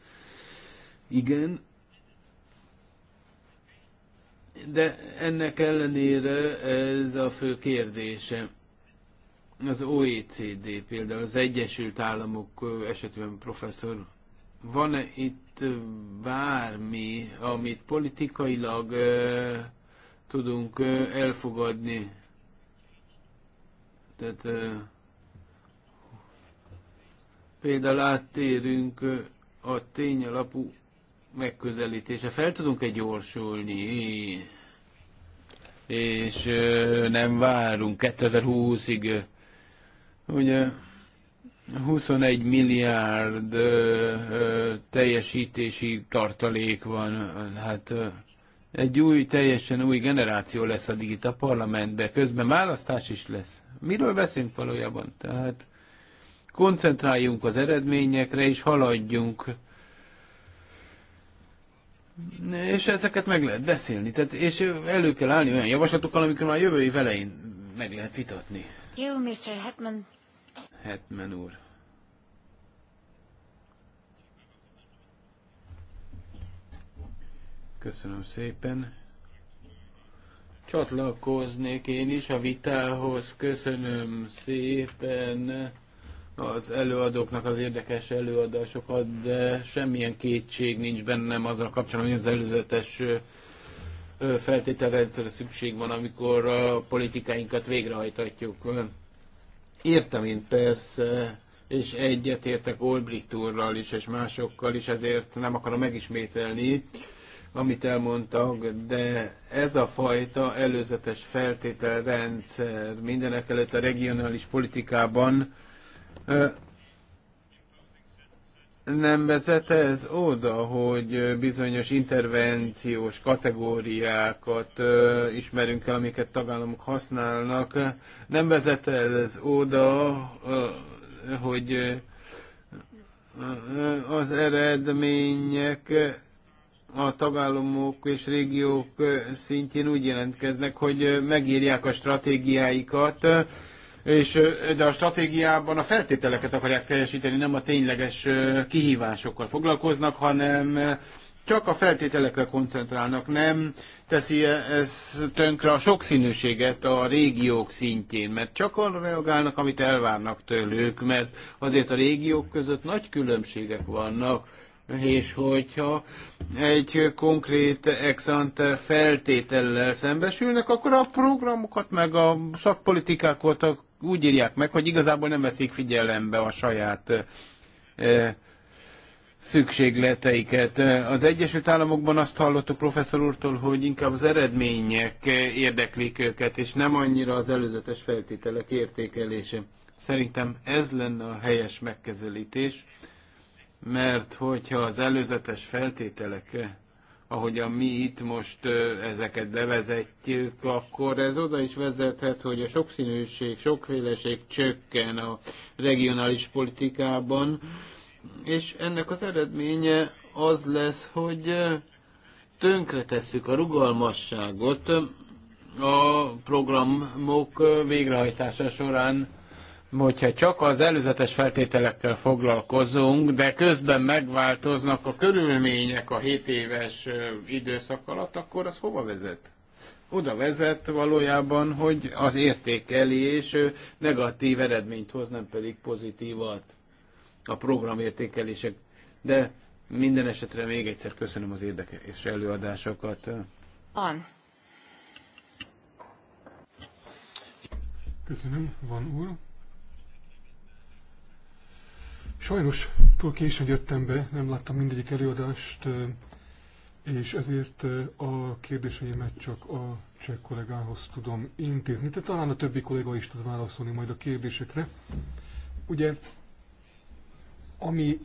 S1: igen, de ennek ellenére ez a fő kérdése. Az OECD például, az Egyesült Államok esetében professzor, van-e itt itt hát, bármi, amit politikailag ö, tudunk ö, elfogadni. Tehát ö, például áttérünk a tényalapú megközelítése. Fel tudunk-e gyorsulni? És ö, nem várunk 2020-ig. Ugye 21 milliárd ö, ö, teljesítési tartalék van, hát ö, egy új, teljesen új generáció lesz a digita a parlamentben, közben választás is lesz. Miről beszélünk valójában? Tehát koncentráljunk az eredményekre, és haladjunk. És ezeket meg lehet beszélni. Tehát, és elő kell állni olyan javaslatokkal, amikor már a jövő év elején meg lehet vitatni.
S2: You, Mr. Hetman,
S1: Hetmen úr. Köszönöm szépen. Csatlakoznék én is a vitához. Köszönöm szépen az előadóknak az érdekes előadásokat, de semmilyen kétség nincs bennem azzal kapcsolatban, hogy az előzetes feltételrendszerre szükség van, amikor a politikáinkat végrehajtatjuk. Értem én persze, és egyetértek Olbricht úrral is, és másokkal is, ezért nem akarom megismételni, amit elmondtak, de ez a fajta előzetes feltételrendszer mindenek előtt a regionális politikában nem vezet ez oda, hogy bizonyos intervenciós kategóriákat ö, ismerünk el, amiket tagállamok használnak. Nem vezet ez oda, ö, hogy ö, az eredmények a tagállamok és régiók szintjén úgy jelentkeznek, hogy megírják a stratégiáikat, és, de a stratégiában a feltételeket akarják teljesíteni, nem a tényleges kihívásokkal foglalkoznak, hanem csak a feltételekre koncentrálnak, nem teszi e, ez tönkre a sokszínűséget a régiók szintjén, mert csak arra reagálnak, amit elvárnak tőlük, mert azért a régiók között nagy különbségek vannak, és hogyha egy konkrét exant feltétellel szembesülnek, akkor a programokat meg a szakpolitikákat a úgy írják meg, hogy igazából nem veszik figyelembe a saját e, szükségleteiket. Az Egyesült Államokban azt hallottuk professzor úrtól, hogy inkább az eredmények érdeklik őket, és nem annyira az előzetes feltételek értékelése. Szerintem ez lenne a helyes megkezelítés, mert hogyha az előzetes feltételek ahogyan mi itt most ezeket bevezetjük, akkor ez oda is vezethet, hogy a sokszínűség, sokféleség csökken a regionális politikában, és ennek az eredménye az lesz, hogy tönkretesszük a rugalmasságot a programok végrehajtása során hogyha csak az előzetes feltételekkel foglalkozunk, de közben megváltoznak a körülmények a 7 éves időszak alatt, akkor az hova vezet? Oda vezet valójában, hogy az értékelés negatív eredményt hoz, nem pedig pozitívat a programértékelések. De minden esetre még egyszer köszönöm az érdekes előadásokat.
S2: An. Köszönöm, van úr. Sajnos túl későn jöttem be, nem láttam mindegyik előadást, és ezért a kérdéseimet csak a cseh kollégához tudom intézni, Te talán a többi kolléga is tud válaszolni majd a kérdésekre. Ugye, ami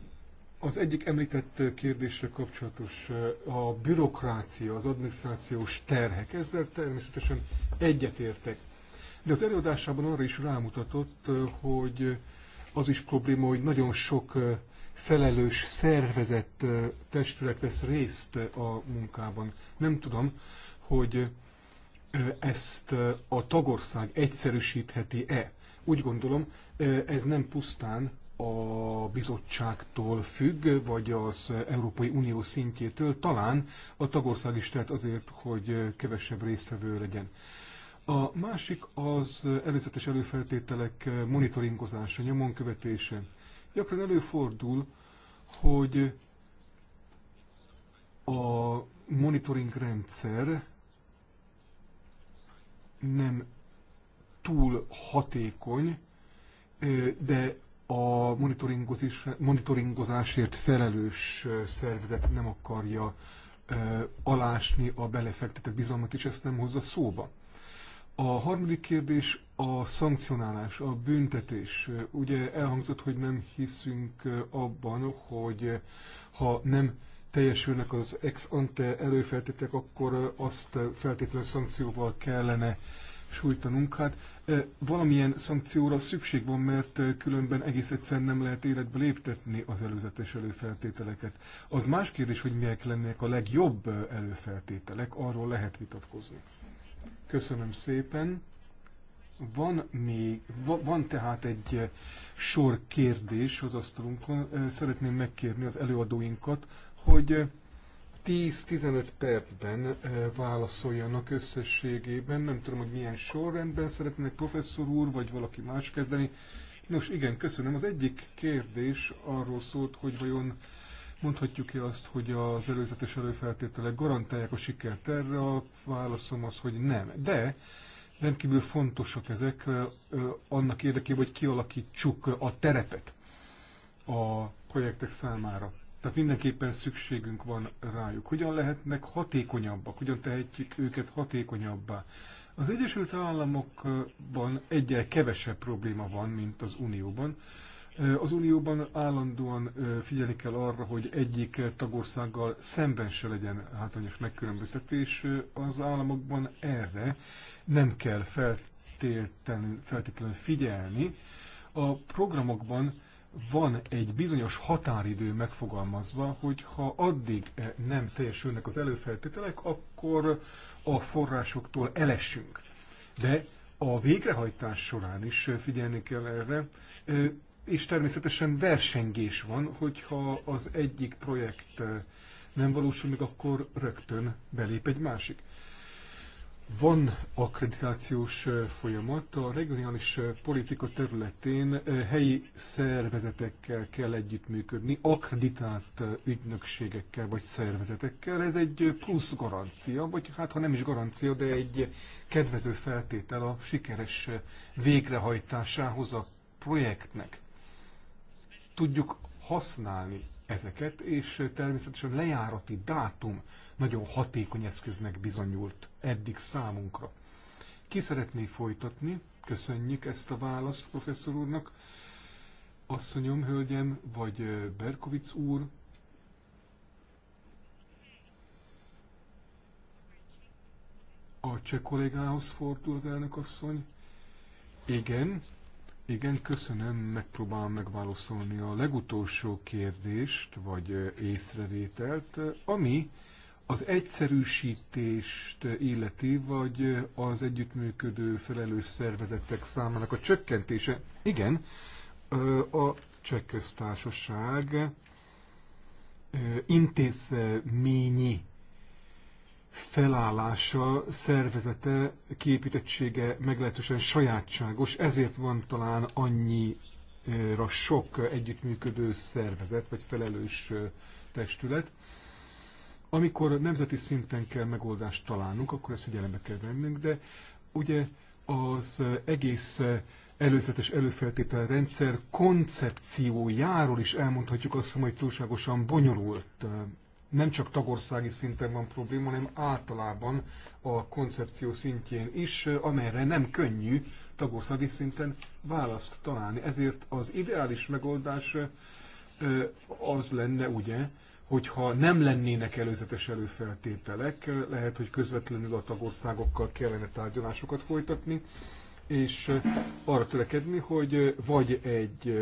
S2: az egyik említett kérdésre kapcsolatos a bürokrácia, az adminisztrációs terhek, ezzel természetesen egyetértek. De az előadásában arra is rámutatott, hogy az is probléma, hogy nagyon sok felelős szervezett testület vesz részt a munkában. Nem tudom, hogy ezt a tagország egyszerűsítheti-e. Úgy gondolom, ez nem pusztán a bizottságtól függ, vagy az Európai Unió szintjétől, talán a tagország is tehet azért, hogy kevesebb résztvevő legyen. A másik az előzetes előfeltételek monitoringozása, nyomon követése. Gyakran előfordul, hogy a monitoring rendszer nem túl hatékony, de a monitoringozásért felelős szervezet nem akarja alásni a belefektetett bizalmat, és ezt nem hozza szóba. A harmadik kérdés a szankcionálás, a büntetés. Ugye elhangzott, hogy nem hiszünk abban, hogy ha nem teljesülnek az ex ante előfeltételek, akkor azt feltétlenül szankcióval kellene sújtanunk. Hát valamilyen szankcióra szükség van, mert különben egész egyszerűen nem lehet életbe léptetni az előzetes előfeltételeket. Az más kérdés, hogy milyek lennének a legjobb előfeltételek, arról lehet vitatkozni. Köszönöm szépen. Van még, van tehát egy eh, sor kérdés az asztalunkon. Eh, szeretném megkérni az előadóinkat, hogy 10-15 eh, percben válaszoljanak összességében. Nem tudom, hogy milyen sorrendben szeretnék professzor úr, vagy valaki más kezdeni. Nos igen, köszönöm. Az egyik kérdés arról szólt, hogy vajon Mondhatjuk e azt, hogy az előzetes előfeltételek garantálják a sikert erre? A válaszom az, hogy nem. De rendkívül fontosak ezek annak érdekében, hogy kialakítsuk a terepet a projektek számára. Tehát mindenképpen szükségünk van rájuk. Hogyan lehetnek hatékonyabbak? Hogyan tehetjük őket hatékonyabbá? Az Egyesült Államokban egyel kevesebb probléma van, mint az Unióban. Az Unióban állandóan figyelni kell arra, hogy egyik tagországgal szemben se legyen hátrányos megkülönböztetés. Az államokban erre nem kell feltétlenül, figyelni. A programokban van egy bizonyos határidő megfogalmazva, hogy ha addig nem teljesülnek az előfeltételek, akkor a forrásoktól elesünk. De a végrehajtás során is figyelni kell erre és természetesen versengés van, hogyha az egyik projekt eh, nem valósul meg, akkor rögtön belép egy másik. Van akkreditációs eh, folyamat, a regionális eh, politika területén helyi szervezetekkel kell együttműködni, akkreditált ügynökségekkel vagy szervezetekkel. Ez egy plusz garancia, vagy hát ha nem is garancia, de egy kedvező feltétel a sikeres végrehajtásához a projektnek tudjuk használni ezeket, és természetesen lejárati dátum nagyon hatékony eszköznek bizonyult eddig számunkra. Ki szeretné folytatni? Köszönjük ezt a választ professzor úrnak. Asszonyom, hölgyem, vagy Berkovic úr, A cseh kollégához fordul az elnök asszony. Igen, igen, köszönöm, megpróbálom megválaszolni a legutolsó kérdést, vagy észrevételt, ami az egyszerűsítést illeti, vagy az együttműködő felelős szervezetek számának a csökkentése. Igen, a cseh köztársaság intézményi felállása, szervezete, képítettsége meglehetősen sajátságos, ezért van talán annyira sok együttműködő szervezet, vagy felelős testület. Amikor nemzeti szinten kell megoldást találnunk, akkor ezt figyelembe kell vennünk, de ugye az egész előzetes előfeltétel rendszer koncepciójáról is elmondhatjuk azt, hogy túlságosan bonyolult nem csak tagországi szinten van probléma, hanem általában a koncepció szintjén is, amelyre nem könnyű tagországi szinten választ találni. Ezért az ideális megoldás az lenne, ugye, hogyha nem lennének előzetes előfeltételek, lehet, hogy közvetlenül a tagországokkal kellene tárgyalásokat folytatni, és arra törekedni, hogy vagy egy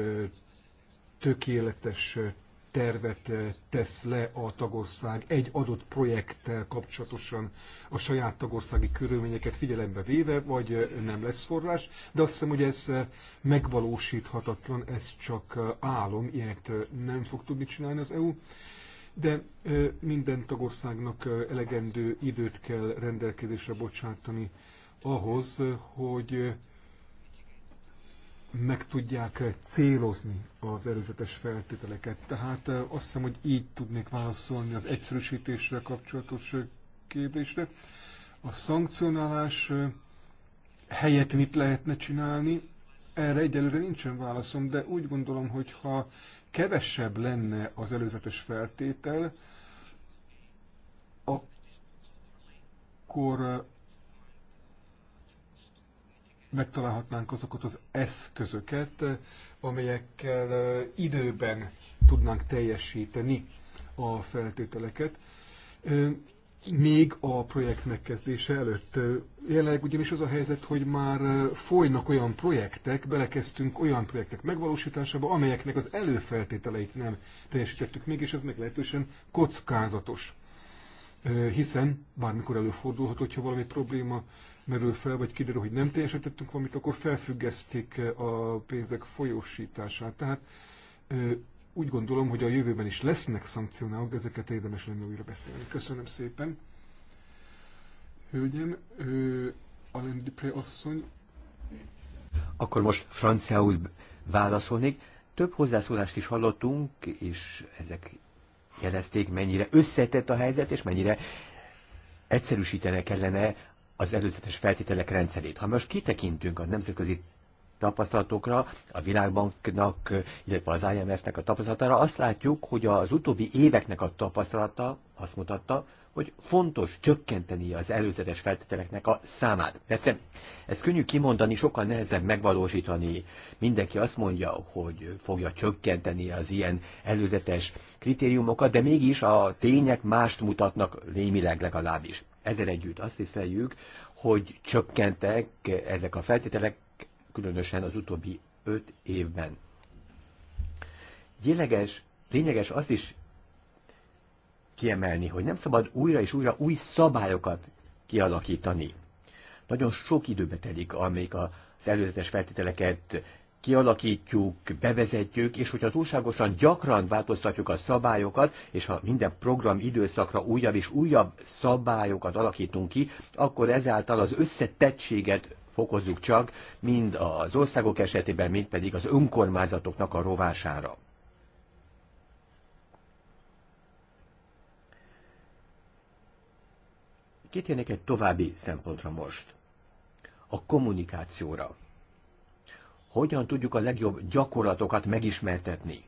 S2: tökéletes tervet eh, tesz le a tagország egy adott projekttel kapcsolatosan a saját tagországi körülményeket figyelembe véve, vagy eh, nem lesz forrás, de azt hiszem, hogy ez eh, megvalósíthatatlan, ez csak álom, ilyet nem fog tudni csinálni az EU de minden tagországnak elegendő időt kell rendelkezésre bocsátani ahhoz, hogy meg tudják eh, célozni az előzetes feltételeket. Tehát eh, azt hiszem, hogy így tudnék válaszolni az egyszerűsítésre kapcsolatos eh, kérdésre. A szankcionálás helyett mit lehetne csinálni? Erre egyelőre nincsen válaszom, de úgy gondolom, hogy ha kevesebb lenne az előzetes feltétel, akkor megtalálhatnánk azokat az eszközöket, amelyekkel időben tudnánk teljesíteni a feltételeket, még a projekt megkezdése előtt. Jelenleg ugyanis az a helyzet, hogy már folynak olyan projektek, belekezdtünk olyan projektek megvalósításába, amelyeknek az előfeltételeit nem teljesítettük még, és ez meglehetősen kockázatos. Hiszen bármikor előfordulhat, hogyha valami probléma merül fel, vagy kiderül, hogy nem teljesítettünk valamit, akkor felfüggesztik eh, a pénzek folyósítását. Tehát eh, úgy gondolom, hogy a jövőben is lesznek szankcionálók, ezeket érdemes lenne újra beszélni. Köszönöm szépen. Hölgyem, eh, Alain Dupré asszony.
S3: Akkor most franciául válaszolnék. Több hozzászólást is hallottunk, és ezek jelezték, mennyire összetett a helyzet, és mennyire egyszerűsítene kellene az előzetes feltételek rendszerét. Ha most kitekintünk a nemzetközi tapasztalatokra, a Világbanknak, illetve az IMF-nek a tapasztalatára, azt látjuk, hogy az utóbbi éveknek a tapasztalata azt mutatta, hogy fontos csökkenteni az előzetes feltételeknek a számát. Persze, ez könnyű kimondani, sokkal nehezebb megvalósítani. Mindenki azt mondja, hogy fogja csökkenteni az ilyen előzetes kritériumokat, de mégis a tények mást mutatnak némileg legalábbis. Ezzel együtt azt észleljük, hogy csökkentek ezek a feltételek, különösen az utóbbi öt évben. Jéleges, lényeges azt is kiemelni, hogy nem szabad újra és újra új szabályokat kialakítani. Nagyon sok időbe telik, amíg az előzetes feltételeket kialakítjuk, bevezetjük, és hogyha túlságosan gyakran változtatjuk a szabályokat, és ha minden program időszakra újabb és újabb szabályokat alakítunk ki, akkor ezáltal az összetettséget fokozzuk csak, mind az országok esetében, mind pedig az önkormányzatoknak a rovására. Kitérnék egy további szempontra most. A kommunikációra. Hogyan tudjuk a legjobb gyakorlatokat megismertetni?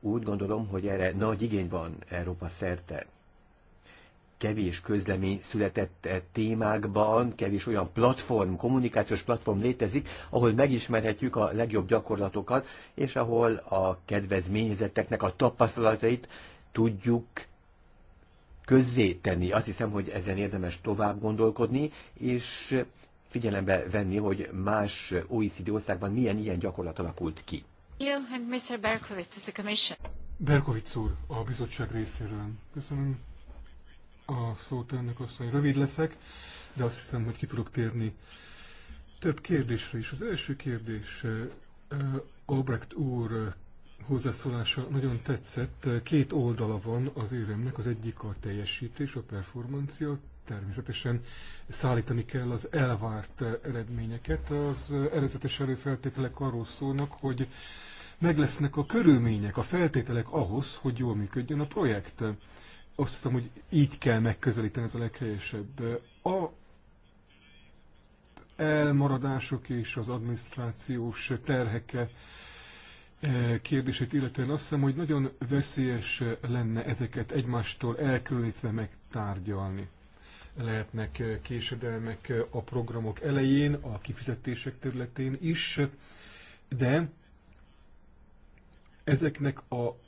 S3: Úgy gondolom, hogy erre nagy igény van Európa szerte kevés közlemény született e témákban, kevés olyan platform, kommunikációs platform létezik, ahol megismerhetjük a legjobb gyakorlatokat, és ahol a kedvezményezetteknek a tapasztalatait tudjuk közzé Azt hiszem, hogy ezen érdemes tovább gondolkodni, és figyelembe venni, hogy más OECD országban milyen ilyen gyakorlat
S2: alakult ki. You and Mr. Berkowitz, the commission. Berkovic úr, a bizottság részéről. Köszönöm a szót ennek hogy Rövid leszek, de azt hiszem, hogy ki tudok térni több kérdésre is. Az első kérdés, Albrecht úr hozzászólása nagyon tetszett. Két oldala van az éremnek, az egyik a teljesítés, a performancia, természetesen szállítani kell az elvárt eredményeket. Az eredetes előfeltételek arról szólnak, hogy meg lesznek a körülmények, a feltételek ahhoz, hogy jól működjön a projekt. Azt hiszem, hogy így kell megközelíteni, ez a leghelyesebb. A elmaradások és az adminisztrációs terheke E, kérdését illetően azt hiszem, hogy nagyon veszélyes lenne ezeket egymástól elkülönítve megtárgyalni. Lehetnek e, késedelmek e, a programok elején, a kifizetések területén is, de ezeknek a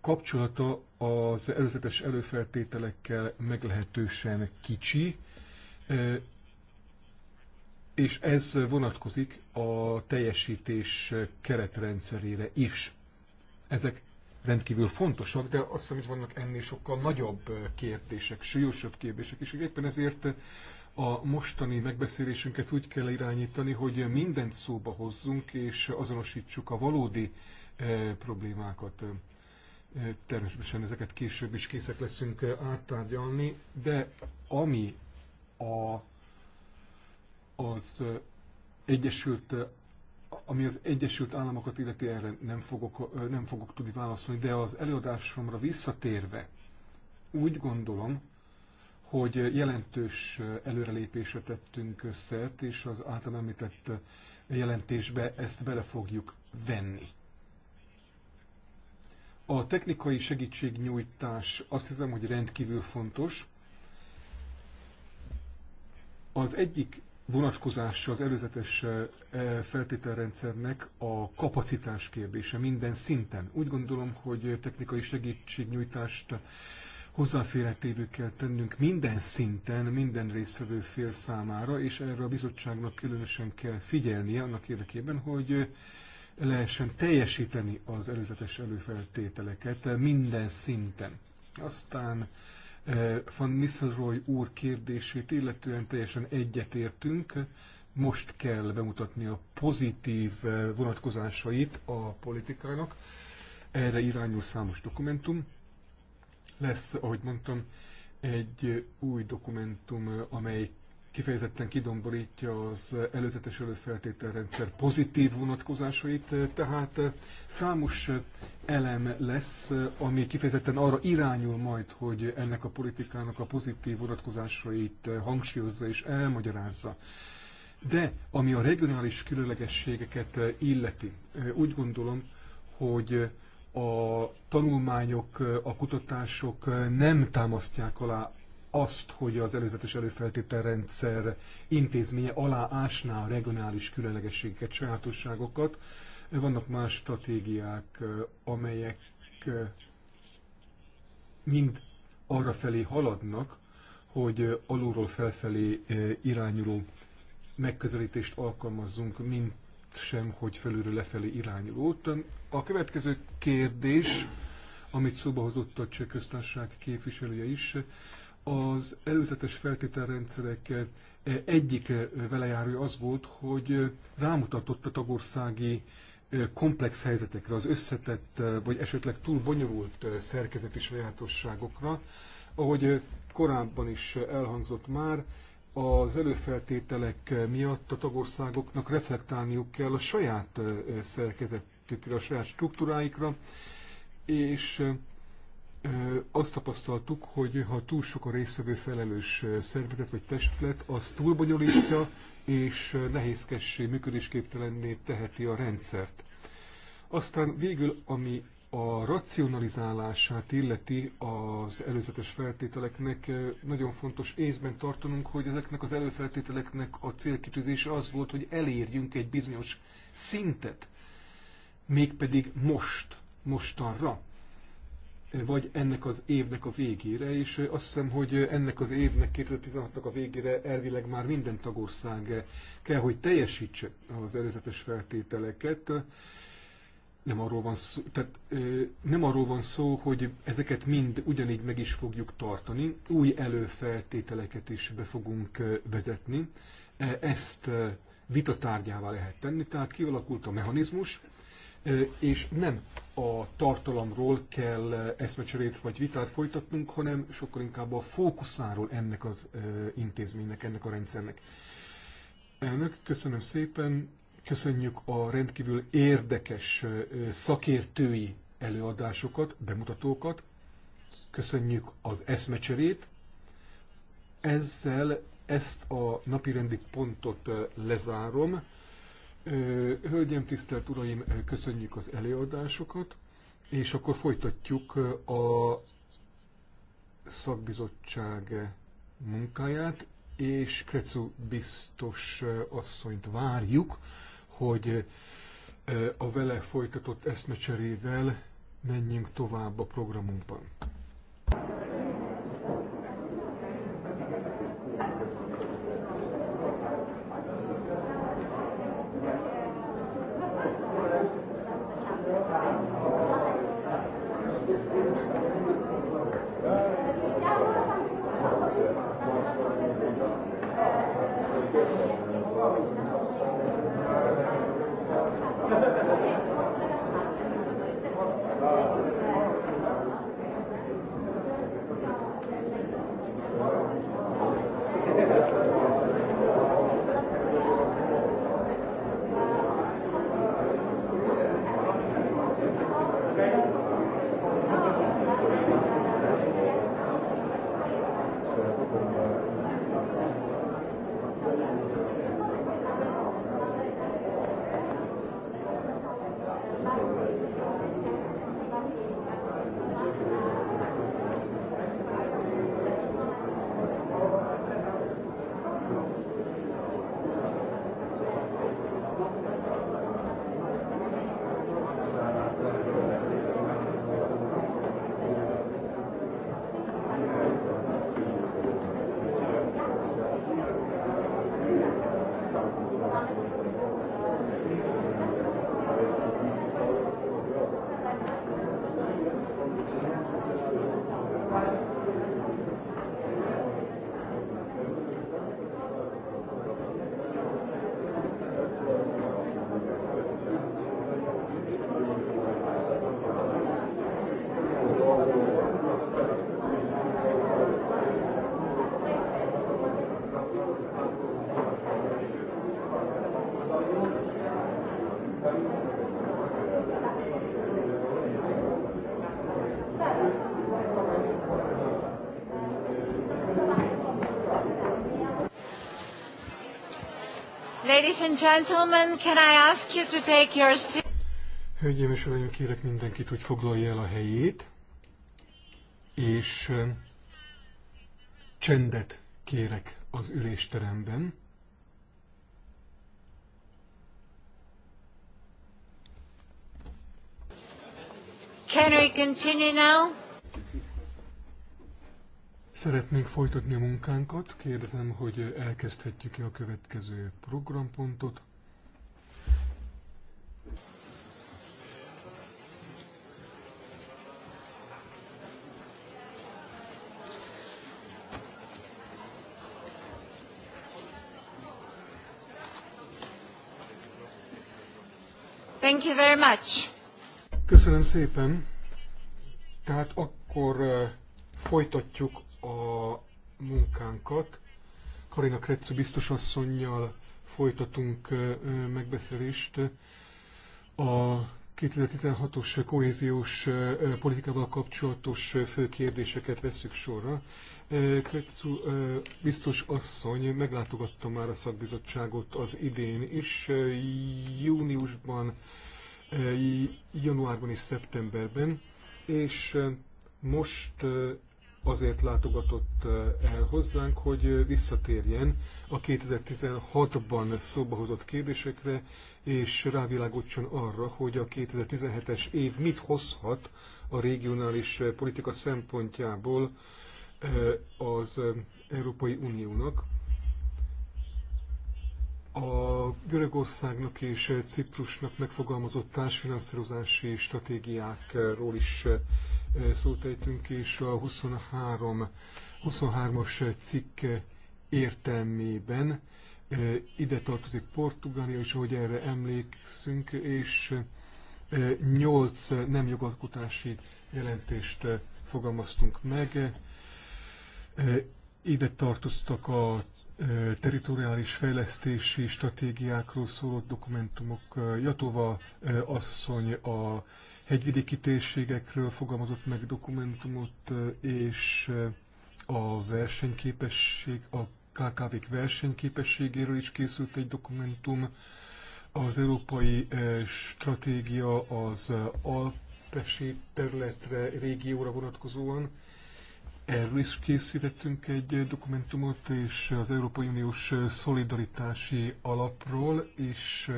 S2: kapcsolata az előzetes előfeltételekkel meglehetősen kicsi, és ez vonatkozik a teljesítés keretrendszerére is. Ezek rendkívül fontosak, de azt hiszem, hogy vannak ennél sokkal nagyobb kérdések, súlyosabb kérdések is. Éppen ezért a mostani megbeszélésünket úgy kell irányítani, hogy mindent szóba hozzunk, és azonosítsuk a valódi eh, problémákat. Eh, természetesen ezeket később is készek leszünk eh, áttárgyalni, de ami a az Egyesült, ami az Egyesült Államokat illeti, erre nem fogok, nem fogok tudni válaszolni, de az előadásomra visszatérve úgy gondolom, hogy jelentős előrelépésre tettünk szert, és az által említett jelentésbe ezt bele fogjuk venni. A technikai segítségnyújtás azt hiszem, hogy rendkívül fontos. Az egyik vonatkozása az előzetes eh, feltételrendszernek a kapacitás kérdése minden szinten. Úgy gondolom, hogy technikai segítségnyújtást hozzáférhetővé kell tennünk minden szinten, minden részvevő fél számára, és erre a bizottságnak különösen kell figyelnie annak érdekében, hogy eh, lehessen teljesíteni az előzetes előfeltételeket minden szinten. Aztán van Nisselrooy úr kérdését illetően teljesen egyetértünk. Most kell bemutatni a pozitív vonatkozásait a politikának. Erre irányul számos dokumentum. Lesz, ahogy mondtam, egy új dokumentum, amely kifejezetten kidomborítja az előzetes előfeltételrendszer pozitív vonatkozásait, tehát számos elem lesz, ami kifejezetten arra irányul majd, hogy ennek a politikának a pozitív vonatkozásait hangsúlyozza és elmagyarázza. De ami a regionális különlegességeket illeti, úgy gondolom, hogy a tanulmányok, a kutatások nem támasztják alá azt, hogy az előzetes előfeltételrendszer intézménye ásná a regionális különlegességeket, sajátosságokat. Vannak más stratégiák, amelyek mind arra felé haladnak, hogy alulról felfelé eh, irányuló megközelítést alkalmazzunk, mint sem, hogy felülről lefelé irányulót. A következő kérdés, amit szóba hozott a Cseh Köztársaság képviselője is, az előzetes feltételrendszerek e, egyik e, velejárója az volt, hogy e, rámutatott a tagországi komplex helyzetekre, az összetett vagy esetleg túl bonyolult szerkezeti sajátosságokra. Ahogy korábban is elhangzott már, az előfeltételek miatt a tagországoknak reflektálniuk kell a saját szerkezetükre, a saját struktúráikra, és azt tapasztaltuk, hogy ha túl sok a részvevő felelős szervezet vagy testület, az túlbonyolítja és nehézkessé, működésképtelenné teheti a rendszert. Aztán végül, ami a racionalizálását illeti az előzetes feltételeknek, nagyon fontos észben tartanunk, hogy ezeknek az előfeltételeknek a célkitűzése az volt, hogy elérjünk egy bizonyos szintet, mégpedig most, mostanra vagy ennek az évnek a végére, és azt hiszem, hogy ennek az évnek, 2016-nak a végére elvileg már minden tagország kell, hogy teljesítse az előzetes feltételeket. Nem arról van szó, tehát, nem arról van szó, hogy ezeket mind ugyanígy meg is fogjuk tartani, új előfeltételeket is be fogunk vezetni. E, ezt vitatárgyává lehet tenni, tehát kialakult a mechanizmus, és nem a tartalomról kell eh, eszmecserét vagy vitát folytatnunk, hanem sokkal inkább a fókuszáról ennek az eh, intézménynek, ennek a rendszernek. Elnök, köszönöm szépen, köszönjük a rendkívül érdekes eh, szakértői előadásokat, bemutatókat, köszönjük az eszmecserét. Ezzel ezt a napirendi pontot lezárom. Hölgyem, tisztelt Uraim, köszönjük az előadásokat, és akkor folytatjuk a szakbizottság munkáját, és Krecu biztos asszonyt várjuk, hogy a vele folytatott eszmecserével menjünk tovább a programunkban. Ladies and gentlemen, can I ask you to take your seat? Hölgyeim és uraim, kérek mindenkit, hogy foglalja el a helyét, és csendet kérek az ülésteremben.
S1: Can we continue now?
S2: Szeretnénk folytatni a munkánkat. Kérdezem, hogy elkezdhetjük-e a következő programpontot. Thank you very much. Köszönöm szépen. Tehát akkor eh, folytatjuk munkánkat. Karina Kretszú biztosasszonynal folytatunk megbeszélést a 2016-os kohéziós politikával kapcsolatos fő kérdéseket veszük sorra. Kretszú biztos asszony meglátogatta már a szakbizottságot az idén is, júniusban, januárban és szeptemberben, és most azért látogatott el hozzánk, hogy visszatérjen a 2016-ban szóba hozott kérdésekre, és rávilágítson arra, hogy a 2017-es év mit hozhat a regionális politika szempontjából az Európai Uniónak. A Görögországnak és Ciprusnak megfogalmazott társfinanszírozási stratégiákról is szót ejtünk, és a 23, 23-as cikk értelmében ide tartozik Portugália, és ahogy erre emlékszünk, és 8 nem jogalkotási jelentést fogalmaztunk meg. Ide tartoztak a teritoriális fejlesztési stratégiákról szóló dokumentumok. Jatova asszony a hegyvidéki térségekről fogalmazott meg dokumentumot, és a versenyképesség, a KKV-k versenyképességéről is készült egy dokumentum, az európai stratégia az alpesi területre, régióra vonatkozóan. Erről is készítettünk egy dokumentumot, és az Európai Uniós Szolidaritási Alapról is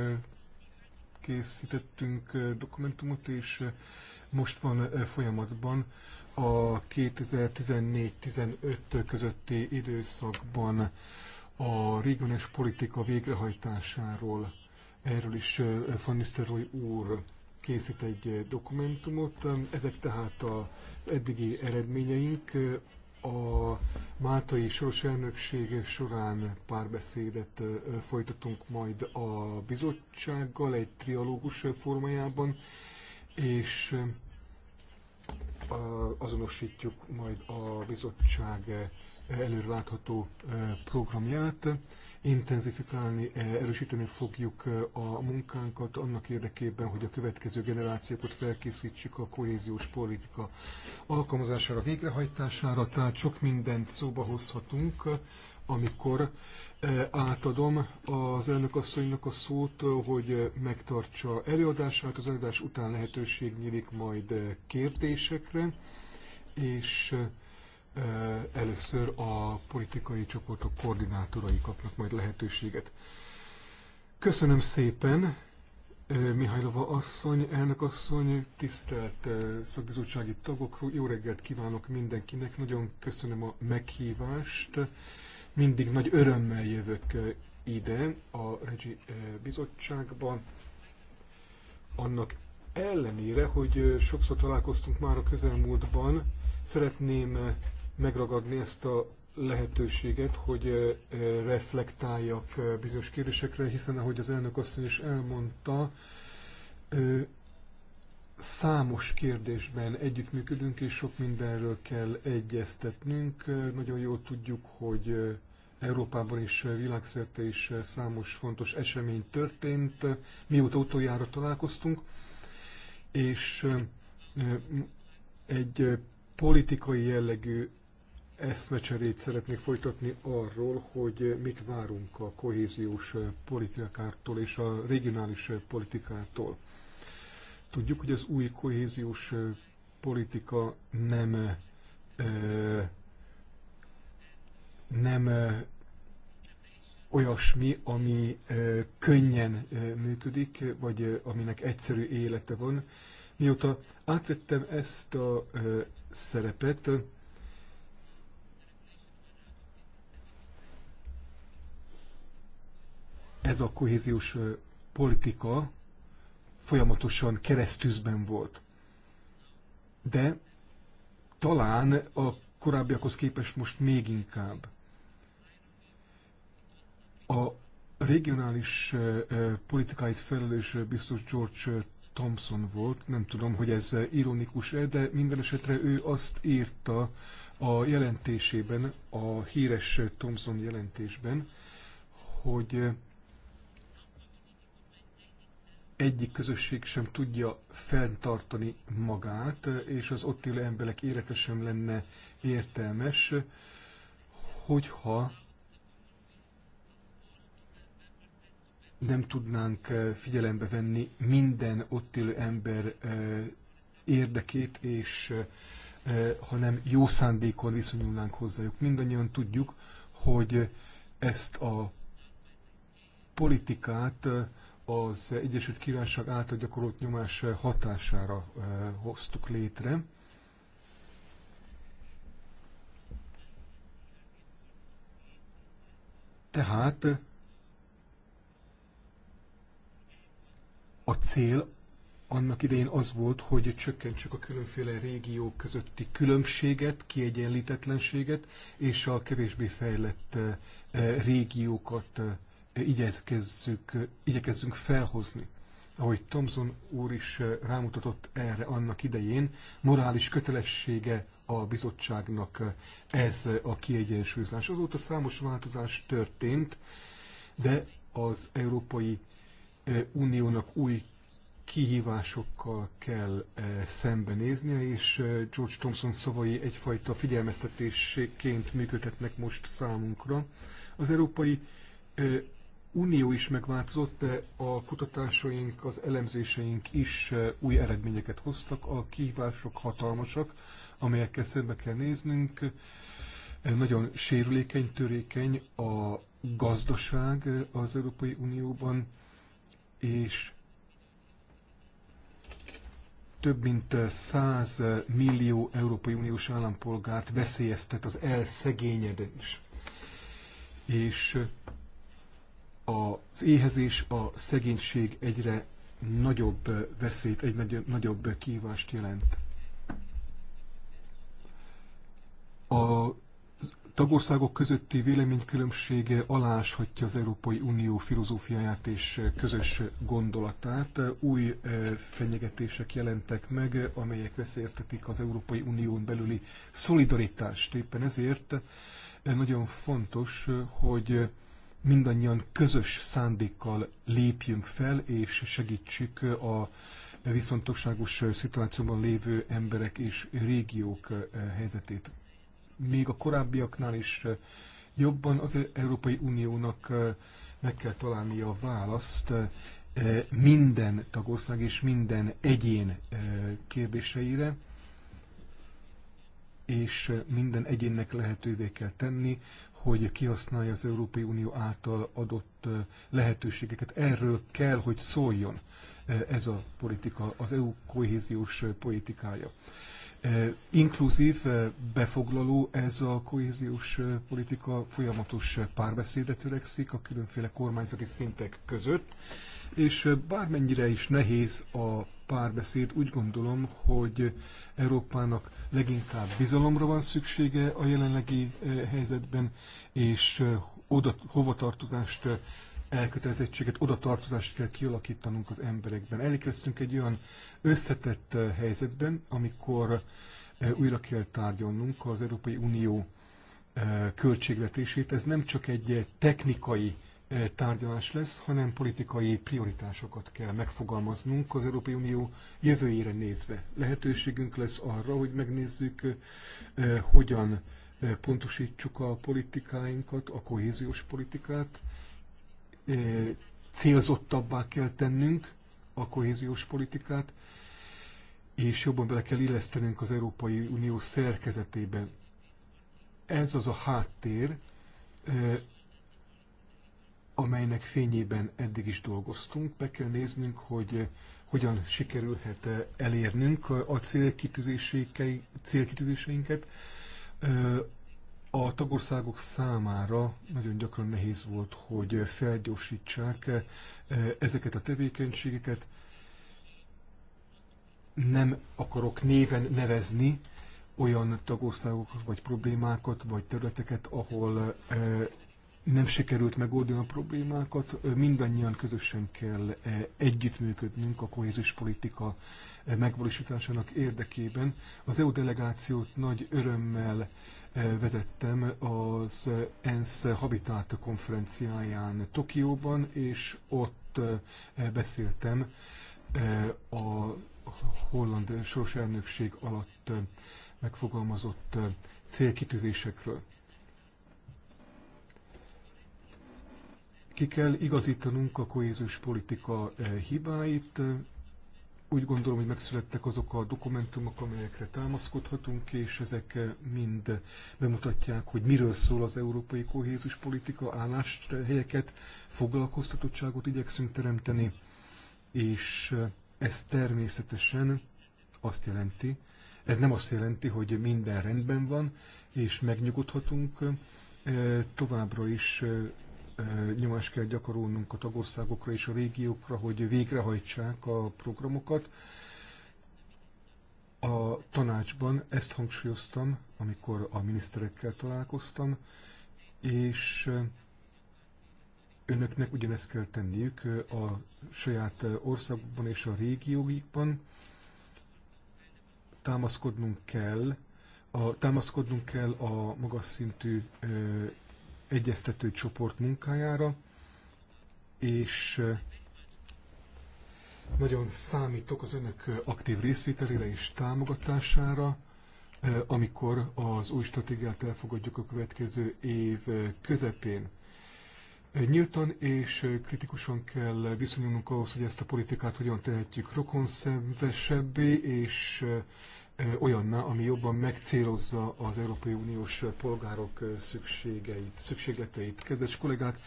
S2: készítettünk dokumentumot, és most van folyamatban a 2014-15 közötti időszakban a regionális politika végrehajtásáról. Erről is Van Nistelrooy úr készít egy dokumentumot. Ezek tehát az eddigi eredményeink a Máltai Soros elnökség során párbeszédet folytatunk majd a bizottsággal egy trialógus formájában, és azonosítjuk majd a bizottság előrelátható programját intenzifikálni, eh, erősíteni fogjuk eh, a munkánkat annak érdekében, hogy a következő generációkat felkészítsük a kohéziós politika alkalmazására, végrehajtására, tehát sok mindent szóba hozhatunk, amikor eh, átadom az elnökasszonynak a szót, hogy megtartsa előadását, az előadás után lehetőség nyílik majd kérdésekre, és először a politikai csoportok koordinátorai kapnak majd lehetőséget. Köszönöm szépen, Mihajlova asszony, elnök asszony, tisztelt szakbizottsági tagok, jó reggelt kívánok mindenkinek, nagyon köszönöm a meghívást, mindig nagy örömmel jövök ide a Regi bizottságba, annak ellenére, hogy sokszor találkoztunk már a közelmúltban, szeretném megragadni ezt a lehetőséget, hogy reflektáljak bizonyos kérdésekre, hiszen ahogy az elnök asszony is elmondta, számos kérdésben együttműködünk, és sok mindenről kell egyeztetnünk. Nagyon jól tudjuk, hogy Európában is, világszerte is számos fontos esemény történt, mióta utoljára találkoztunk, és egy politikai jellegű eszmecserét szeretnék folytatni arról, hogy mit várunk a kohéziós politikától és a regionális politikától. Tudjuk, hogy az új kohéziós politika nem nem olyasmi, ami könnyen működik, vagy aminek egyszerű élete van. Mióta átvettem ezt a szerepet, ez a kohéziós politika folyamatosan keresztűzben volt. De talán a korábbiakhoz képest most még inkább. A regionális politikáit felelős biztos George Thompson volt, nem tudom, hogy ez ironikus-e, de minden esetre ő azt írta a jelentésében, a híres Thompson jelentésben, hogy egyik közösség sem tudja fenntartani magát, és az ott élő emberek élete sem lenne értelmes, hogyha nem tudnánk figyelembe venni minden ott élő ember érdekét, és ha nem jó szándékon viszonyulnánk hozzájuk. Mindannyian tudjuk, hogy ezt a politikát az Egyesült Királyság által gyakorolt nyomás hatására eh, hoztuk létre. Tehát a cél annak idején az volt, hogy csökkentsük a különféle régiók közötti különbséget, kiegyenlítetlenséget, és a kevésbé fejlett eh, régiókat eh, igyekezzük, igyekezzünk felhozni. Ahogy Thomson úr is eh, rámutatott erre annak idején, morális kötelessége a bizottságnak eh, ez a kiegyensúlyozás. Azóta számos változás történt, de az Európai eh, Uniónak új kihívásokkal kell szembenéznie, és George Thomson szavai egyfajta figyelmeztetésként működhetnek most számunkra. Az Európai Unió is megváltozott, de a kutatásaink, az elemzéseink is új eredményeket hoztak. A kihívások hatalmasak, amelyekkel szembe kell néznünk. Nagyon sérülékeny, törékeny a gazdaság az Európai Unióban, és több mint 100 millió Európai Uniós állampolgárt veszélyeztet az elszegényedés. És az éhezés, a szegénység egyre nagyobb veszélyt, egy nagyobb kívást jelent. A tagországok közötti véleménykülönbség aláshatja az Európai Unió filozófiáját és közös gondolatát. Új fenyegetések jelentek meg, amelyek veszélyeztetik az Európai Unión belüli szolidaritást. Éppen ezért nagyon fontos, hogy mindannyian közös szándékkal lépjünk fel, és segítsük a viszontosságos szituációban lévő emberek és régiók eh, helyzetét. Még a korábbiaknál is eh, jobban az Európai Uniónak eh, meg kell találnia a választ minden tagország és minden egyén kérdéseire, és minden egyénnek lehetővé kell tenni, hogy kihasználja az Európai Unió által adott lehetőségeket. Erről kell, hogy szóljon ez a politika, az EU kohéziós politikája. Inkluzív, befoglaló ez a kohéziós politika folyamatos párbeszédre törekszik a különféle kormányzati szintek között, és bármennyire is nehéz a párbeszéd. Úgy gondolom, hogy Európának leginkább bizalomra van szüksége a jelenlegi eh, helyzetben, és eh, oda, hovatartozást, eh, elkötelezettséget, odatartozást kell kialakítanunk az emberekben. Elékeztünk egy olyan összetett helyzetben, amikor újra kell tárgyalnunk az Európai Unió költségvetését. Ez nem csak egy technikai tárgyalás lesz, hanem politikai prioritásokat kell megfogalmaznunk az Európai Unió jövőjére nézve. Lehetőségünk lesz arra, hogy megnézzük, hogyan pontosítsuk a politikáinkat, a kohéziós politikát, célzottabbá kell tennünk a kohéziós politikát, és jobban bele kell illesztenünk az Európai Unió szerkezetében. Ez az a háttér, amelynek fényében eddig is dolgoztunk. Be kell néznünk, hogy eh, hogyan sikerülhet elérnünk a célkitűzéseinket. Eh, a tagországok számára nagyon gyakran nehéz volt, hogy felgyorsítsák eh, ezeket a tevékenységeket. Nem akarok néven nevezni olyan tagországokat, vagy problémákat, vagy területeket, ahol nem sikerült megoldani a problémákat, mindannyian közösen kell eh, együttműködnünk a kohézis politika eh, megvalósításának érdekében. Az EU delegációt nagy örömmel eh, vezettem az ENSZ Habitat konferenciáján Tokióban, és ott beszéltem a holland soros elnökség alatt megfogalmazott célkitűzésekről. Ki kell igazítanunk a kohézus politika eh, hibáit. Úgy gondolom, hogy megszülettek azok a dokumentumok, amelyekre támaszkodhatunk, és ezek eh, mind bemutatják, hogy miről szól az európai kohézus politika, álláshelyeket, foglalkoztatottságot igyekszünk teremteni, és eh, ez természetesen azt jelenti, ez nem azt jelenti, hogy minden rendben van, és megnyugodhatunk, továbbra is nyomást kell gyakorolnunk a tagországokra és a régiókra, hogy végrehajtsák a programokat. A tanácsban ezt hangsúlyoztam, amikor a miniszterekkel találkoztam, és önöknek ugyanezt kell tenniük a saját országokban és a régióikban. Támaszkodnunk kell, a, támaszkodnunk kell a magas szintű egyeztető csoport munkájára, és nagyon számítok az önök aktív részvételére és támogatására, amikor az új stratégiát elfogadjuk a következő év közepén. Nyíltan és kritikusan kell viszonyulnunk ahhoz, hogy ezt a politikát hogyan tehetjük rokonszenvesebbé és olyanná, ami jobban megcélozza az Európai Uniós polgárok szükségeit, szükségleteit. Kedves kollégák,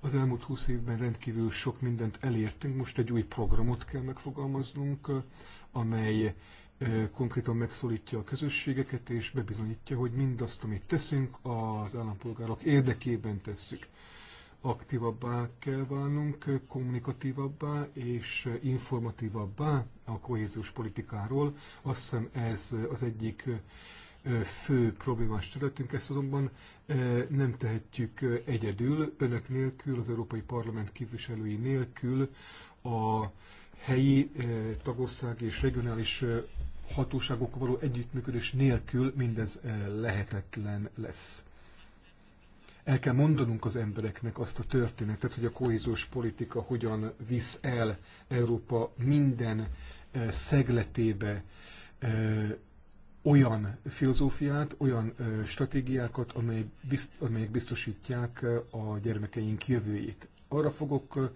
S2: az elmúlt húsz évben rendkívül sok mindent elértünk, most egy új programot kell megfogalmaznunk, amely konkrétan megszólítja a közösségeket, és bebizonyítja, hogy mindazt, amit teszünk, az állampolgárok érdekében tesszük aktívabbá kell válnunk, kommunikatívabbá és informatívabbá a kohéziós politikáról. Azt hiszem ez az egyik fő problémás területünk, ezt azonban nem tehetjük egyedül, önök nélkül, az Európai Parlament képviselői nélkül, a helyi tagország és regionális hatóságok való együttműködés nélkül mindez lehetetlen lesz. El kell mondanunk az embereknek azt a történetet, hogy a kohéziós politika hogyan visz el Európa minden e, szegletébe e, olyan filozófiát, olyan e, stratégiákat, amelyek biztosítják a gyermekeink jövőjét. Arra fogok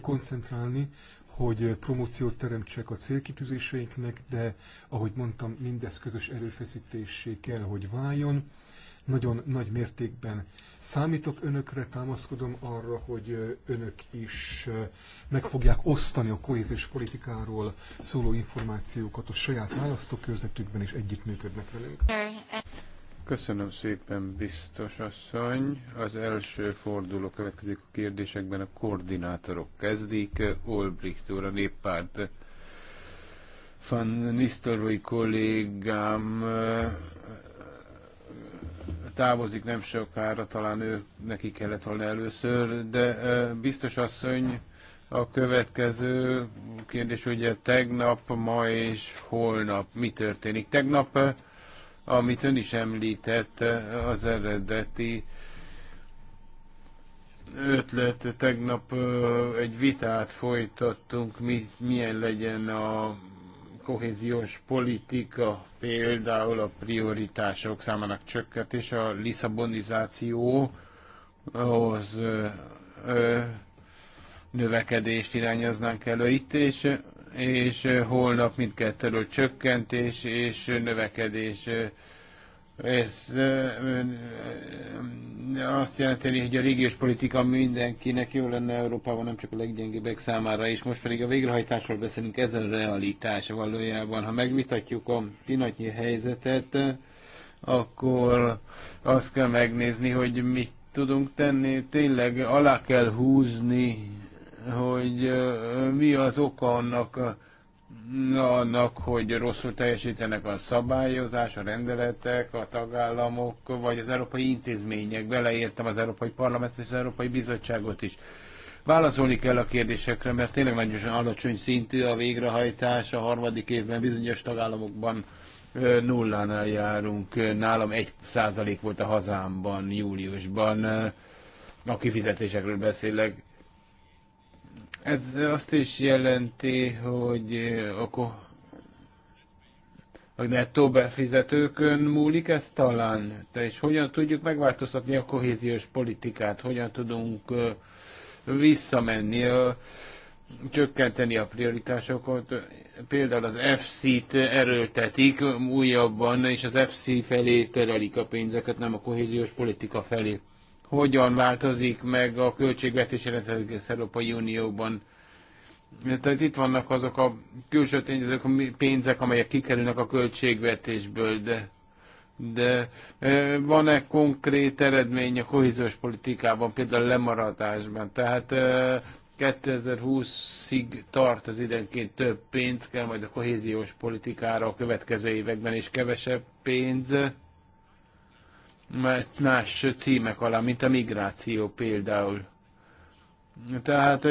S2: koncentrálni, hogy promóciót teremtsek a célkitűzéseinknek, de ahogy mondtam, mindez közös erőfeszítésé kell, hogy váljon nagyon nagy mértékben. Számítok önökre, támaszkodom arra, hogy önök is meg fogják osztani a kohézés politikáról szóló információkat a saját választókörzetükben, és együttműködnek velünk. Köszönöm
S1: szépen, biztos asszony. Az első forduló következik a kérdésekben, a koordinátorok kezdik. Olbricht úr, a néppárt. Van Nisztorvai kollégám távozik nem sokára, talán ő neki kellett volna először, de biztos asszony, a következő kérdés ugye tegnap, ma és holnap mi történik? Tegnap, amit ön is említett, az eredeti ötlet, tegnap egy vitát folytattunk, mi, milyen legyen a kohéziós politika például a prioritások számának csökkentése, a liszabonizáció az növekedést irányoznánk elő itt, és, és holnap mindkettőről csökkentés és növekedés ez azt jelenti, hogy a régiós politika mindenkinek jó lenne Európában, nem csak a leggyengébbek számára, és most pedig a végrehajtásról beszélünk, ez a realitás valójában. Ha megvitatjuk a pinatnyi helyzetet, akkor azt kell megnézni, hogy mit tudunk tenni. Tényleg alá kell húzni, hogy mi az oka annak, annak, hogy rosszul teljesítenek a szabályozás, a rendeletek, a tagállamok, vagy az európai intézmények, beleértem az Európai Parlamentet és az Európai Bizottságot is. Válaszolni kell a kérdésekre, mert tényleg nagyon alacsony szintű a végrehajtás a harmadik évben bizonyos tagállamokban nullánál járunk. Nálam egy százalék volt a hazámban, júliusban. A kifizetésekről beszélek ez azt is jelenti, hogy eh, akkor a nettó befizetőkön múlik ez talán? Te és hogyan tudjuk megváltoztatni a kohéziós politikát? Hogyan tudunk eh, visszamenni, eh, csökkenteni a prioritásokat? Például az FC-t erőltetik újabban, és az FC felé terelik a pénzeket, nem a kohéziós politika felé hogyan változik meg a költségvetési rendszer az Európai Unióban. Tehát itt vannak azok a külső tényezők, a pénzek, amelyek kikerülnek a költségvetésből, de, de e, van-e konkrét eredmény a kohéziós politikában, például a lemaradásban? Tehát 2020-ig e, tart az időnként több pénz kell majd a kohéziós politikára a következő években, is kevesebb pénz más címek alá, mint a migráció például. Tehát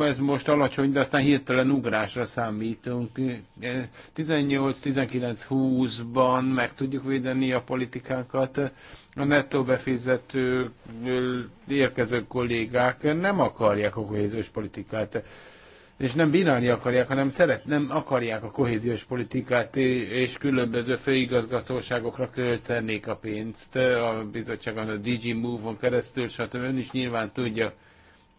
S1: ez most alacsony, de aztán hirtelen ugrásra számítunk. 18-19-20-ban meg tudjuk védeni a politikánkat. A nettó befizető érkező kollégák nem akarják a kohéziós politikát és nem bírálni akarják, hanem szeret, nem akarják a kohéziós politikát, és különböző főigazgatóságokra költenék a pénzt, a bizottságon, a DG Move-on keresztül, stb. Ön is nyilván tudja,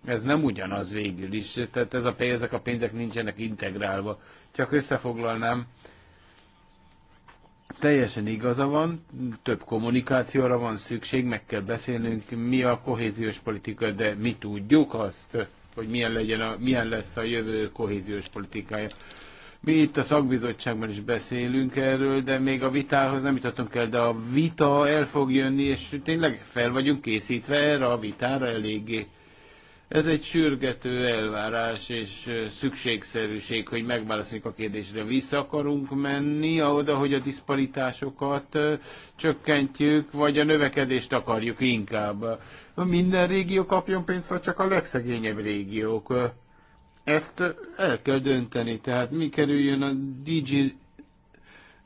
S1: ez nem ugyanaz végül is, tehát ez a pénz, ezek a pénzek nincsenek integrálva. Csak összefoglalnám, teljesen igaza van, több kommunikációra van szükség, meg kell beszélnünk, mi a kohéziós politika, de mi tudjuk azt, hogy milyen, legyen a, milyen lesz a jövő kohéziós politikája. Mi itt a szakbizottságban is beszélünk erről, de még a vitához nem jutottunk el, de a vita el fog jönni, és tényleg fel vagyunk készítve erre a vitára eléggé. Ez egy sürgető elvárás és szükségszerűség, hogy megválaszoljuk a kérdésre. Vissza akarunk menni oda, hogy a diszparitásokat csökkentjük, vagy a növekedést akarjuk inkább. Minden régió kapjon pénzt, vagy csak a legszegényebb régiók. Ezt el kell dönteni, tehát mi kerüljön a DG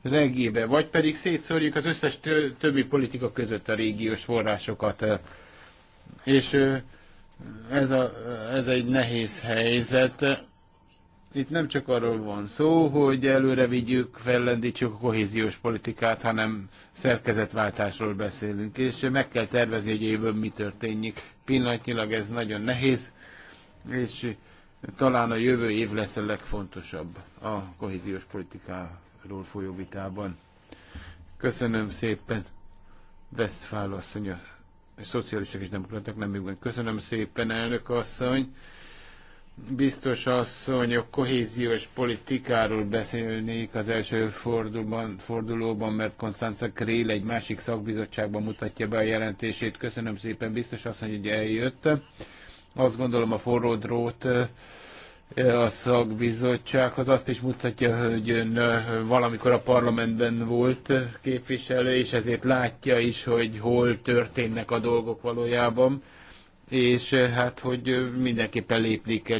S1: regébe, vagy pedig szétszórjuk az összes többi politika között a régiós forrásokat. És ez, a, ez egy nehéz helyzet. Itt nem csak arról van szó, hogy előre vigyük, fellendítsük a kohéziós politikát, hanem szerkezetváltásról beszélünk, és meg kell tervezni, hogy évben mi történik. Pillanatnyilag ez nagyon nehéz, és talán a jövő év lesz a legfontosabb a kohéziós politikáról folyó vitában. Köszönöm szépen, Westphal asszony, szocialisták és demokraták nem működnek. Köszönöm szépen, elnök asszony. Biztos asszony, a kohéziós politikáról beszélnék az első fordulóban, fordulóban, mert Konstanza Krél egy másik szakbizottságban mutatja be a jelentését. Köszönöm szépen, biztos asszony, hogy eljött. Azt gondolom a forró drót a szakbizottsághoz. Azt is mutatja, hogy ön valamikor a parlamentben volt képviselő, és ezért látja is, hogy hol történnek a dolgok valójában, és hát, hogy mindenképpen lépni kell.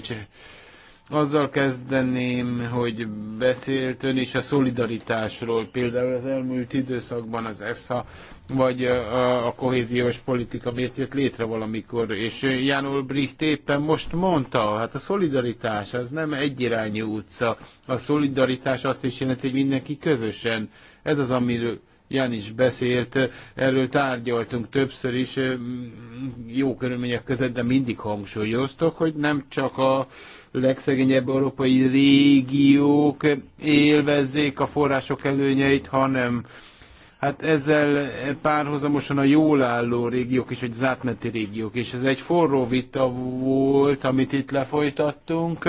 S1: Azzal kezdeném, hogy beszélt ön is a szolidaritásról. Például az elmúlt időszakban az EFSA vagy a kohéziós politika miért jött létre valamikor, és Jan Ulbricht éppen most mondta, hát a szolidaritás az nem egyirányú utca, a szolidaritás azt is jelenti, hogy mindenki közösen, ez az, amiről Jan is beszélt, erről tárgyaltunk többször is, jó körülmények között, de mindig hangsúlyoztok, hogy nem csak a legszegényebb európai régiók élvezzék a források előnyeit, hanem Hát ezzel párhuzamosan a jól álló régiók is, vagy az átmenti régiók is. Ez egy forró vita volt, amit itt lefolytattunk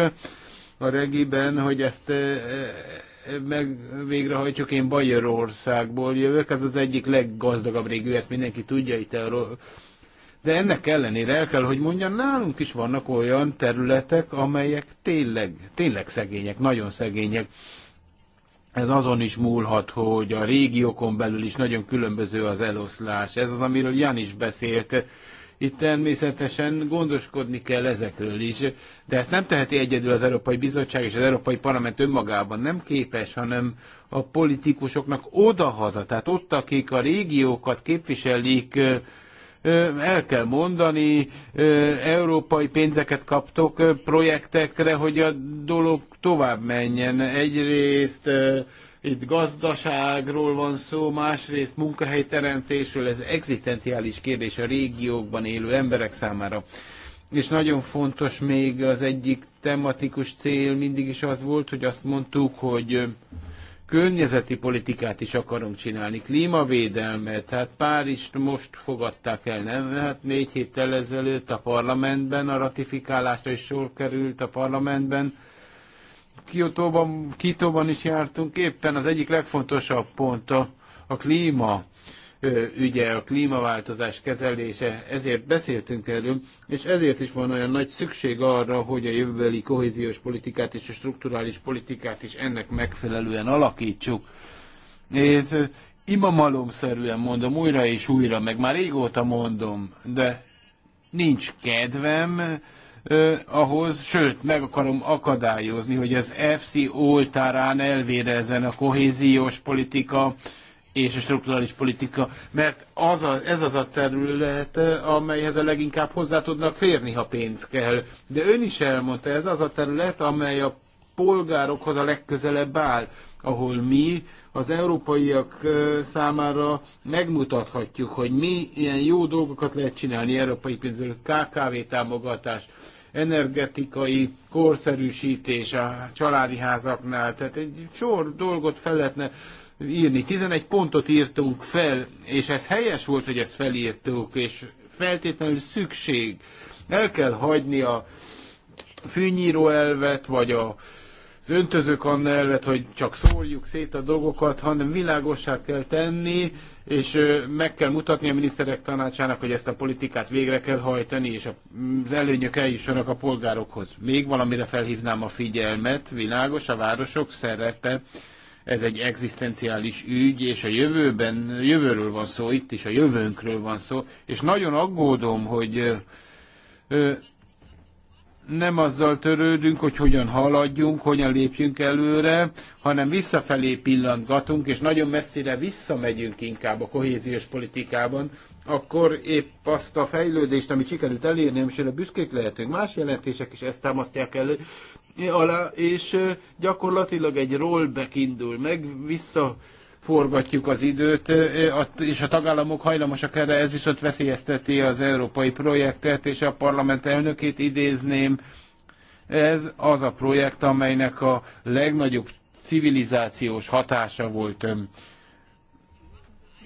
S1: a regiben, hogy ezt e, e, meg végrehajtjuk, én Bajorországból jövök, ez az egyik leggazdagabb régió, ezt mindenki tudja itt arról. De ennek ellenére el kell, hogy mondjam, nálunk is vannak olyan területek, amelyek tényleg, tényleg szegények, nagyon szegények ez azon is múlhat, hogy a régiókon belül is nagyon különböző az eloszlás. Ez az, amiről Jan is beszélt. Itt természetesen gondoskodni kell ezekről is, de ezt nem teheti egyedül az Európai Bizottság és az Európai Parlament önmagában nem képes, hanem a politikusoknak odahaza, tehát ott, akik a régiókat képviselik, el kell mondani, európai pénzeket kaptok projektekre, hogy a dolog tovább menjen. Egyrészt itt gazdaságról van szó, másrészt munkahelyteremtésről, ez egzisztenciális kérdés a régiókban élő emberek számára. És nagyon fontos még az egyik tematikus cél mindig is az volt, hogy azt mondtuk, hogy környezeti politikát is akarunk csinálni, klímavédelmet, hát Párizst most fogadták el, nem? Hát négy héttel ezelőtt a parlamentben a ratifikálásra is sor került a parlamentben, Kiotóban, Kitóban is jártunk, éppen az egyik legfontosabb pont a, a klíma ügye, a klímaváltozás kezelése, ezért beszéltünk erről, és ezért is van olyan nagy szükség arra, hogy a jövőbeli kohéziós politikát és a strukturális politikát is ennek megfelelően alakítsuk. És imamalomszerűen mondom újra és újra, meg már régóta mondom, de nincs kedvem, eh, ahhoz, sőt, meg akarom akadályozni, hogy az FC oltárán elvérezzen a kohéziós politika és a strukturális politika, mert az a, ez az a terület, amelyhez a leginkább hozzá tudnak férni, ha pénz kell. De ön is elmondta, ez az a terület, amely a polgárokhoz a legközelebb áll ahol mi az európaiak számára megmutathatjuk, hogy mi ilyen jó dolgokat lehet csinálni európai pénzről, KKV támogatás, energetikai korszerűsítés a családi házaknál, tehát egy sor dolgot fel lehetne írni. 11 pontot írtunk fel, és ez helyes volt, hogy ezt felírtuk, és feltétlenül szükség. El kell hagyni a fűnyíró elvet, vagy a az öntözők elvet, hogy csak szórjuk szét a dolgokat, hanem világossá kell tenni, és meg kell mutatni a miniszterek tanácsának, hogy ezt a politikát végre kell hajtani, és az előnyök eljussanak a polgárokhoz. Még valamire felhívnám a figyelmet, világos a városok szerepe, ez egy egzisztenciális ügy, és a jövőben, jövőről van szó, itt is a jövőnkről van szó, és nagyon aggódom, hogy nem azzal törődünk, hogy hogyan haladjunk, hogyan lépjünk előre, hanem visszafelé pillantgatunk, és nagyon messzire visszamegyünk inkább a kohéziós politikában, akkor épp azt a fejlődést, amit sikerült elérni, és erre büszkék lehetünk. Más jelentések is ezt támasztják elő, alá, és gyakorlatilag egy rollback indul meg, vissza forgatjuk az időt, és a tagállamok hajlamosak erre, ez viszont veszélyezteti az európai projektet, és a parlament elnökét idézném. Ez az a projekt, amelynek a legnagyobb civilizációs hatása volt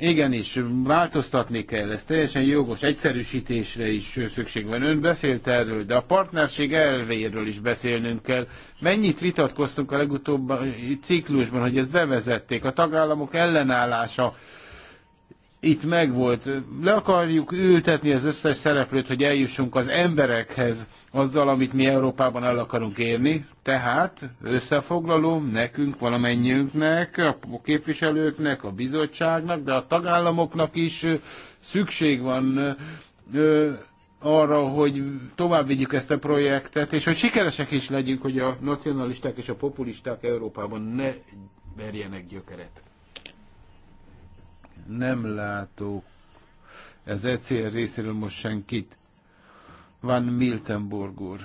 S1: Igenis, változtatni kell, ez teljesen jogos, egyszerűsítésre is szükség van. Ön beszélt erről, de a partnerség elvéről is beszélnünk kell. Mennyit vitatkoztunk a legutóbbi ciklusban, hogy ezt bevezették. A tagállamok ellenállása itt megvolt. Le akarjuk ültetni az összes szereplőt, hogy eljussunk az emberekhez azzal, amit mi Európában el akarunk érni. Tehát összefoglalom nekünk, valamennyiünknek, a képviselőknek, a bizottságnak, de a tagállamoknak is szükség van arra, hogy tovább vigyük ezt a projektet, és hogy sikeresek is legyünk, hogy a nacionalisták és a populisták Európában ne verjenek gyökeret nem látok Ez egyszer részéről most senkit. Van Miltenburg úr.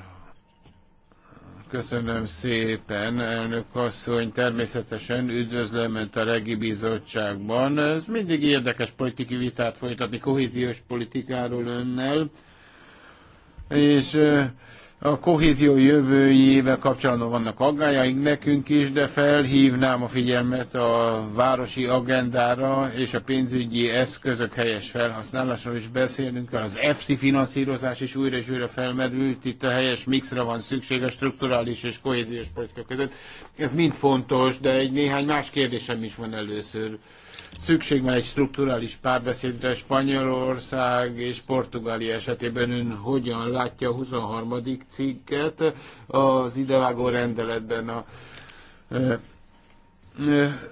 S1: Köszönöm szépen, elnök asszony. Természetesen üdvözlöm Önt a Regi Bizottságban. Ez mindig érdekes politikai vitát folytatni kohéziós politikáról Önnel. És a kohézió jövőjével kapcsolatban vannak aggájaink nekünk is, de felhívnám a figyelmet a városi agendára és a pénzügyi eszközök helyes felhasználásról is beszélünk. Az EFSI finanszírozás is újra és újra felmerült, itt a helyes mixre van szükség a strukturális és kohéziós politika között. Ez mind fontos, de egy néhány más kérdésem is van először. Szükség van egy strukturális párbeszédre Spanyolország és Portugália esetében. Ön hogyan látja a 23. cikket az idevágó rendeletben? A, e, e,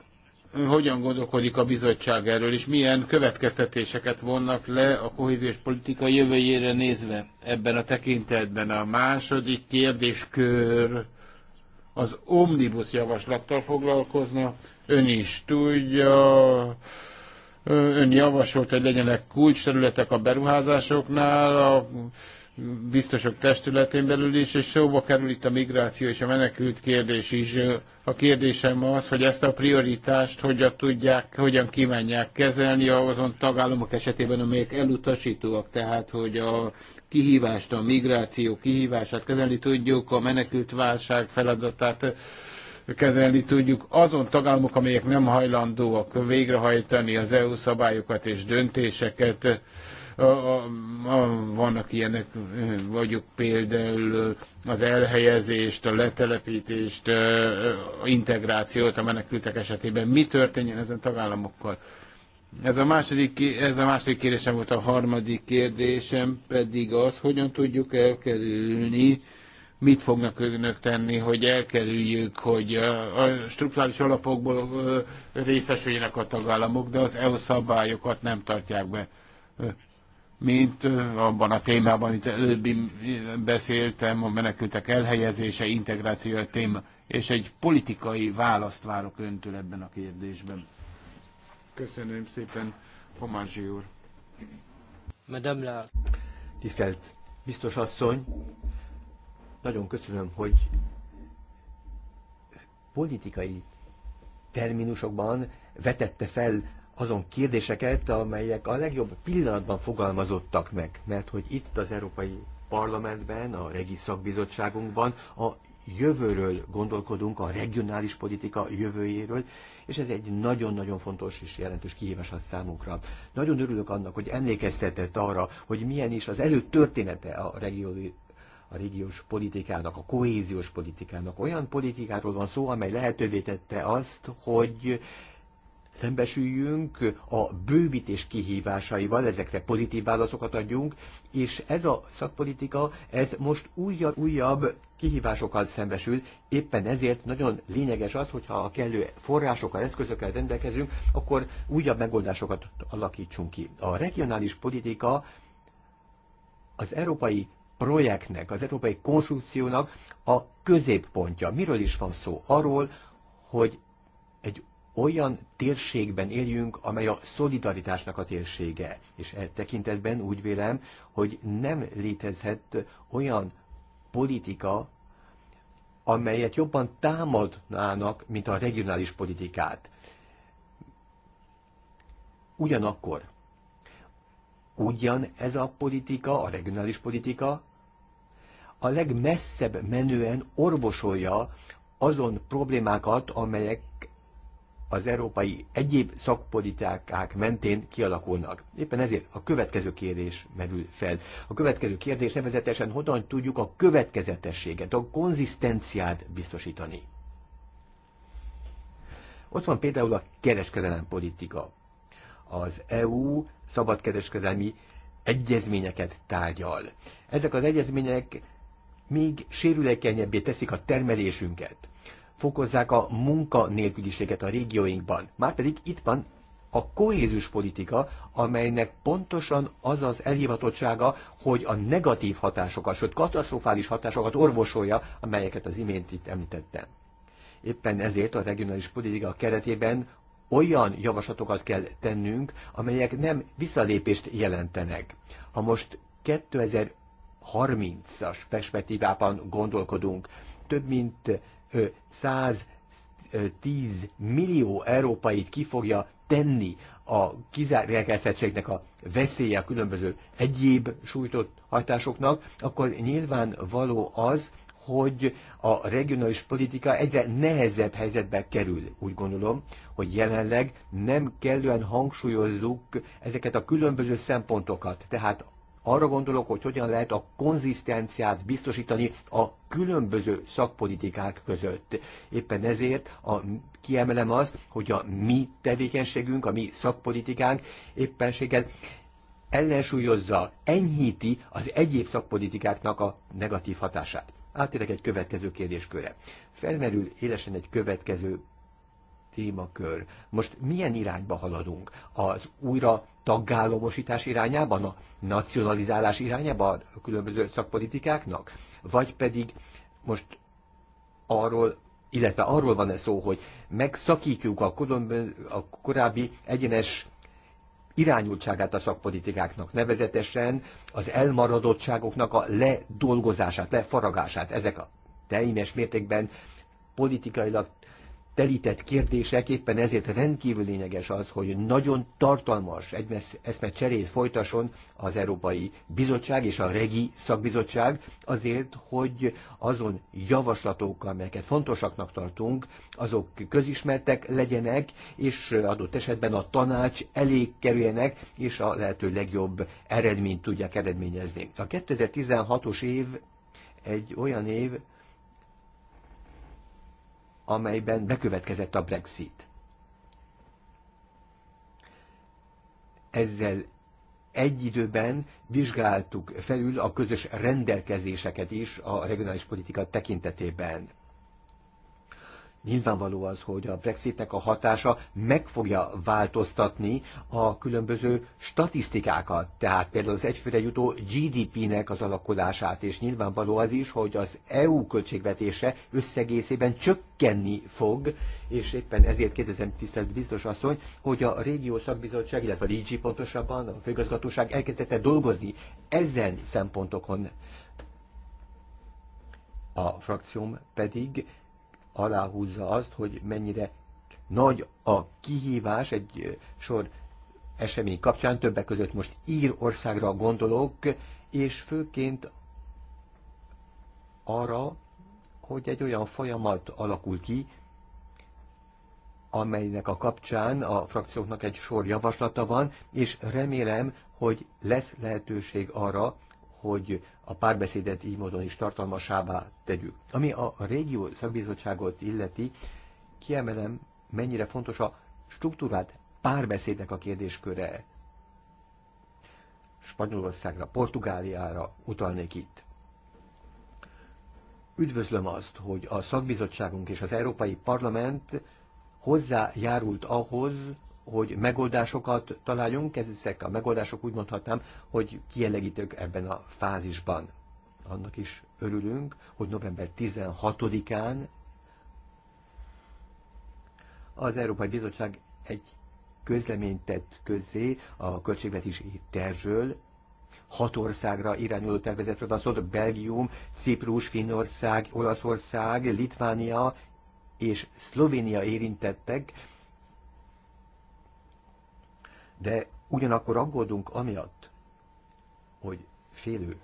S1: hogyan gondolkodik a bizottság erről, és milyen következtetéseket vonnak le a kohéziós politika jövőjére nézve ebben a tekintetben. A második kérdéskör az omnibus javaslattal foglalkozna ön is tudja, ön javasolt, hogy legyenek kulcsterületek a beruházásoknál, a biztosok testületén belül is, és szóba kerül itt a migráció és a menekült kérdés is. A kérdésem az, hogy ezt a prioritást hogyan tudják, hogyan kívánják kezelni azon tagállamok esetében, amelyek elutasítóak, tehát hogy a kihívást, a migráció kihívását kezelni tudjuk, a menekült válság feladatát kezelni tudjuk. Azon tagállamok, amelyek nem hajlandóak végrehajtani az EU szabályokat és döntéseket, vannak ilyenek, vagyok például az elhelyezést, a letelepítést, a integrációt a menekültek esetében. Mi történjen ezen tagállamokkal? Ez a, második, ez a második kérdésem volt, a harmadik kérdésem pedig az, hogyan tudjuk elkerülni, mit fognak önök tenni, hogy elkerüljük, hogy a strukturális alapokból részesüljenek a tagállamok, de az EU szabályokat nem tartják be. Mint abban a témában, amit előbb beszéltem, a menekültek elhelyezése, integráció a téma, és egy politikai választ várok öntől ebben a kérdésben. Köszönöm szépen, Homási úr. Madame la... Tisztelt biztos asszony,
S3: nagyon köszönöm, hogy politikai terminusokban vetette fel azon kérdéseket, amelyek a legjobb pillanatban fogalmazottak meg, mert hogy itt az Európai Parlamentben, a Regi Szakbizottságunkban a jövőről gondolkodunk, a regionális politika jövőjéről, és ez egy nagyon-nagyon fontos és jelentős kihívás a számunkra. Nagyon örülök annak, hogy emlékeztetett arra, hogy milyen is az előtt története a a régiós politikának, a kohéziós politikának. Olyan politikáról van szó, amely lehetővé tette azt, hogy szembesüljünk a bővítés kihívásaival, ezekre pozitív válaszokat adjunk, és ez a szakpolitika, ez most újabb, újabb kihívásokkal szembesül, éppen ezért nagyon lényeges az, hogyha a kellő forrásokkal, eszközökkel rendelkezünk, akkor újabb megoldásokat alakítsunk ki. A regionális politika az európai projektnek, az európai konstrukciónak a középpontja. Miről is van szó? Arról, hogy egy olyan térségben éljünk, amely a szolidaritásnak a térsége. És e tekintetben úgy vélem, hogy nem létezhet olyan politika, amelyet jobban támadnának, mint a regionális politikát. Ugyanakkor Ugyan ez a politika, a regionális politika a legmesszebb menően orvosolja azon problémákat, amelyek az európai egyéb szakpolitikák mentén kialakulnak. Éppen ezért a következő kérdés merül fel. A következő kérdés nevezetesen hogyan tudjuk a következetességet, a konzisztenciát biztosítani. Ott van például a kereskedelem politika az EU szabadkereskedelmi egyezményeket tárgyal. Ezek az egyezmények még sérülékenyebbé teszik a termelésünket. Fokozzák a munkanélküliséget a régióinkban. Márpedig itt van a kohézus politika, amelynek pontosan az az elhivatottsága, hogy a negatív hatásokat, sőt katasztrofális hatásokat orvosolja, amelyeket az imént itt említettem. Éppen ezért a regionális politika keretében olyan javaslatokat kell tennünk, amelyek nem visszalépést jelentenek. Ha most 2030-as perspektívában gondolkodunk, több mint 110 millió európait ki fogja tenni a kizárólag a veszélye a különböző egyéb sújtott hatásoknak, akkor nyilván való az, hogy a regionális politika egyre nehezebb helyzetbe kerül. Úgy gondolom, hogy jelenleg nem kellően hangsúlyozzuk ezeket a különböző szempontokat. Tehát arra gondolok, hogy hogyan lehet a konzisztenciát biztosítani a különböző szakpolitikák között. Éppen ezért a, kiemelem azt, hogy a mi tevékenységünk, a mi szakpolitikánk éppenséggel ellensúlyozza, enyhíti az egyéb szakpolitikáknak a negatív hatását. Átérek egy következő kérdéskörre. Felmerül élesen egy következő témakör. Most milyen irányba haladunk? Az újra taggálomosítás irányában, a nacionalizálás irányában a különböző szakpolitikáknak? Vagy pedig most arról, illetve arról van-e szó, hogy megszakítjuk a, a korábbi egyenes irányultságát a szakpolitikáknak, nevezetesen az elmaradottságoknak a ledolgozását, lefaragását. Ezek a teljes mértékben politikailag telített kérdések, éppen ezért rendkívül lényeges az, hogy nagyon tartalmas eszmet cserét folytasson az Európai Bizottság és a Regi Szakbizottság azért, hogy azon javaslatok, amelyeket fontosaknak tartunk, azok közismertek legyenek, és adott esetben a tanács elég kerüljenek, és a lehető legjobb eredményt tudják eredményezni. A 2016-os év egy olyan év, amelyben bekövetkezett a Brexit. Ezzel egy időben vizsgáltuk felül a közös rendelkezéseket is a regionális politika tekintetében. Nyilvánvaló az, hogy a Brexitnek a hatása meg fogja változtatni a különböző statisztikákat, tehát például az egyfőre jutó GDP-nek az alakulását, és nyilvánvaló az is, hogy az EU költségvetése összegészében csökkenni fog, és éppen ezért kérdezem tisztelt biztos asszony, hogy a régió szakbizottság, illetve a DG pontosabban, a főgazgatóság elkezdette dolgozni ezen szempontokon. A frakcióm pedig aláhúzza azt, hogy mennyire nagy a kihívás egy sor esemény kapcsán, többek között most ír országra gondolok, és főként arra, hogy egy olyan folyamat alakul ki, amelynek a kapcsán a frakcióknak egy sor javaslata van, és remélem, hogy lesz lehetőség arra, hogy a párbeszédet így módon is tartalmasává tegyük. Ami a régió szakbizottságot illeti, kiemelem, mennyire fontos a struktúrát párbeszédnek a kérdésköre. Spanyolországra, Portugáliára utalnék itt. Üdvözlöm azt, hogy a szakbizottságunk és az Európai Parlament hozzájárult ahhoz, hogy megoldásokat találjunk, ezek a megoldások úgy mondhatnám, hogy kielegítők ebben a fázisban. Annak is örülünk, hogy november 16-án az Európai Bizottság egy közleményt tett közzé a költségvetési tervről, hat országra irányuló tervezetről van szó, Belgium, Ciprus, Finnország, Olaszország, Litvánia és Szlovénia érintettek, de ugyanakkor aggódunk amiatt, hogy félő,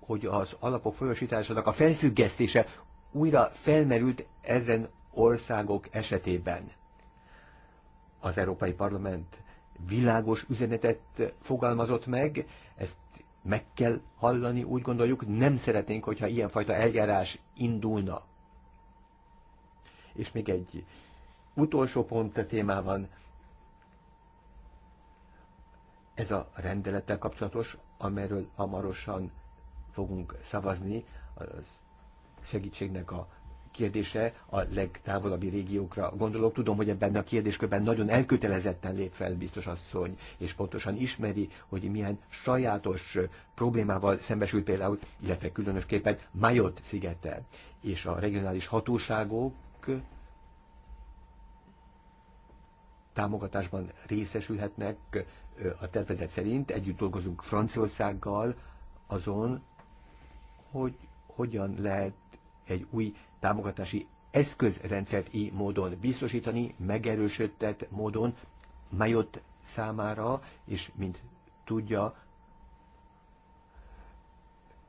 S3: hogy az alapok folyosításának a felfüggesztése újra felmerült ezen országok esetében. Az Európai Parlament világos üzenetet fogalmazott meg, ezt meg kell hallani, úgy gondoljuk, nem szeretnénk, hogyha ilyenfajta eljárás indulna. És még egy utolsó pont a témában, ez a rendelettel kapcsolatos, amelyről hamarosan fogunk szavazni, az segítségnek a kérdése a legtávolabbi régiókra gondolok. Tudom, hogy ebben a kérdéskörben nagyon elkötelezetten lép fel biztos asszony, és pontosan ismeri, hogy milyen sajátos problémával szembesült például, illetve különösképpen Majot szigete, és a regionális hatóságok támogatásban részesülhetnek a tervezet szerint. Együtt dolgozunk Franciaországgal azon, hogy hogyan lehet egy új támogatási eszközrendszert így módon biztosítani, megerősödtet módon Majott számára, és mint tudja,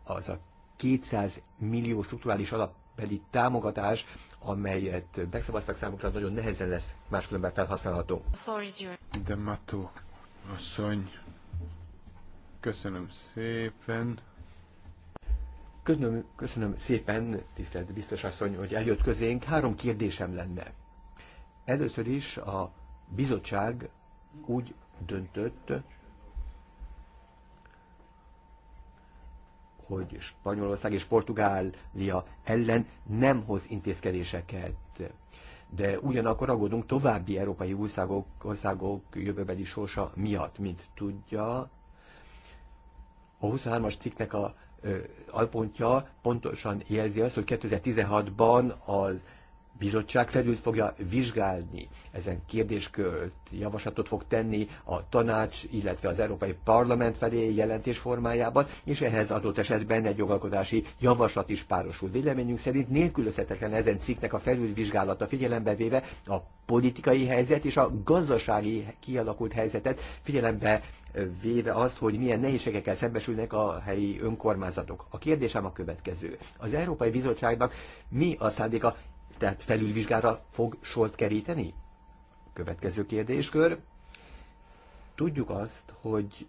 S3: az a 200 millió strukturális alap pedig támogatás, amelyet megszavaztak számukra, nagyon nehezen lesz máskülönben felhasználható. De Mató asszony, köszönöm szépen. Köszönöm, köszönöm szépen, tisztelt biztos asszony, hogy eljött közénk. Három kérdésem lenne. Először is a bizottság úgy döntött, hogy Spanyolország és Portugália ellen nem hoz intézkedéseket. De ugyanakkor aggódunk további európai országok, országok jövőbeli sorsa miatt, mint tudja. A 23-as cikknek a alpontja pontosan jelzi azt, hogy 2016-ban az bizottság felül fogja vizsgálni ezen kérdéskört, javaslatot fog tenni a tanács, illetve az Európai Parlament felé jelentés formájában, és ehhez adott esetben egy jogalkotási javaslat is párosul. Véleményünk szerint nélkülözhetetlen ezen cikknek a felülvizsgálata figyelembe véve a politikai helyzet és a gazdasági kialakult helyzetet figyelembe véve azt, hogy milyen nehézségekkel szembesülnek a helyi önkormányzatok. A kérdésem a következő. Az Európai Bizottságnak mi a szándéka tehát felülvizsgára fog sort keríteni? Következő kérdéskör. Tudjuk azt, hogy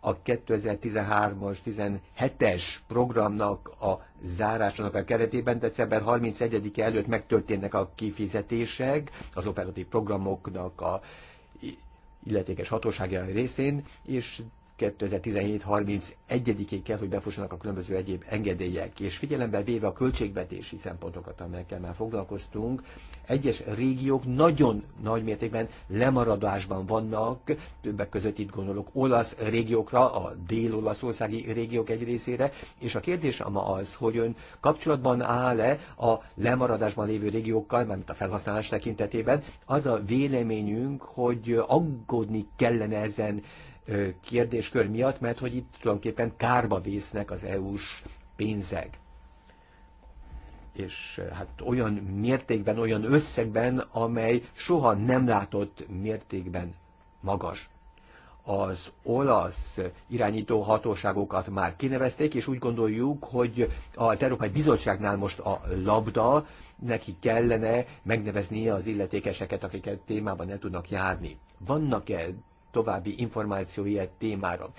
S3: a 2013-as, 17-es programnak a zárásának a keretében december 31-e előtt megtörténnek a kifizetések az operatív programoknak a illetékes hatóságai részén, és 2017 31-ig kell, hogy befussanak a különböző egyéb engedélyek, és figyelembe véve a költségvetési szempontokat, amelyekkel már foglalkoztunk, egyes régiók nagyon nagy mértékben lemaradásban vannak, többek között itt gondolok olasz régiókra, a dél-olaszországi régiók egy részére, és a kérdés ma az, hogy ön kapcsolatban áll-e a lemaradásban lévő régiókkal, mármint a felhasználás tekintetében, az a véleményünk, hogy aggódni kellene ezen kérdéskör miatt, mert hogy itt tulajdonképpen kárba vésznek az EU-s pénzek és hát olyan mértékben, olyan összegben, amely soha nem látott mértékben magas. Az olasz irányító hatóságokat már kinevezték, és úgy gondoljuk, hogy az Európai Bizottságnál most a labda, neki kellene megneveznie az illetékeseket, akiket témában nem tudnak járni. Vannak-e további információi témára.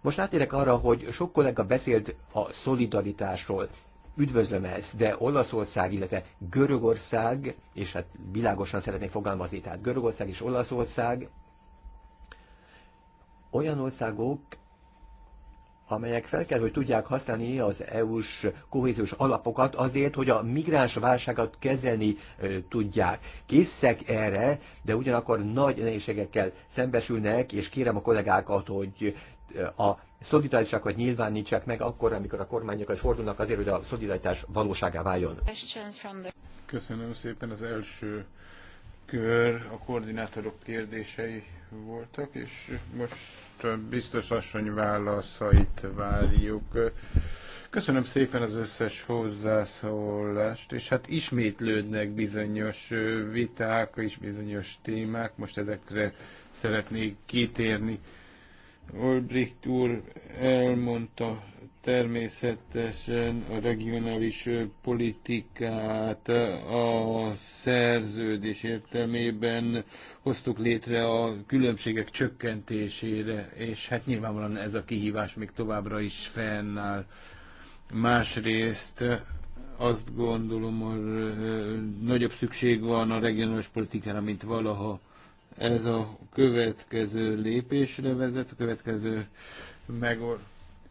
S3: Most átérek arra, hogy sok kollega beszélt a szolidaritásról. Üdvözlöm ezt, de Olaszország, illetve Görögország, és hát világosan szeretnék fogalmazni, tehát Görögország és Olaszország olyan országok, amelyek fel kell, hogy tudják használni az EU-s kohéziós alapokat azért, hogy a migráns válságot kezelni ö, tudják. Készek erre, de ugyanakkor nagy nehézségekkel szembesülnek, és kérem a kollégákat, hogy a szolidaritásokat nyilvánítsák meg akkor, amikor a kormányokat fordulnak azért, hogy a szolidaritás valóságá váljon.
S1: Köszönöm szépen az első kör a koordinátorok kérdései voltak, és most biztos asszony válaszait várjuk. Köszönöm szépen az összes hozzászólást, és hát ismétlődnek bizonyos viták és bizonyos témák, most ezekre szeretnék kitérni. Olbricht úr elmondta Természetesen a regionális politikát a szerződés értelmében hoztuk létre a különbségek csökkentésére, és hát nyilvánvalóan ez a kihívás még továbbra is fennáll. Másrészt azt gondolom, hogy nagyobb szükség van a regionális politikára, mint valaha. Ez a következő lépésre vezet, a következő megoldás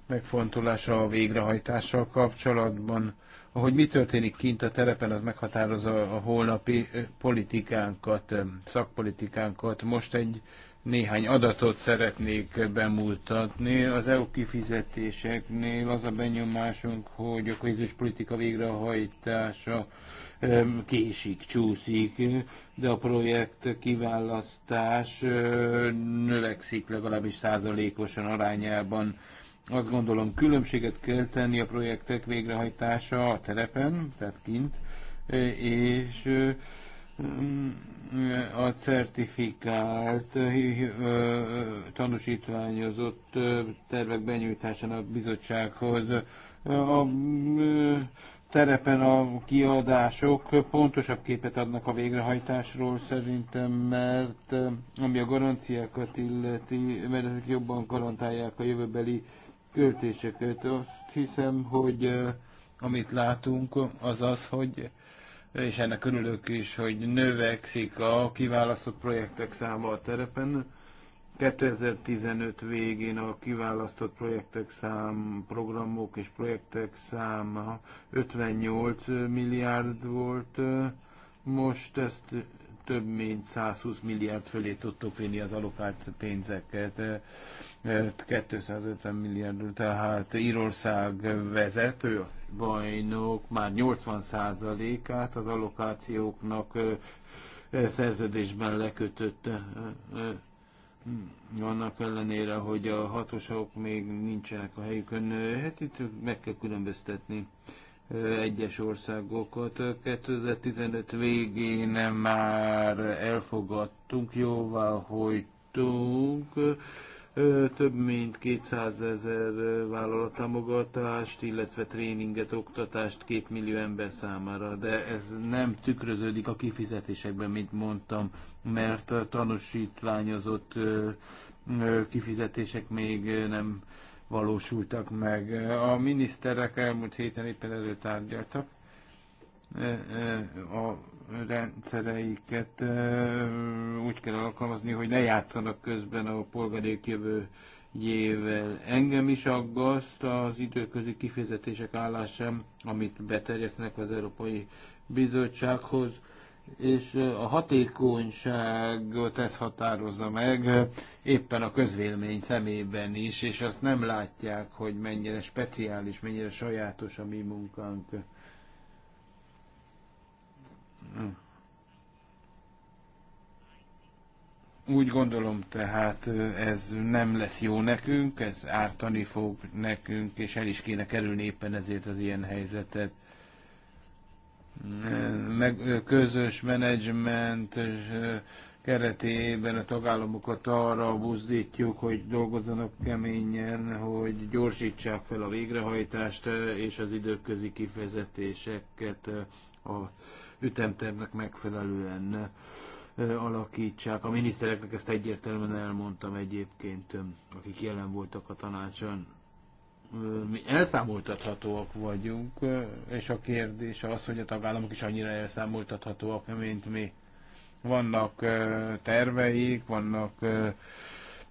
S1: megfontolása a végrehajtással kapcsolatban. Ahogy mi történik kint a terepen, az meghatározza a holnapi politikánkat, szakpolitikánkat. Most egy néhány adatot szeretnék bemutatni. Az EU kifizetéseknél az a benyomásunk, hogy a közös politika végrehajtása késik, csúszik, de a projekt kiválasztás növekszik legalábbis százalékosan arányában azt gondolom különbséget kell tenni a projektek végrehajtása a terepen, tehát kint, e, és e, mm, a certifikált, e, tanúsítványozott tervek benyújtásán a bizottsághoz. A mm, terepen a kiadások pontosabb képet adnak a végrehajtásról szerintem, mert ami a garanciákat illeti, mert ezek jobban garantálják a jövőbeli költéseket. Azt hiszem, hogy amit látunk, az az, hogy és ennek örülök is, hogy növekszik a kiválasztott projektek száma a terepen. 2015 végén a kiválasztott projektek szám, programok és projektek száma 58 milliárd volt, most ezt több mint 120 milliárd fölé tudtuk vinni az alokált pénzeket, 250 milliárd, tehát Írország vezető bajnok már 80%-át az alokációknak szerződésben lekötött annak ellenére, hogy a hatosok még nincsenek a helyükön, hát itt meg kell különböztetni egyes országokat. 2015 végén már elfogadtunk, jóvá hagytunk több mint 200 ezer vállalat támogatást, illetve tréninget, oktatást két millió ember számára, de ez nem tükröződik a kifizetésekben, mint mondtam, mert a tanúsítványozott kifizetések még nem valósultak meg. A miniszterek elmúlt héten éppen erről tárgyaltak. E, e, a rendszereiket e, úgy kell alkalmazni, hogy ne játszanak közben a polgárék jövő jével. Engem is aggaszt az időközi kifizetések állásem, amit beterjesztenek az Európai Bizottsághoz és a hatékonyságot ez határozza meg éppen a közvélemény szemében is, és azt nem látják, hogy mennyire speciális, mennyire sajátos a mi munkánk. Úgy gondolom tehát ez nem lesz jó nekünk, ez ártani fog nekünk, és el is kéne kerülni éppen ezért az ilyen helyzetet meg, közös menedzsment keretében a tagállamokat arra buzdítjuk, hogy dolgozzanak keményen, hogy gyorsítsák fel a végrehajtást és az időközi kifizetéseket a ütemtervnek megfelelően alakítsák. A minisztereknek ezt egyértelműen elmondtam egyébként, akik jelen voltak a tanácson mi elszámoltathatóak vagyunk, és a kérdés az, hogy a tagállamok is annyira elszámoltathatóak, mint mi. Vannak terveik, vannak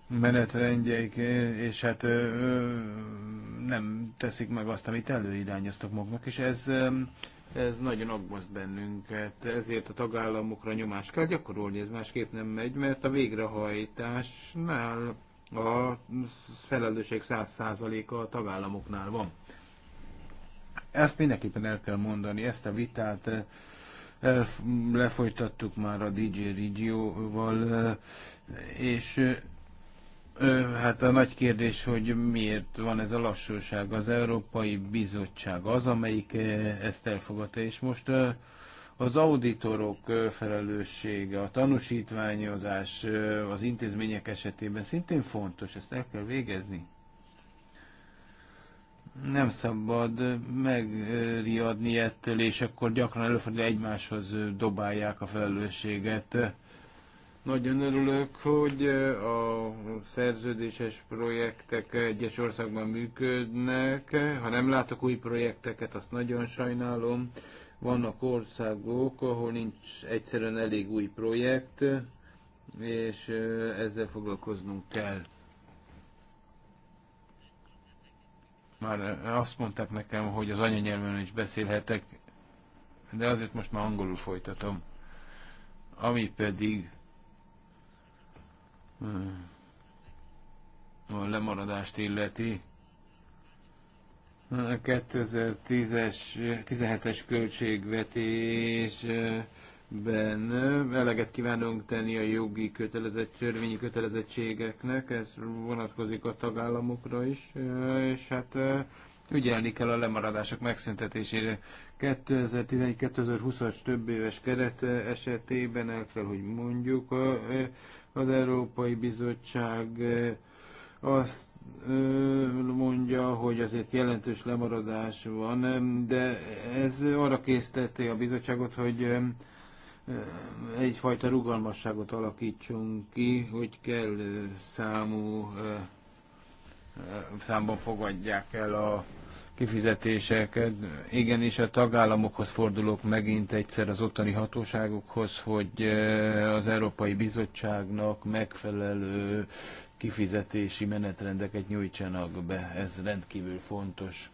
S1: menetrendjeik, és hát nem teszik meg azt, amit előirányoztak maguknak, és ez, ez nagyon aggaszt bennünket. Ezért a tagállamokra nyomást kell gyakorolni, ez másképp nem megy, mert a végrehajtásnál a felelősség száz százaléka a tagállamoknál van. Ezt mindenképpen el kell mondani, ezt a vitát eh, lefolytattuk már a DJ Regio-val, eh, és eh, Hát a nagy kérdés, hogy miért van ez a lassúság. Az Európai Bizottság az, amelyik ezt elfogadta, és most az auditorok felelőssége, a tanúsítványozás az intézmények esetében szintén fontos, ezt el kell végezni. Nem szabad megriadni ettől, és akkor gyakran előfordul egymáshoz dobálják a felelősséget. Nagyon örülök, hogy a szerződéses projektek egyes országban működnek. Ha nem látok új projekteket, azt nagyon sajnálom. Vannak országok, ahol nincs egyszerűen elég új projekt, és ezzel foglalkoznunk kell. Már azt mondták nekem, hogy az anyanyelven is beszélhetek, de azért most már angolul folytatom. Ami pedig a lemaradást illeti, 2010-es, 17-es költségvetésben eleget kívánunk tenni a jogi kötelezett, törvényi kötelezettségeknek, ez vonatkozik a tagállamokra is, és hát ügyelni kell a lemaradások megszüntetésére. 2011-2020-as több éves keret esetében el kell, hogy mondjuk az Európai Bizottság azt mondja, hogy azért jelentős lemaradás van, de ez arra készítette a bizottságot, hogy egyfajta rugalmasságot alakítsunk ki, hogy kell számú számban fogadják el a kifizetéseket. Igen, és a tagállamokhoz fordulok megint egyszer az ottani hatóságokhoz, hogy az Európai Bizottságnak megfelelő kifizetési menetrendeket nyújtsanak be. Ez rendkívül fontos.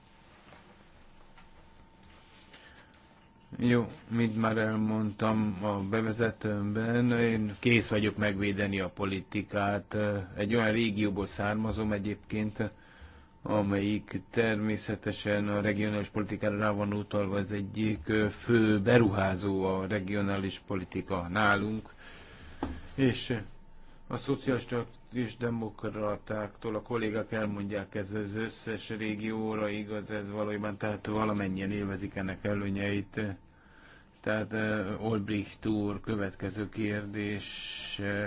S1: Jó, mint már elmondtam a bevezetőmben, én kész vagyok megvédeni a politikát. Egy olyan régióból származom egyébként, amelyik természetesen a regionális politikára rá van utalva, az egyik fő beruházó a regionális politika nálunk. És a szocialisták és demokratáktól a kollégák elmondják, ez az összes régióra igaz, ez valójában, tehát valamennyien élvezik ennek előnyeit. Tehát uh, Olbricht úr, következő kérdés. Uh,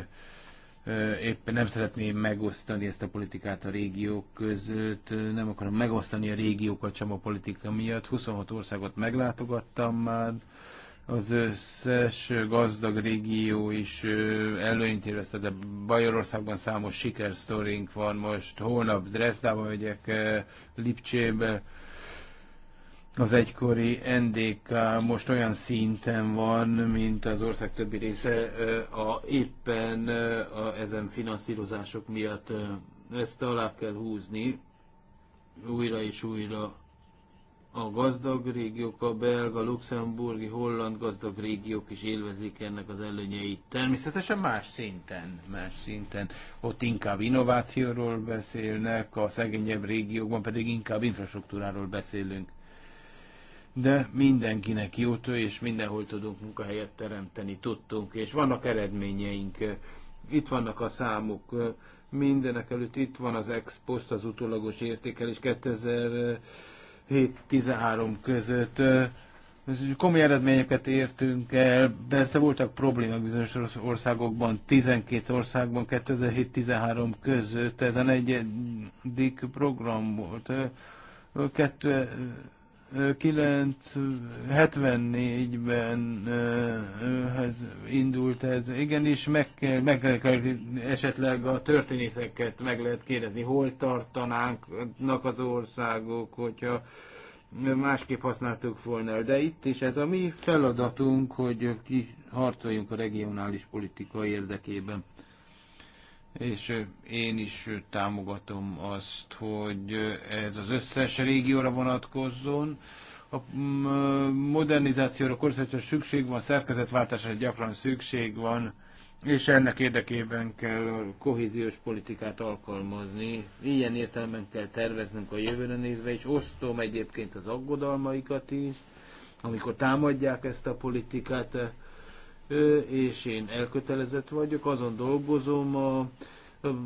S1: éppen nem szeretném megosztani ezt a politikát a régiók között, nem akarom megosztani a régiókat sem a politika miatt. 26 országot meglátogattam már, az összes gazdag régió is előnyt érezte, de Bajorországban számos sikersztorink van most. Holnap Dresdába megyek, Lipcsébe, az egykori NDK most olyan szinten van, mint az ország többi része, a, éppen a, ezen finanszírozások miatt ezt alá kell húzni újra és újra a gazdag régiók, a belga, luxemburgi, holland gazdag régiók is élvezik ennek az előnyeit. Természetesen más szinten, más szinten. Ott inkább innovációról beszélnek, a szegényebb régiókban pedig inkább infrastruktúráról beszélünk. De mindenkinek jót, és mindenhol tudunk munkahelyet teremteni, tudtunk, és vannak eredményeink. Itt vannak a számok. Mindenek előtt itt van az ex post, az utólagos értékelés 2000 7-13 között. Komoly eredményeket értünk el, persze voltak problémák bizonyos országokban, 12 országban 2007-13 között, ez a negyedik program volt. 2 74-ben hát, indult ez. Igenis, meg kell, meg kell esetleg a történészeket meg lehet kérdezni, hol tartanának az országok, hogyha másképp használtuk volna. De itt is ez a mi feladatunk, hogy ki harcoljunk a regionális politika érdekében és én is támogatom azt, hogy ez az összes régióra vonatkozzon. A modernizációra korszerűen szükség van, szerkezetváltásra gyakran szükség van, és ennek érdekében kell a kohéziós politikát alkalmazni. Ilyen értelemben kell terveznünk a jövőre nézve, és osztom egyébként az aggodalmaikat is, amikor támadják ezt a politikát és én elkötelezett vagyok, azon dolgozom a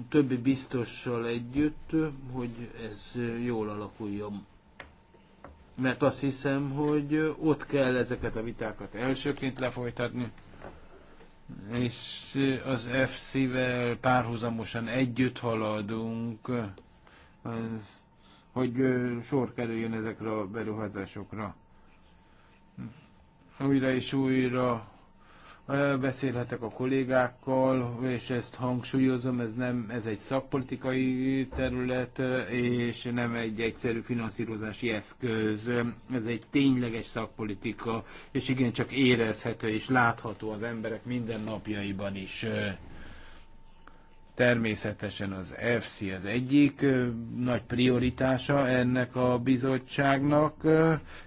S1: többi biztossal együtt, hogy ez jól alakuljon. Mert azt hiszem, hogy ott kell ezeket a vitákat elsőként lefolytatni, és az FC-vel párhuzamosan együtt haladunk, hogy sor kerüljön ezekre a beruházásokra. Újra és újra beszélhetek a kollégákkal, és ezt hangsúlyozom, ez nem, ez egy szakpolitikai terület, és nem egy egyszerű finanszírozási eszköz, ez egy tényleges szakpolitika, és igen, csak érezhető és látható az emberek mindennapjaiban is. Természetesen az FC az egyik nagy prioritása ennek a bizottságnak.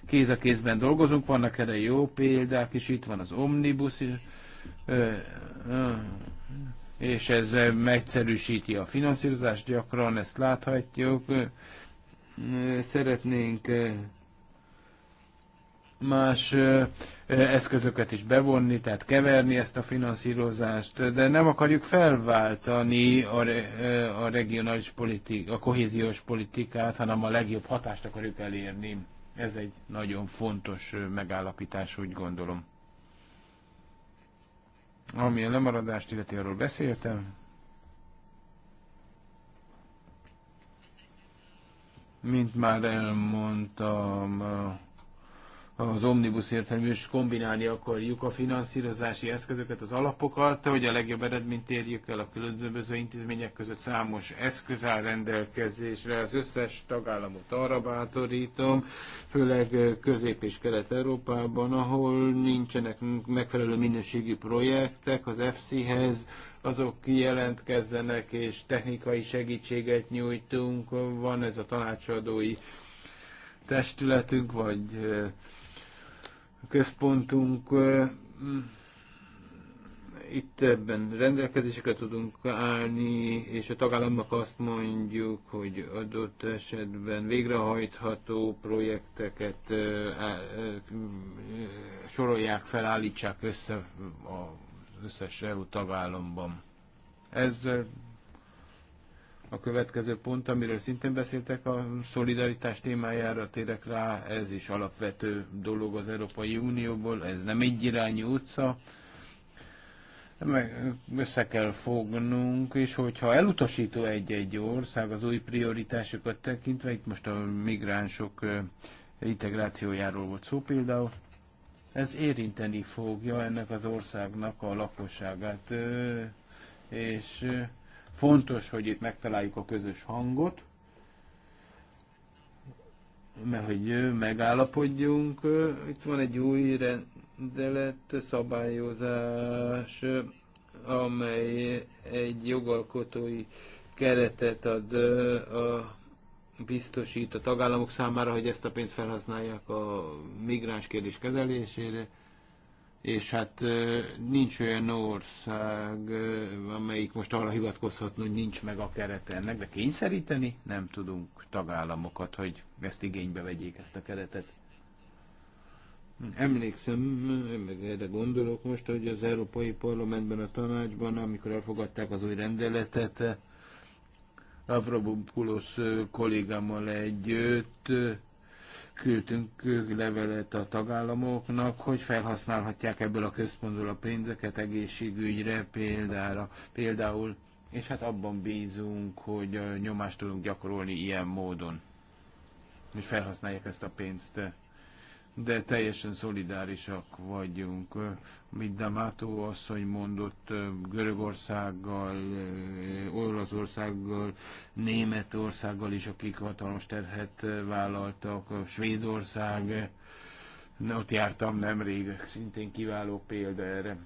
S1: Kéz a kézben dolgozunk, vannak erre jó példák is, itt van az Omnibus, és ez megszerűsíti a finanszírozást gyakran, ezt láthatjuk. Szeretnénk más eszközöket is bevonni, tehát keverni ezt a finanszírozást, de nem akarjuk felváltani a, a regionális politik, a kohéziós politikát, hanem a legjobb hatást akarjuk elérni. Ez egy nagyon fontos megállapítás, úgy gondolom. Ami a lemaradást illeti, arról beszéltem. Mint már elmondtam, az omnibus értelmű, és kombinálni akarjuk a finanszírozási eszközöket, az alapokat, hogy a legjobb eredményt érjük el a különböző intézmények között számos eszköz áll rendelkezésre. Az összes tagállamot arra bátorítom, főleg Közép- és Kelet-Európában, ahol nincsenek megfelelő minőségű projektek az FC-hez, azok jelentkezzenek, és technikai segítséget nyújtunk. Van ez a tanácsadói testületünk, vagy központunk mm, itt ebben rendelkezésekre tudunk állni, és a tagállamnak azt mondjuk, hogy adott esetben végrehajtható projekteket sorolják fel, állítsák össze az összes EU tagállamban. Ezzel a következő pont, amiről szintén beszéltek, a szolidaritás témájára térek rá, ez is alapvető dolog az Európai Unióból, ez nem egy irányú utca, meg össze kell fognunk, és hogyha elutasító egy-egy ország az új prioritásokat tekintve, itt most a migránsok integrációjáról volt szó például, ez érinteni fogja ennek az országnak a lakosságát, és Fontos, hogy itt megtaláljuk a közös hangot, mert hogy megállapodjunk. Itt van egy új rendelet, szabályozás, amely egy jogalkotói keretet ad a biztosít a tagállamok számára, hogy ezt a pénzt felhasználják a migráns kérdés kezelésére és hát nincs olyan ország, amelyik most arra hivatkozhatna, hogy nincs meg a keret ennek, de kényszeríteni nem tudunk tagállamokat, hogy ezt igénybe vegyék ezt a keretet. Emlékszem, meg erre gondolok most, hogy az Európai Parlamentben, a tanácsban, amikor elfogadták az új rendeletet, Avrabopulos kollégámmal együtt küldtünk levelet a tagállamoknak, hogy felhasználhatják ebből a központból a pénzeket egészségügyre példára, például, és hát abban bízunk, hogy nyomást tudunk gyakorolni ilyen módon, hogy felhasználják ezt a pénzt de teljesen szolidárisak vagyunk. Mint Damato asszony mondott Görögországgal, Olaszországgal, Németországgal is, akik hatalmas terhet vállaltak, Svédország, ott jártam nemrég, szintén kiváló példa erre.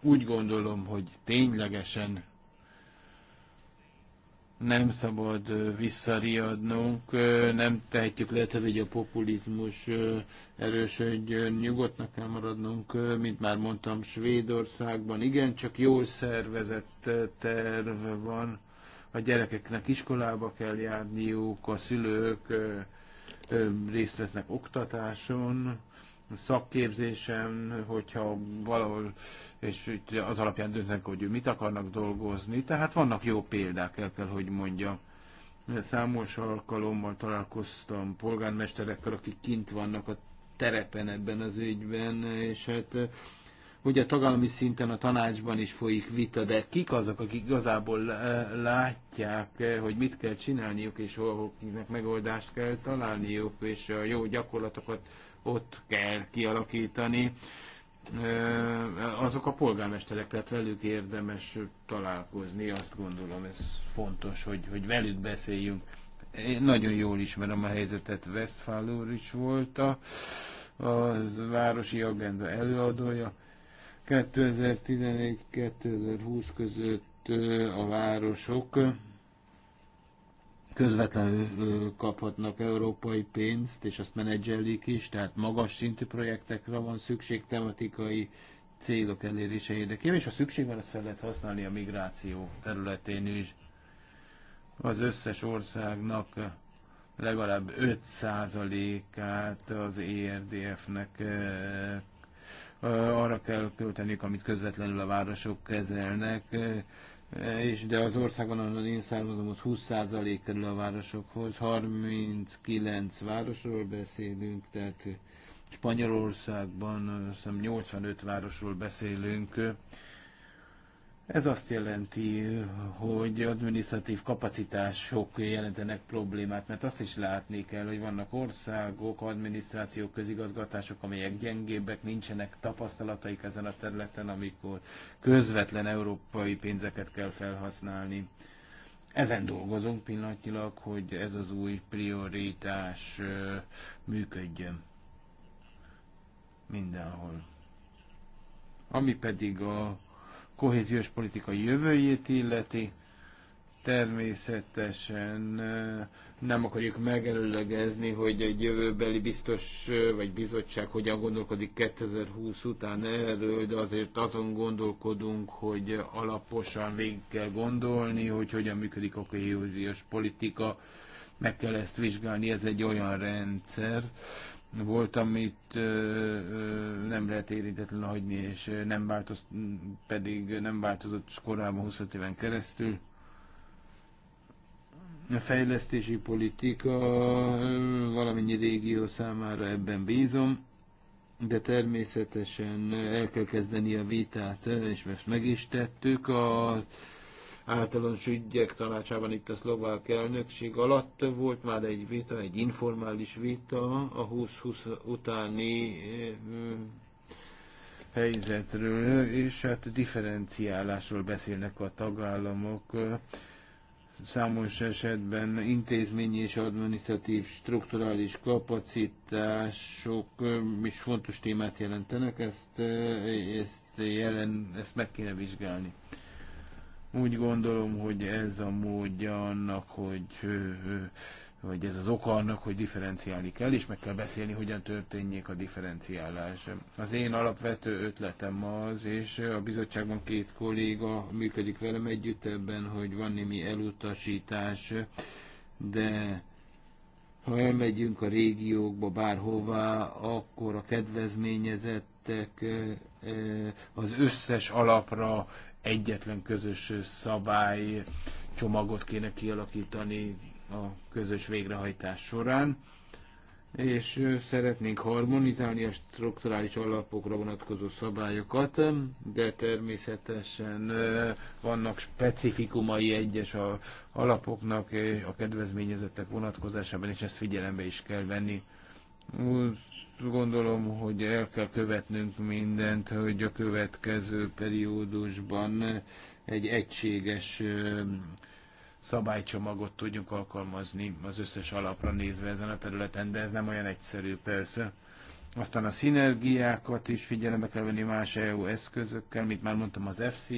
S1: Úgy gondolom, hogy ténylegesen nem szabad visszariadnunk, nem tehetjük lehetővé, hogy a populizmus erősödjön, nyugodtnak kell maradnunk, mint már mondtam, Svédországban igen, csak jól szervezett terv van, a gyerekeknek iskolába kell járniuk, a szülők részt vesznek oktatáson, szakképzésen, hogyha valahol, és az alapján döntnek, hogy mit akarnak dolgozni. Tehát vannak jó példák, el kell, hogy mondjam. Számos alkalommal találkoztam polgármesterekkel, akik kint vannak a terepen ebben az ügyben, és hát ugye a tagállami szinten a tanácsban is folyik vita, de kik azok, akik igazából látják, hogy mit kell csinálniuk, és hol, akiknek megoldást kell találniuk, és a jó gyakorlatokat ott kell kialakítani. Azok a polgármesterek, tehát velük érdemes találkozni, azt gondolom ez fontos, hogy, hogy velük beszéljünk. Én nagyon jól ismerem a helyzetet, Westphal úr is volt a, a városi agenda előadója. 2014-2020 között a városok közvetlenül kaphatnak európai pénzt, és azt menedzselik is, tehát magas szintű projektekre van szükség tematikai célok elérése érdekében, és ha szükség van, ezt fel lehet használni a migráció területén is. Az összes országnak legalább 5%-át az ERDF-nek arra kell költeniük, amit közvetlenül a városok kezelnek és de az országban, ahonnan én származom, ott 20% kerül a városokhoz, 39 városról beszélünk, tehát Spanyolországban azt hiszem 85 városról beszélünk, ez azt jelenti, hogy adminisztratív kapacitások jelentenek problémát, mert azt is látni kell, hogy vannak országok, adminisztrációk, közigazgatások, amelyek gyengébbek, nincsenek tapasztalataik ezen a területen, amikor közvetlen európai pénzeket kell felhasználni. Ezen dolgozunk pillanatnyilag, hogy ez az új prioritás működjön mindenhol. Ami pedig a kohéziós politika jövőjét illeti, természetesen eh, nem akarjuk megelőlegezni, hogy egy jövőbeli biztos eh, vagy bizottság hogyan gondolkodik 2020 után erről, de azért azon gondolkodunk, hogy alaposan végig kell gondolni, hogy hogyan működik a kohéziós politika, meg kell ezt vizsgálni, ez egy olyan rendszer, volt, amit nem lehet érintetlen hagyni, és nem változ, pedig nem változott korábban 25 éven keresztül. A fejlesztési politika valamennyi régió számára ebben bízom, de természetesen el kell kezdeni a vitát, és ezt meg is tettük. A általános ügyek tanácsában itt a szlovák elnökség alatt volt már egy vita, egy informális vita a 20-20 utáni eh, helyzetről, és hát differenciálásról beszélnek a tagállamok. Számos esetben intézményi és administratív strukturális kapacitások eh, is fontos témát jelentenek, ezt, eh, ezt, jelen, ezt meg kéne vizsgálni. Úgy gondolom, hogy ez a módja annak, hogy vagy ez az oka annak, hogy differenciálni kell, és meg kell beszélni, hogyan történjék a differenciálás. Az én alapvető ötletem az, és a bizottságban két kolléga működik velem együtt ebben, hogy van némi elutasítás, de ha elmegyünk a régiókba bárhová, akkor a kedvezményezettek az összes alapra egyetlen közös szabály csomagot kéne kialakítani a közös végrehajtás során, és szeretnénk harmonizálni a strukturális alapokra vonatkozó szabályokat, de természetesen vannak specifikumai egyes a alapoknak a kedvezményezettek vonatkozásában, és ezt figyelembe is kell venni gondolom, hogy el kell követnünk mindent, hogy a következő periódusban egy egységes szabálycsomagot tudjunk alkalmazni az összes alapra nézve ezen a területen, de ez nem olyan egyszerű persze. Aztán a szinergiákat is figyelembe kell venni más EU eszközökkel, mint már mondtam, az FC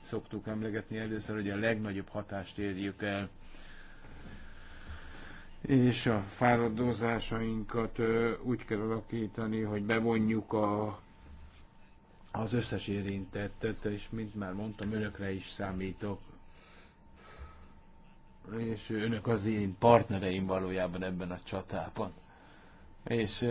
S1: szoktuk emlegetni először, hogy a legnagyobb hatást érjük el és a fáradozásainkat úgy kell alakítani, hogy bevonjuk a, az összes érintettet, és mint már mondtam, önökre is számítok. És önök az én partnereim valójában ebben a csatában. És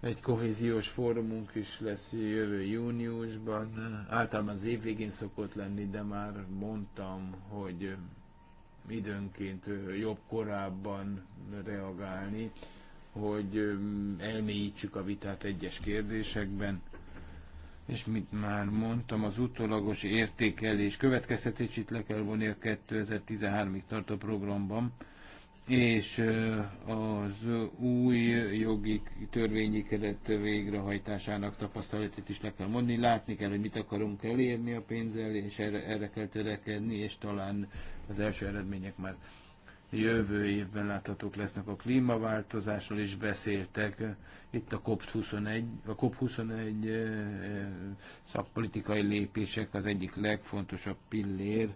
S1: egy kohéziós fórumunk is lesz jövő júniusban. Általában az év végén szokott lenni, de már mondtam, hogy időnként jobb korábban reagálni, hogy elmélyítsük a vitát egyes kérdésekben. És mint már mondtam, az utólagos értékelés következtetését le kell vonni a 2013-ig tartó programban, és az új jogi törvényi keret végrehajtásának tapasztalatét is le kell mondni. Látni kell, hogy mit akarunk elérni a pénzzel, és erre, erre kell törekedni, és talán az első eredmények már jövő évben láthatók lesznek a klímaváltozásról is beszéltek. Eh, itt a COP21, a COP21 eh, eh, szakpolitikai lépések az egyik legfontosabb pillér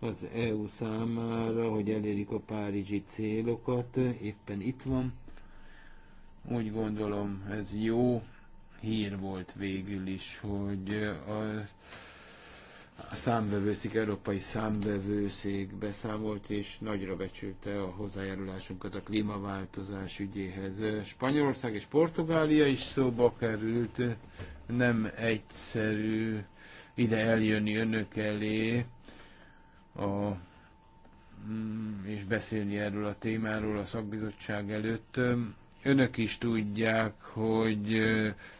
S1: az EU számára, hogy elérik a párizsi célokat. Éppen itt van. Úgy gondolom, ez jó hír volt végül is, hogy a a számvevőszék, európai számvevőszék beszámolt, és nagyra becsülte a hozzájárulásunkat a klímaváltozás ügyéhez. Spanyolország és Portugália is szóba került, nem egyszerű ide eljönni önök elé, a, mm, és beszélni erről a témáról a szakbizottság előtt. Önök is tudják, hogy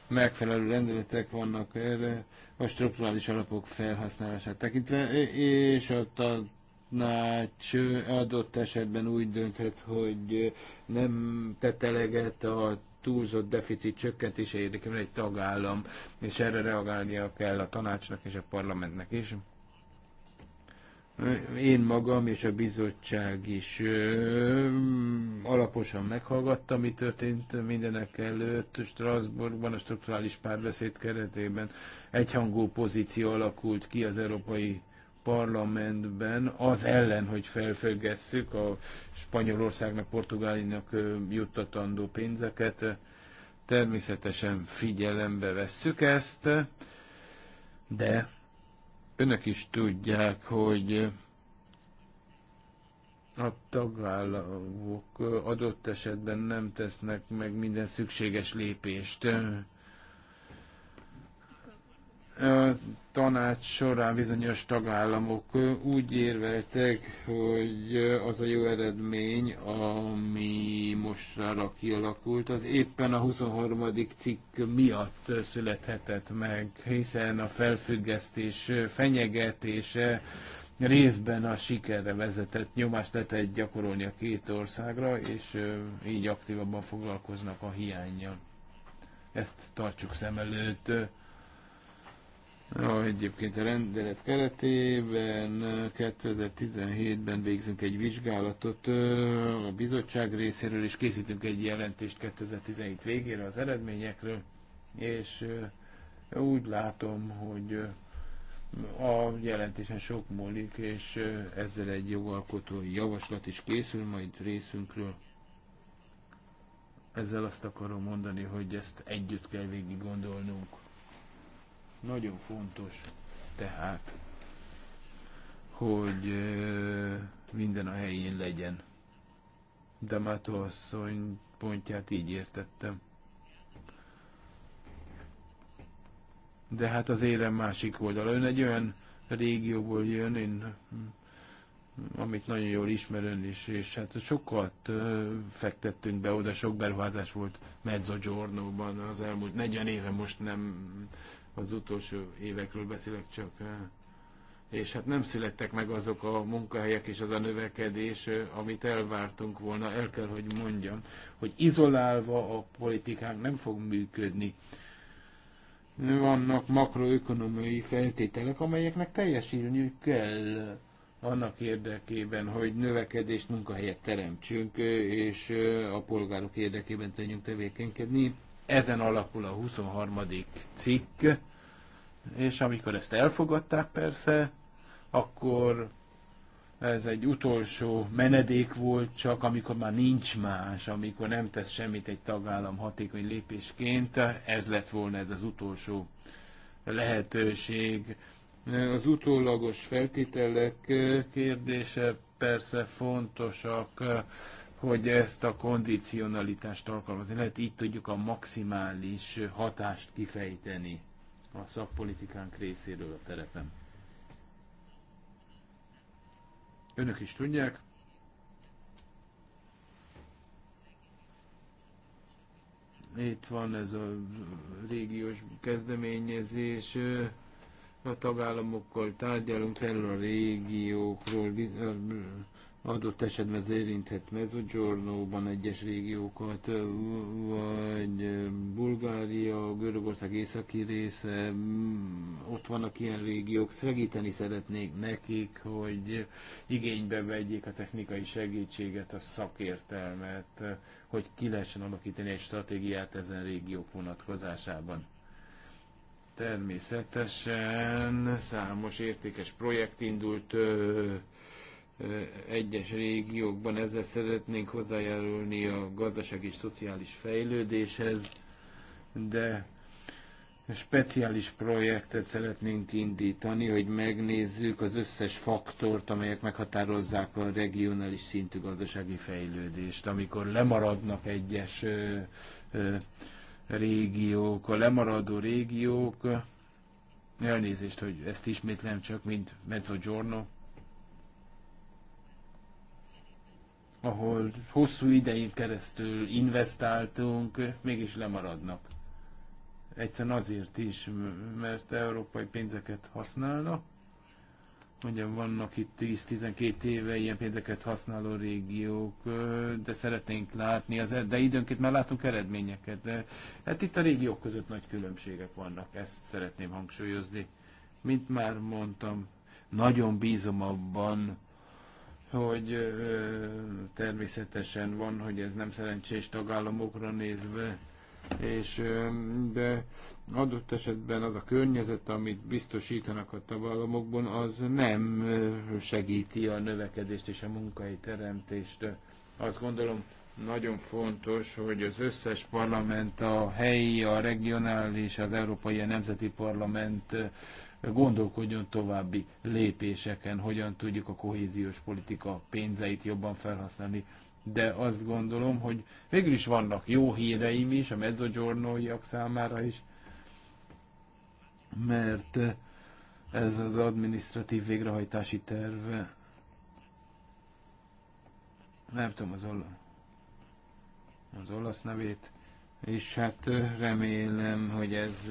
S1: megfelelő rendeletek vannak erre a strukturális alapok felhasználását tekintve, és a tanács adott esetben úgy dönthet, hogy nem teteleget a túlzott deficit csökkentése érdekében egy tagállam, és erre reagálnia kell a tanácsnak és a parlamentnek is. Én magam és a bizottság is alaposan meghallgatta, mi történt mindenek előtt Strasbourgban, a strukturális párbeszéd keretében egyhangú pozíció alakult ki az Európai parlamentben az ellen, hogy felfüggesszük a Spanyolországnak, Portugálinak juttatandó pénzeket. Természetesen figyelembe vesszük ezt, de önök is tudják, hogy a tagállamok adott esetben nem tesznek meg minden szükséges lépést tanács során bizonyos tagállamok úgy érveltek, hogy az a jó eredmény, ami mostanra kialakult, az éppen a 23. cikk miatt születhetett meg, hiszen a felfüggesztés fenyegetése részben a sikerre vezetett nyomást lehet gyakorolni a két országra, és így aktívabban foglalkoznak a hiányjal. Ezt tartsuk szem előtt Na, egyébként a rendelet keretében 2017-ben végzünk egy vizsgálatot a bizottság részéről, és készítünk egy jelentést 2017 végére az eredményekről, és úgy látom, hogy a jelentésen sok múlik, és ezzel egy jogalkotói javaslat is készül majd részünkről. Ezzel azt akarom mondani, hogy ezt együtt kell végig gondolnunk nagyon fontos tehát, hogy minden a helyén legyen. De Mato asszony pontját így értettem. De hát az élem másik oldala. Ön egy olyan régióból jön, én, hm, amit nagyon jól ismer ön is, és hát sokat ö, fektettünk be oda, sok beruházás volt Mezzogiorno-ban az elmúlt 40 éve, most nem az utolsó évekről beszélek csak, eh. és hát nem születtek meg azok a munkahelyek és az a növekedés, eh, amit elvártunk volna. El kell, hogy mondjam, hogy izolálva a politikánk nem fog működni. Vannak makroökonomiai feltételek, amelyeknek teljesülniük kell annak érdekében, hogy növekedést, munkahelyet teremtsünk, eh, és a polgárok érdekében tudjunk tevékenykedni. Ezen alapul a 23. cikk, és amikor ezt elfogadták persze, akkor ez egy utolsó menedék volt csak, amikor már nincs más, amikor nem tesz semmit egy tagállam hatékony lépésként, ez lett volna ez az utolsó lehetőség. Az utólagos feltételek kérdése persze fontosak, hogy ezt a kondicionalitást alkalmazni lehet, így tudjuk a maximális hatást kifejteni a szakpolitikánk részéről a terepen. Önök is tudják, itt van ez a régiós kezdeményezés, a tagállamokkal tárgyalunk erről a régiókról, adott esetben ez érinthet mezogyornóban egyes régiókat, vagy Bulgária, Görögország északi része, mm, ott vannak ilyen régiók, segíteni szeretnék nekik, hogy igénybe vegyék a technikai segítséget, a szakértelmet, hogy ki lehessen alakítani egy stratégiát ezen régiók vonatkozásában. Természetesen számos értékes projekt indult egyes régiókban, ezzel szeretnénk hozzájárulni a gazdaság és szociális fejlődéshez, de speciális projektet szeretnénk indítani, hogy megnézzük az összes faktort, amelyek meghatározzák a regionális szintű gazdasági fejlődést. Amikor lemaradnak egyes ö, ö, régiók, a lemaradó régiók, elnézést, hogy ezt ismétlem csak, mint Mezzogiorno, ahol hosszú idején keresztül investáltunk, mégis lemaradnak. Egyszerűen azért is, mert európai pénzeket használnak. Ugye vannak itt 10-12 éve ilyen pénzeket használó régiók, de szeretnénk látni, az, e- de időnként már látunk eredményeket. De, hát itt a régiók között nagy különbségek vannak, ezt szeretném hangsúlyozni. Mint már mondtam, nagyon bízom abban, hogy természetesen van, hogy ez nem szerencsés tagállamokra nézve, és de adott esetben az a környezet, amit biztosítanak a tagállamokban, az nem segíti a növekedést és a munkai teremtést. Azt gondolom, nagyon fontos, hogy az összes parlament, a helyi, a regionális, az európai, a nemzeti parlament gondolkodjon további lépéseken, hogyan tudjuk a kohéziós politika pénzeit jobban felhasználni. De azt gondolom, hogy végül is vannak jó híreim is, a mezzogiornóiak számára is, mert ez az administratív végrehajtási terv, nem tudom az, ola, az olasz nevét, és hát remélem, hogy ez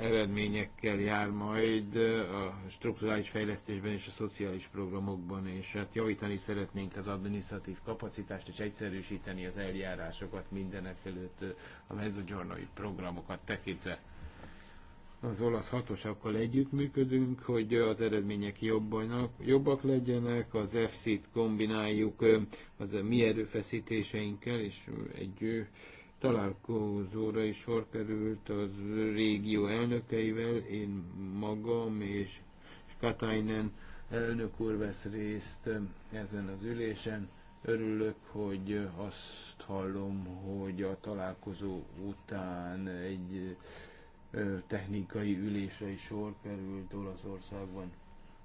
S1: eredményekkel jár majd a strukturális fejlesztésben és a szociális programokban, és hát javítani szeretnénk az adminisztratív kapacitást, és egyszerűsíteni az eljárásokat mindenek előtt a mezzogiornai programokat tekintve. Az olasz hatosakkal együttműködünk, hogy az eredmények jobbanak, jobbak legyenek, az FC-t kombináljuk az mi erőfeszítéseinkkel, és egy találkozóra is sor került az régió elnökeivel, én magam és Katainen elnök úr vesz részt ezen az ülésen. Örülök, hogy azt hallom, hogy a találkozó után egy technikai ülésre is sor került Olaszországban,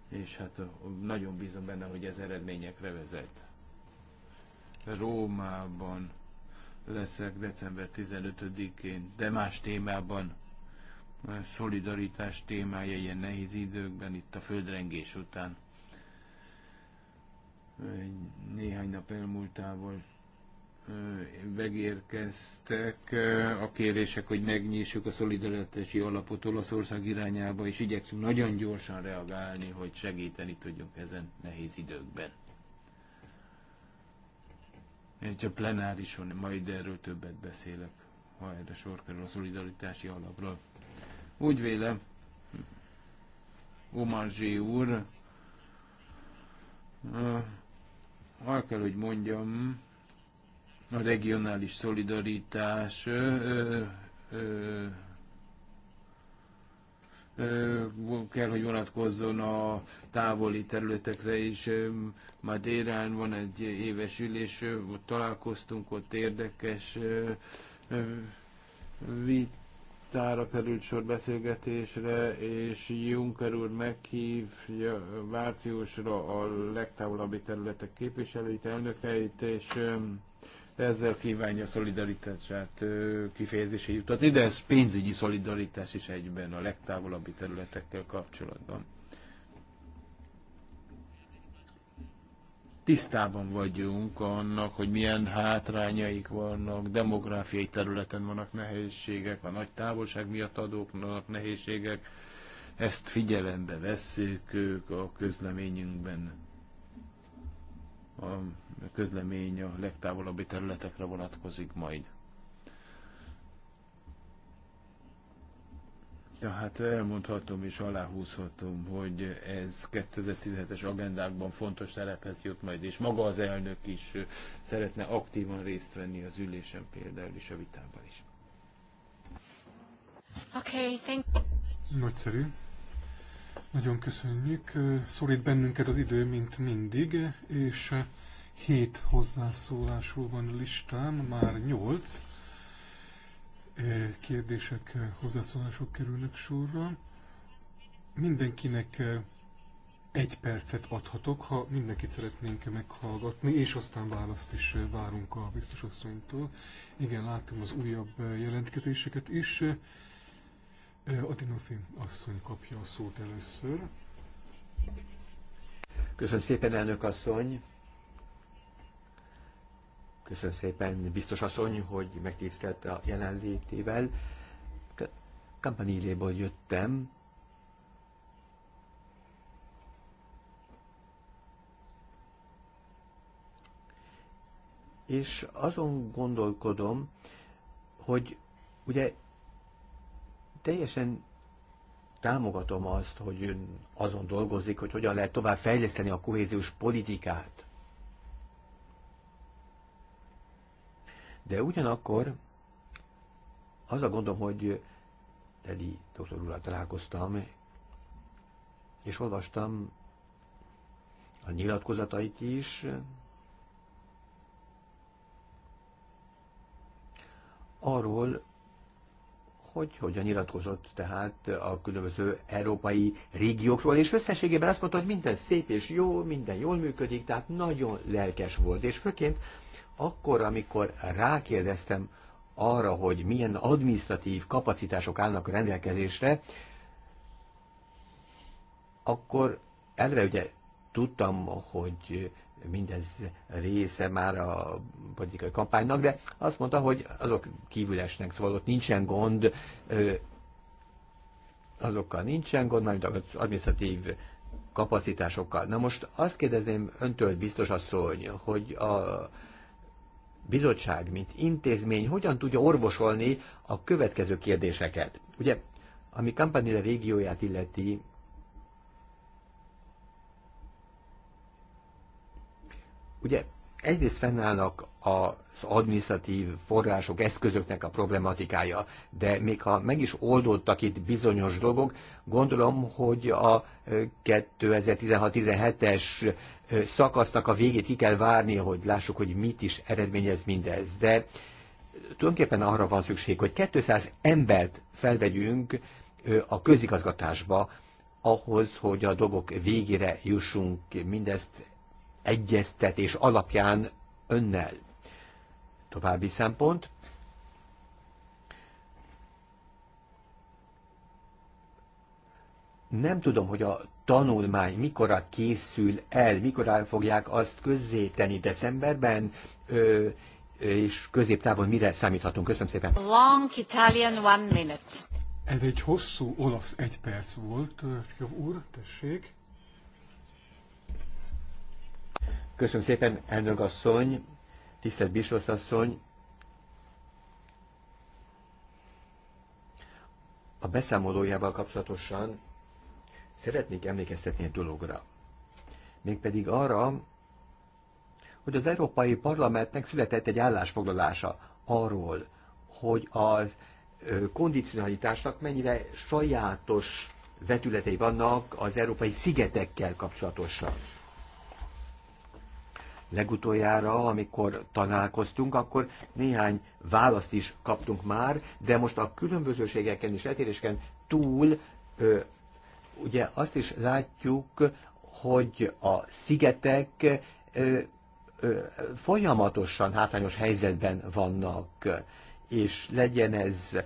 S1: és hát nagyon bízom benne, hogy ez eredményekre vezet. Rómában leszek december 15-én, de más témában, szolidaritás témája ilyen nehéz időkben, itt a földrengés után. Néhány nap elmúltával megérkeztek a kérések, hogy megnyissuk a szolidaritási alapot Olaszország irányába, és igyekszünk nagyon gyorsan reagálni, hogy segíteni tudjunk ezen nehéz időkben. Egy a plenárison, majd erről többet beszélek, ha erre sor kerül a szolidaritási alapról. Úgy vélem, Zsé úr, ha kell, hogy mondjam, a regionális szolidaritás ö, ö, kell, hogy vonatkozzon a távoli területekre is. Madérán van egy éves ülés, ott találkoztunk, ott érdekes vitára került sor beszélgetésre, és Juncker úr meghív márciusra a legtávolabbi területek képviselőit, elnökeit, és ezzel kívánja a szolidaritását kifejezésé jutatni, de ez pénzügyi szolidaritás is egyben a legtávolabbi területekkel kapcsolatban. Tisztában vagyunk annak, hogy milyen hátrányaik vannak, demográfiai területen vannak nehézségek, a nagy távolság miatt adóknak nehézségek, ezt figyelembe vesszük ők a közleményünkben a közlemény a legtávolabbi területekre vonatkozik majd. Ja, hát elmondhatom és aláhúzhatom, hogy ez 2017-es agendákban fontos szerephez jut majd, és maga az elnök is szeretne aktívan részt venni az ülésen
S2: például, is a vitában is.
S1: Oké, okay, thank
S2: Nagyszerű. Nagyon köszönjük. Szorít bennünket az idő, mint mindig, és hét hozzászólású van listán, már nyolc kérdések, hozzászólások kerülnek sorra. Mindenkinek egy percet adhatok, ha mindenkit szeretnénk meghallgatni, és aztán választ is várunk a biztos asszonytól. Igen, látom az újabb jelentkezéseket is. Adinofi asszony kapja a szót először.
S3: Köszönöm szépen, elnök asszony. Köszönöm szépen, biztos asszony, hogy megtisztelt a jelenlétével. Kampaniléból jöttem, és azon gondolkodom, hogy ugye Teljesen támogatom azt, hogy ön azon dolgozik, hogy hogyan lehet tovább fejleszteni a kohéziós politikát. De ugyanakkor az a gondom, hogy Teli doktor úrral találkoztam, és olvastam a nyilatkozatait is, arról, hogy hogyan nyilatkozott tehát a különböző európai régiókról, és összességében azt mondta, hogy minden szép és jó, minden jól működik, tehát nagyon lelkes volt, és főként akkor, amikor rákérdeztem arra, hogy milyen administratív kapacitások állnak a rendelkezésre, akkor elve ugye tudtam, hogy mindez része már a politikai kampánynak, de azt mondta, hogy azok kívül esnek, szóval ott nincsen gond, azokkal nincsen gond, mármint az administratív kapacitásokkal. Na most azt kérdezném öntől, biztos asszony, hogy a bizottság, mint intézmény hogyan tudja orvosolni a következő kérdéseket. Ugye, ami Campanile régióját illeti, Ugye egyrészt fennállnak az administratív források, eszközöknek a problematikája, de még ha meg is oldódtak itt bizonyos dolgok, gondolom, hogy a 2016-17-es szakasznak a végét ki kell várni, hogy lássuk, hogy mit is eredményez mindez. De tulajdonképpen arra van szükség, hogy 200 embert felvegyünk a közigazgatásba, ahhoz, hogy a dolgok végére jussunk, mindezt egyeztetés alapján önnel. További szempont. Nem tudom, hogy a tanulmány mikor készül el, mikor fogják azt közzéteni decemberben, ö, és középtávon mire számíthatunk. Köszönöm szépen.
S2: Long Italian one minute. Ez egy hosszú olasz egy perc volt, Rikov úr, tessék.
S3: Köszönöm szépen, elnök asszony, tisztelt Bislosz asszony. A beszámolójával kapcsolatosan szeretnék emlékeztetni egy dologra. Mégpedig arra, hogy az Európai Parlamentnek született egy állásfoglalása arról, hogy az kondicionalitásnak mennyire sajátos vetületei vannak az európai szigetekkel kapcsolatosan. Legutoljára, amikor tanálkoztunk, akkor néhány választ is kaptunk már, de most a különbözőségeken és eltéréseken túl ö, ugye azt is látjuk, hogy a szigetek ö, ö, folyamatosan hátrányos helyzetben vannak, és legyen ez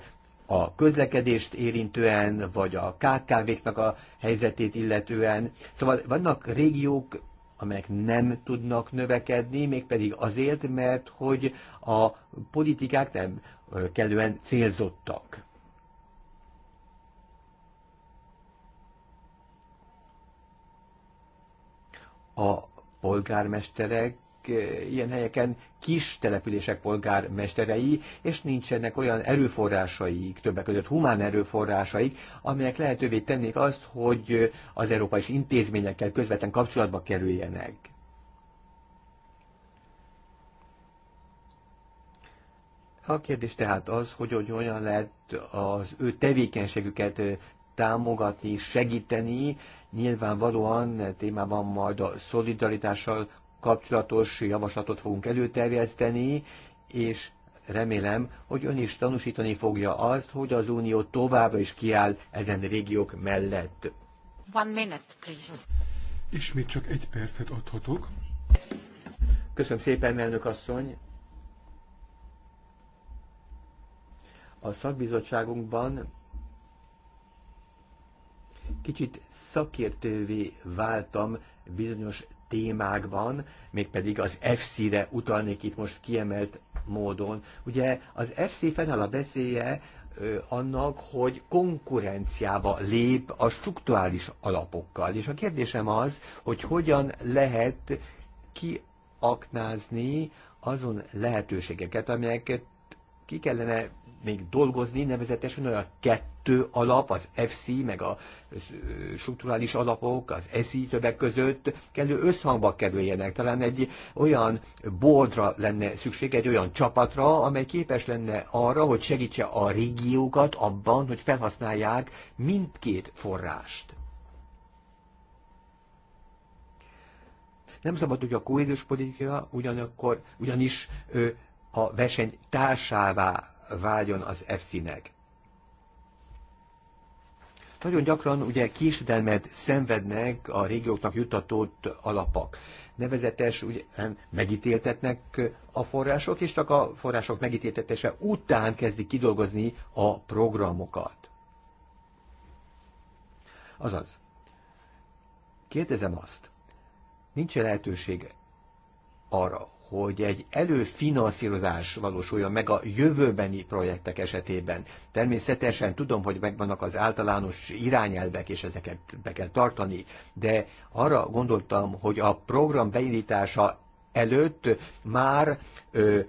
S3: a közlekedést érintően, vagy a KKV-knak a helyzetét illetően. Szóval vannak régiók, amelyek nem tudnak növekedni, mégpedig azért, mert hogy a politikák nem kellően célzottak. A polgármesterek Eh, ilyen helyeken kis települések polgármesterei, és nincsenek olyan erőforrásaik, többek között humán erőforrásaik, amelyek lehetővé tennék azt, hogy eh, az európai intézményekkel közvetlen kapcsolatba kerüljenek. A kérdés tehát az, hogy, hogy olyan lehet az ő tevékenységüket eh, támogatni, segíteni, nyilvánvalóan témában majd a szolidaritással kapcsolatos javaslatot fogunk előterjeszteni, és remélem, hogy ön is tanúsítani fogja azt, hogy az Unió továbbra is kiáll ezen régiók mellett.
S2: One minute, please. Ismét csak egy percet adhatok.
S3: Köszönöm szépen, elnök asszony. A szakbizottságunkban kicsit szakértővé váltam bizonyos témákban, mégpedig az FC-re utalnék itt most kiemelt módon. Ugye az FC fennáll a beszélje annak, hogy konkurenciába lép a struktúrális alapokkal. És a kérdésem az, hogy hogyan lehet kiaknázni azon lehetőségeket, amelyeket ki kellene még dolgozni, nevezetesen olyan kettő alap, az FC, meg a strukturális alapok, az ESI többek között kellő összhangba kerüljenek. Talán egy olyan boardra lenne szükség, egy olyan csapatra, amely képes lenne arra, hogy segítse a régiókat abban, hogy felhasználják mindkét forrást. Nem szabad, hogy a kohéziós politika ugyanakkor, ugyanis ö, a verseny társává váljon az efsz Nagyon gyakran ugye késedelmet szenvednek a régióknak jutatott alapak. Nevezetes, ugye megítéltetnek a források, és csak a források megítéltetése után kezdik kidolgozni a programokat. Azaz, kérdezem azt, nincs -e lehetőség arra, hogy egy előfinanszírozás valósuljon meg a jövőbeni projektek esetében. Természetesen tudom, hogy megvannak az általános irányelvek, és ezeket be kell tartani, de arra gondoltam, hogy a program beindítása előtt már ö,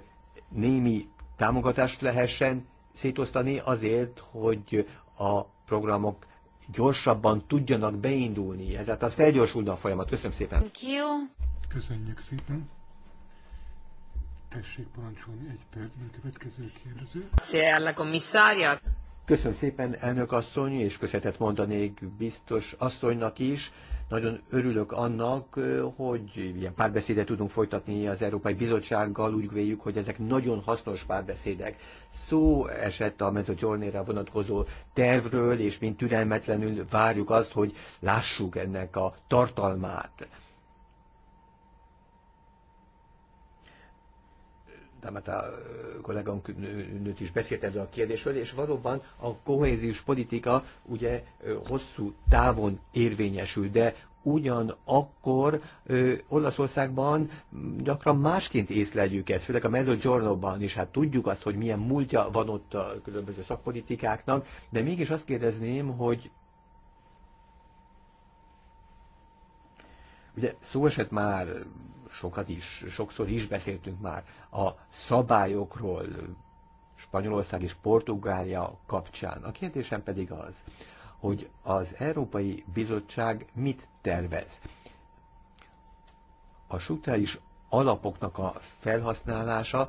S3: némi támogatást lehessen szétosztani azért, hogy a programok gyorsabban tudjanak beindulni. Tehát az felgyorsulna a folyamat. Köszönöm szépen.
S2: Köszönjük szépen. Tessék parancsolni egy percben a következő kérdező.
S3: Köszönöm szépen, elnök asszony, és köszönetet mondanék biztos asszonynak is. Nagyon örülök annak, hogy ilyen párbeszédet tudunk folytatni az Európai Bizottsággal, úgy véljük, hogy ezek nagyon hasznos párbeszédek. Szó esett a mezőgyolnéra vonatkozó tervről, és mint türelmetlenül várjuk azt, hogy lássuk ennek a tartalmát. Damata kollégánk nőt is beszélt erről a kérdésről, és valóban a kohéziós politika ugye hosszú távon érvényesül, de ugyanakkor ö, Olaszországban gyakran másként észleljük ezt, főleg a Mezzogiorno-ban is, hát tudjuk azt, hogy milyen múltja van ott a különböző szakpolitikáknak, de mégis azt kérdezném, hogy ugye szó esett már sokat is, sokszor is beszéltünk már a szabályokról Spanyolország és Portugália kapcsán. A kérdésem pedig az, hogy az Európai Bizottság mit tervez? A struktúrális alapoknak a felhasználása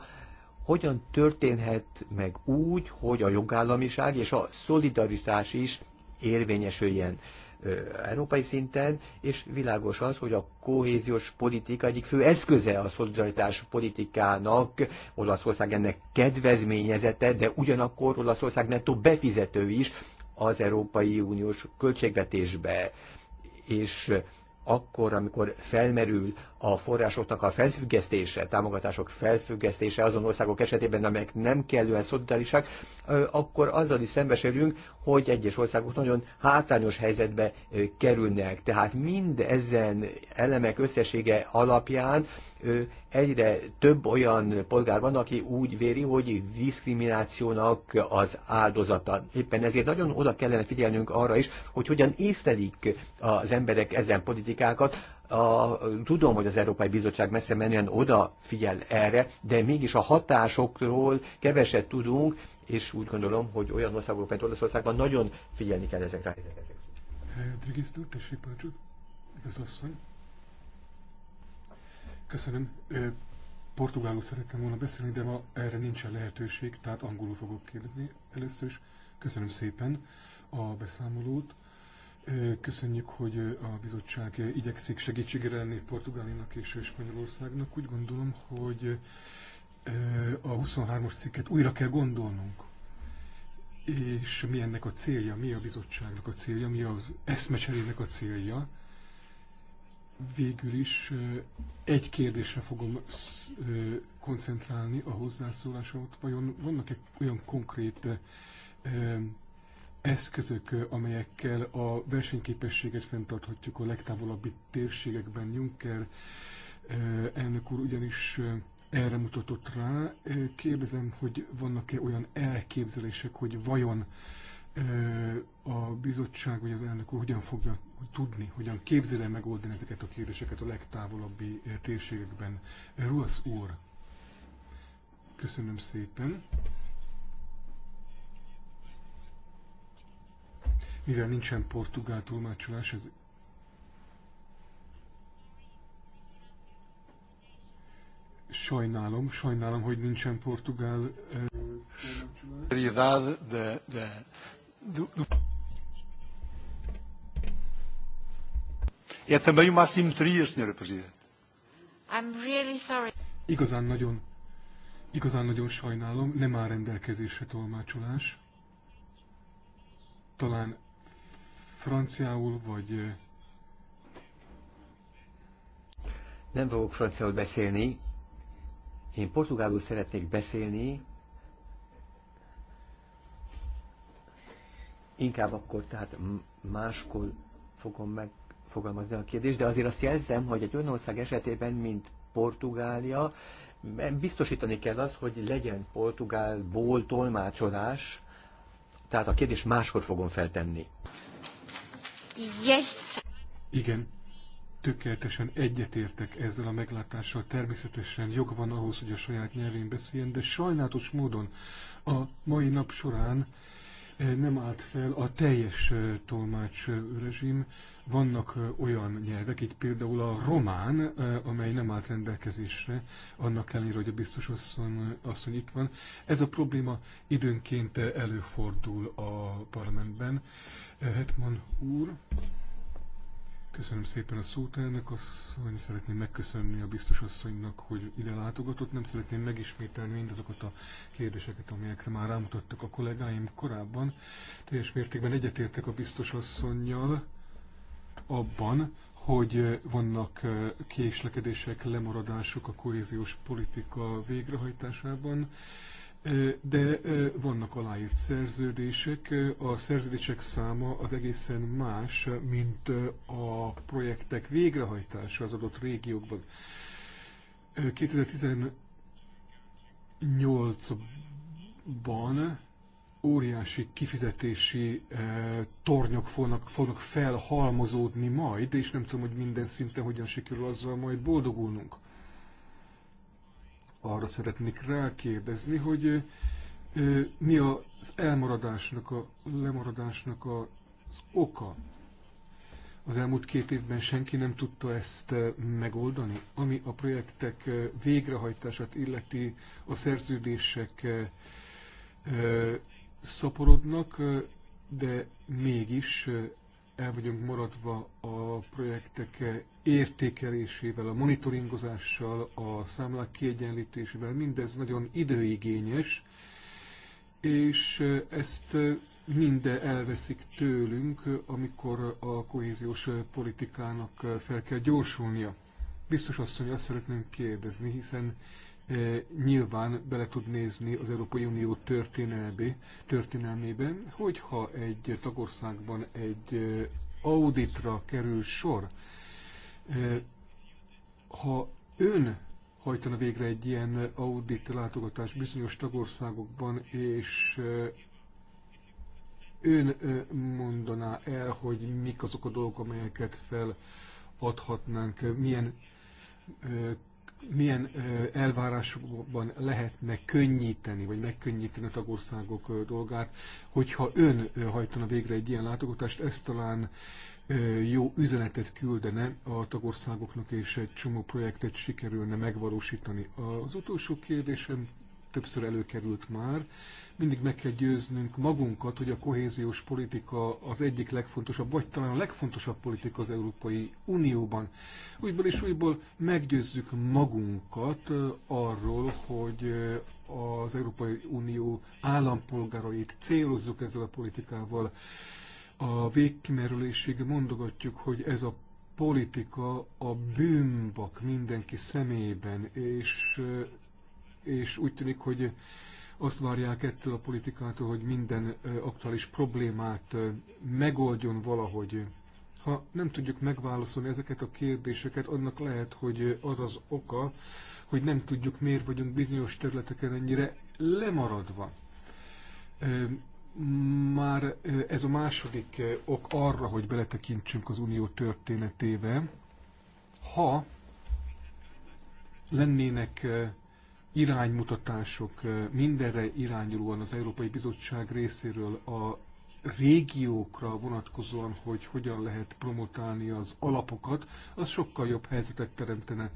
S3: hogyan történhet meg úgy, hogy a jogállamiság és a szolidaritás is érvényesüljen európai szinten, és világos az, hogy a kohéziós politika egyik fő eszköze a szolidaritás politikának, Olaszország ennek kedvezményezete, de ugyanakkor Olaszország nettó befizető is az Európai Uniós költségvetésbe. És akkor, amikor felmerül a forrásoknak a felfüggesztése, támogatások felfüggesztése azon országok esetében, amelyek nem kellően szolidarisak, akkor azzal is szembesülünk, hogy egyes országok nagyon hátrányos helyzetbe kerülnek. Tehát mind ezen elemek összessége alapján egyre több olyan polgár van, aki úgy véri, hogy diszkriminációnak az áldozata. Éppen ezért nagyon oda kellene figyelnünk arra is, hogy hogyan észlelik az emberek ezen politikai szakpolitikákat. A, tudom, hogy az Európai Bizottság messze menően odafigyel erre, de mégis a hatásokról keveset tudunk, és úgy gondolom, hogy olyan országok, mint Olaszországban nagyon figyelni kell ezekre.
S2: Rodriguez úr, tessék Köszönöm. Portugálul szerettem volna beszélni, de ma erre nincsen lehetőség, tehát angolul fogok kérdezni. Először is köszönöm szépen a beszámolót. Köszönjük, hogy a bizottság igyekszik segítségre lenni Portugálinak és Spanyolországnak. Úgy gondolom, hogy a 23-as cikket újra kell gondolnunk. És mi ennek a célja, mi a bizottságnak a célja, mi az eszmecserének a célja. Végül is egy kérdésre fogom koncentrálni a hozzászólásomat. Vajon vannak-e olyan konkrét eszközök, amelyekkel a versenyképességet fenntarthatjuk a legtávolabbi térségekben. Juncker eh, elnök úr ugyanis eh, erre mutatott rá. Eh, kérdezem, hogy vannak-e olyan elképzelések, hogy vajon a bizottság vagy az elnök úr hogyan fogja tudni, hogyan képzeli megoldani ezeket a kérdéseket a legtávolabbi térségekben. Rossz úr, köszönöm szépen. mivel nincsen portugál tolmácsolás, ez sajnálom, sajnálom, hogy nincsen portugál
S1: tolmácsolás.
S2: de, de, É também uma assimetria, senhora Presidente. I'm really sorry. Igazán nagyon, igazán nagyon sajnálom, nem áll rendelkezésre tolmácsolás. Talán franciául, vagy... Nem
S3: fogok franciául beszélni. Én portugálul szeretnék beszélni. Inkább akkor, tehát máskor fogom megfogalmazni a kérdést, de azért azt jelzem, hogy egy olyan ország esetében, mint Portugália, biztosítani kell az, hogy legyen portugálból tolmácsolás, tehát a kérdést máskor fogom feltenni.
S2: Yes. Igen, tökéletesen egyetértek ezzel a meglátással. Természetesen jog van ahhoz, hogy a saját nyelvén beszéljen, de sajnálatos módon a mai nap során nem állt fel a teljes tolmács rezsim. Vannak olyan nyelvek, itt például a román, amely nem állt rendelkezésre, annak ellenére, hogy a biztos asszony, asszony itt van. Ez a probléma időnként előfordul a parlamentben. Hetman úr. Köszönöm szépen a szót elnök asszony, szeretném megköszönni a biztos asszonynak, hogy ide látogatott. Nem szeretném megismételni mindazokat a kérdéseket, amelyekre már rámutattak a kollégáim korábban. Teljes mértékben egyetértek a biztos asszonynal abban, hogy vannak eh, késlekedések, lemaradások a kohéziós politika végrehajtásában de vannak aláírt szerződések, a szerződések száma az egészen más, mint a projektek végrehajtása az adott régiókban. 2018-ban óriási kifizetési tornyok fognak, fognak felhalmozódni majd, és nem tudom, hogy minden szinten hogyan sikerül azzal majd boldogulnunk arra szeretnék rákérdezni, hogy mi az elmaradásnak, a lemaradásnak az oka. Az elmúlt két évben senki nem tudta ezt megoldani. Ami a projektek végrehajtását illeti, a szerződések szaporodnak, de mégis el vagyunk maradva a projektek értékelésével, a monitoringozással, a számlák kiegyenlítésével, mindez nagyon időigényes, és ezt minden elveszik tőlünk, amikor a kohéziós politikának fel kell gyorsulnia. Biztos asszony, azt szeretném kérdezni, hiszen nyilván bele tud nézni az Európai Unió történelmi, történelmében, hogyha egy tagországban egy auditra kerül sor, ha ön hajtana végre egy ilyen audit látogatás bizonyos tagországokban, és ön mondaná el, hogy mik azok a dolgok, amelyeket feladhatnánk, milyen milyen elvárásokban lehetne könnyíteni, vagy megkönnyíteni a tagországok dolgát, hogyha ön hajtana végre egy ilyen látogatást, ez talán jó üzenetet küldene a tagországoknak, és egy csomó projektet sikerülne megvalósítani. Az utolsó kérdésem többször előkerült már. Mindig meg kell győznünk magunkat, hogy a kohéziós politika az egyik legfontosabb, vagy talán a legfontosabb politika az Európai Unióban. Újból és újból meggyőzzük magunkat arról, hogy az Európai Unió állampolgárait célozzuk ezzel a politikával. A végkimerülésig mondogatjuk, hogy ez a politika a bűnbak mindenki szemében, és és úgy tűnik, hogy azt várják ettől a politikától, hogy minden aktuális problémát megoldjon valahogy. Ha nem tudjuk megválaszolni ezeket a kérdéseket, annak lehet, hogy az az oka, hogy nem tudjuk, miért vagyunk bizonyos területeken ennyire lemaradva. Már ez a második ok arra, hogy beletekintsünk az unió történetébe, ha lennének iránymutatások mindenre irányulóan az Európai Bizottság részéről a régiókra vonatkozóan, hogy hogyan lehet promotálni az alapokat, az sokkal jobb helyzetet teremtene.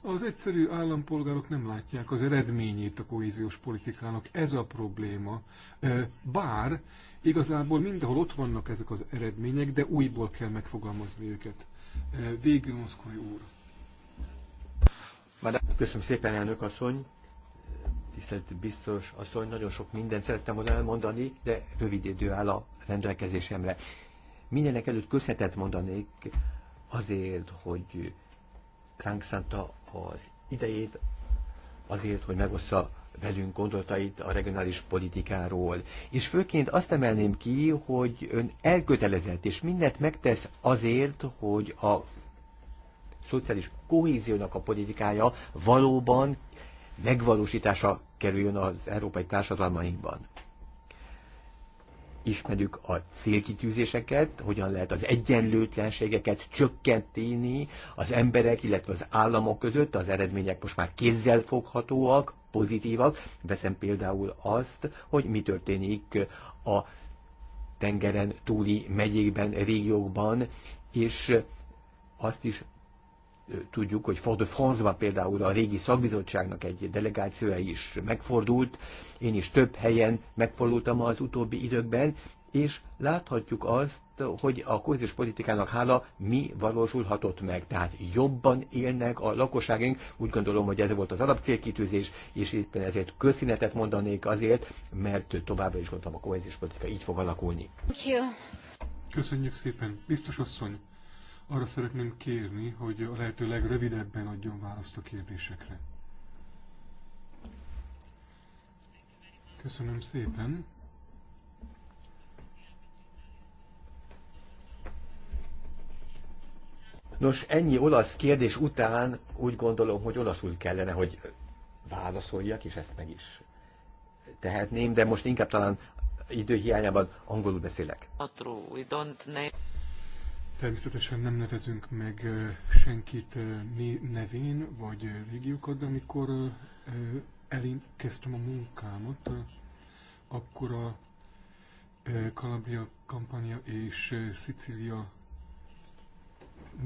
S2: Az egyszerű állampolgárok nem látják az eredményét a kohéziós politikának, ez a probléma. Bár igazából mindenhol ott vannak ezek az eredmények, de újból kell megfogalmazni őket. Végül Moszkvai úr.
S3: Köszönöm szépen, elnök asszony. Tisztelt biztos asszony, nagyon sok mindent szerettem volna elmondani, de rövid idő áll a rendelkezésemre. Mindenek előtt köszönetet mondanék azért, hogy ránk szánta az idejét, azért, hogy megossza velünk gondolatait a regionális politikáról. És főként azt emelném ki, hogy ön elkötelezett, és mindent megtesz azért, hogy a szociális kohéziónak a politikája valóban megvalósítása kerüljön az európai társadalmainkban. Ismerjük a célkitűzéseket, hogyan lehet az egyenlőtlenségeket csökkenteni az emberek, illetve az államok között, az eredmények most már kézzel foghatóak, pozitívak. Veszem például azt, hogy mi történik a tengeren túli megyékben, régiókban, és azt is tudjuk, hogy Fort de france például a régi szakbizottságnak egy delegációja is megfordult, én is több helyen megfordultam az utóbbi időkben, és láthatjuk azt, hogy a kohéziós politikának hála mi valósulhatott meg. Tehát jobban élnek a lakosságunk, úgy gondolom, hogy ez volt az alapcélkitűzés, és éppen ezért köszönetet mondanék azért, mert továbbra is gondolom a kohéziós politika így fog alakulni.
S2: Köszönjük szépen, biztos asszony! Arra szeretném kérni, hogy a lehető legrövidebben adjon választ a kérdésekre. Köszönöm szépen.
S3: Nos, ennyi olasz kérdés után úgy gondolom, hogy olaszul kellene, hogy válaszoljak, és ezt meg is tehetném, de most inkább talán időhiányában angolul beszélek.
S2: We don't name. Természetesen nem nevezünk meg senkit nevén vagy régiókat, de amikor elkezdtem a munkámat, akkor a Kalabria kampánya és Szicília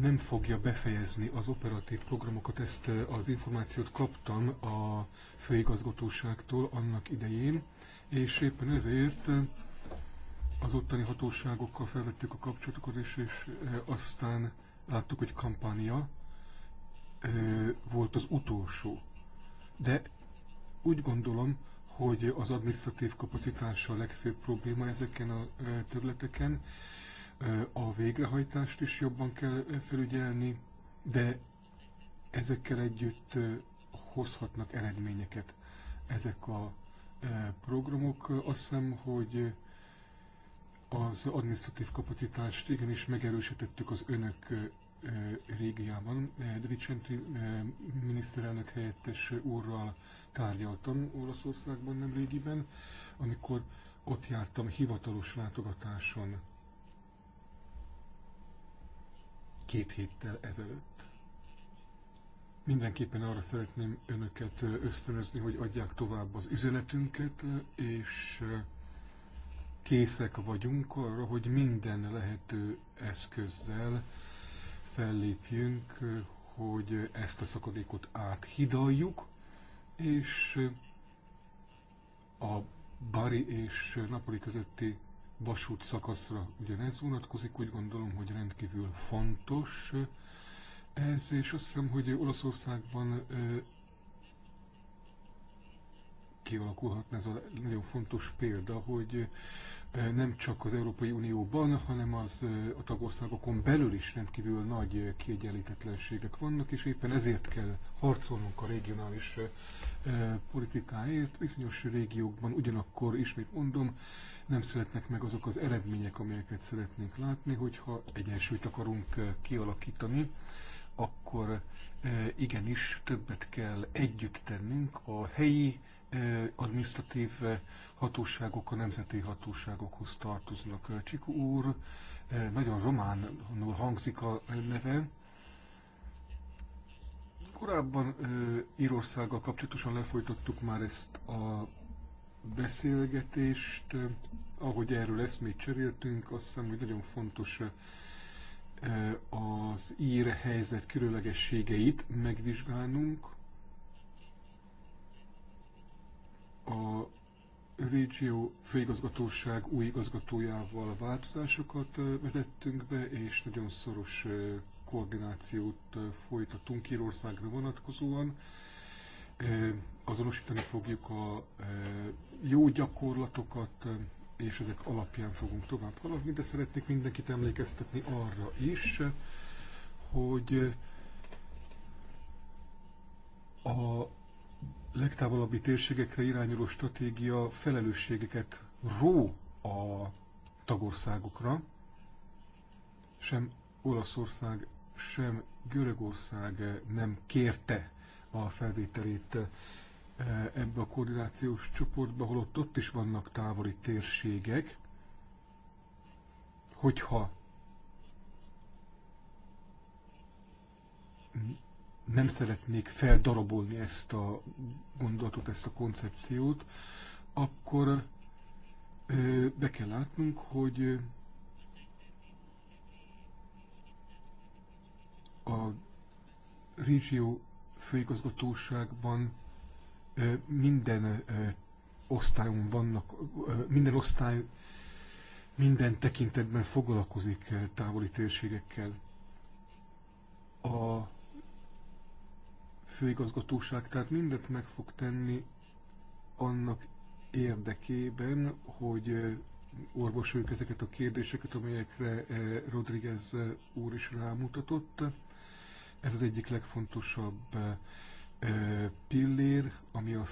S2: nem fogja befejezni az operatív programokat. Ezt az információt kaptam a főigazgatóságtól annak idején, és éppen ezért az ottani hatóságokkal felvettük a kapcsolatokat, és, és aztán láttuk, hogy kampánia volt az utolsó. De úgy gondolom, hogy az administratív kapacitása a legfőbb probléma ezeken a területeken. A végrehajtást is jobban kell felügyelni, de ezekkel együtt hozhatnak eredményeket ezek a programok. Azt hiszem, hogy az administratív kapacitást igenis megerősítettük az önök régiában. Dicenti miniszterelnök helyettes úrral tárgyaltam Olaszországban nem régiben, amikor ott jártam hivatalos látogatáson két héttel ezelőtt. Mindenképpen arra szeretném önöket ösztönözni, hogy adják tovább az üzenetünket, és készek vagyunk arra, hogy minden lehető eszközzel fellépjünk, hogy ezt a szakadékot áthidaljuk, és a Bari és Napoli közötti vasút szakaszra ugyanez vonatkozik, úgy gondolom, hogy rendkívül fontos ez, és azt hiszem, hogy Olaszországban kialakulhatna ez a nagyon fontos példa, hogy nem csak az Európai Unióban, hanem az a tagországokon belül is rendkívül nagy kiegyenlítetlenségek vannak, és éppen ezért kell harcolnunk a regionális politikáért. Bizonyos régiókban ugyanakkor, ismét mondom, nem születnek meg azok az eredmények, amelyeket szeretnénk látni, hogyha egyensúlyt akarunk kialakítani, akkor igenis többet kell együtt tennünk a helyi administratív hatóságok a nemzeti hatóságokhoz tartoznak. Csik úr, nagyon románul hangzik a neve. Korábban Írországgal kapcsolatosan lefolytattuk már ezt a beszélgetést, ahogy erről eszmét cseréltünk, azt hiszem, hogy nagyon fontos az ír helyzet különlegességeit megvizsgálnunk, a Régió főigazgatóság új igazgatójával változásokat vezettünk be, és nagyon szoros koordinációt folytatunk Írországra vonatkozóan. Azonosítani fogjuk a jó gyakorlatokat, és ezek alapján fogunk tovább haladni, de szeretnék mindenkit emlékeztetni arra is, hogy a legtávolabbi térségekre irányuló stratégia felelősségeket ró a tagországokra, sem Olaszország, sem Görögország nem kérte a felvételét eh, ebbe a koordinációs csoportba, holott ott is vannak távoli térségek, hogyha nem szeretnék feldarabolni ezt a gondolatot, ezt a koncepciót, akkor be kell látnunk, hogy a régió főigazgatóságban minden osztályon vannak, minden osztály minden tekintetben foglalkozik távoli térségekkel. A főigazgatóság tehát mindent meg fog tenni annak érdekében, hogy orvosoljuk ezeket a kérdéseket, amelyekre Rodriguez úr is rámutatott. Ez az egyik legfontosabb pillér, ami a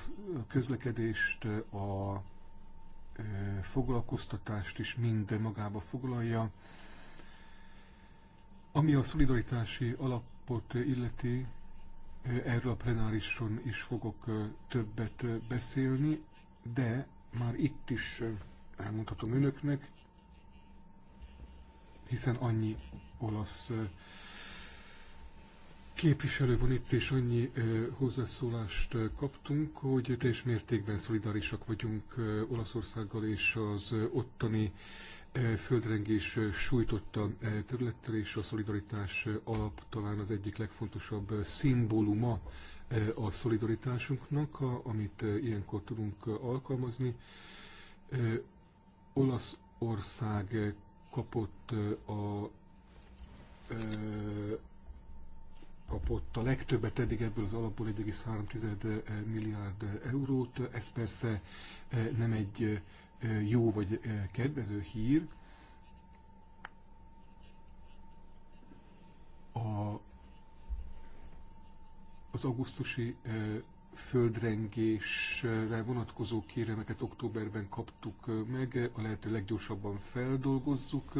S2: közlekedést, a foglalkoztatást is mind magába foglalja. Ami a szolidaritási alapot illeti, erről a plenárison is fogok többet beszélni, de már itt is elmondhatom önöknek, hiszen annyi olasz képviselő van itt, és annyi hozzászólást kaptunk, hogy teljes mértékben szolidarisak vagyunk Olaszországgal és az ottani E, földrengés e, sújtotta e, területtel, és a szolidaritás alap talán az egyik legfontosabb szimbóluma a szolidaritásunknak, amit ilyenkor tudunk alkalmazni. Olaszország kapott a kapott a legtöbbet eddig ebből az alapból 1,3 milliárd eurót. Ez persze nem egy jó vagy kedvező hír. A, az augusztusi földrengésre vonatkozó kéremeket októberben kaptuk meg, a lehető leggyorsabban feldolgozzuk.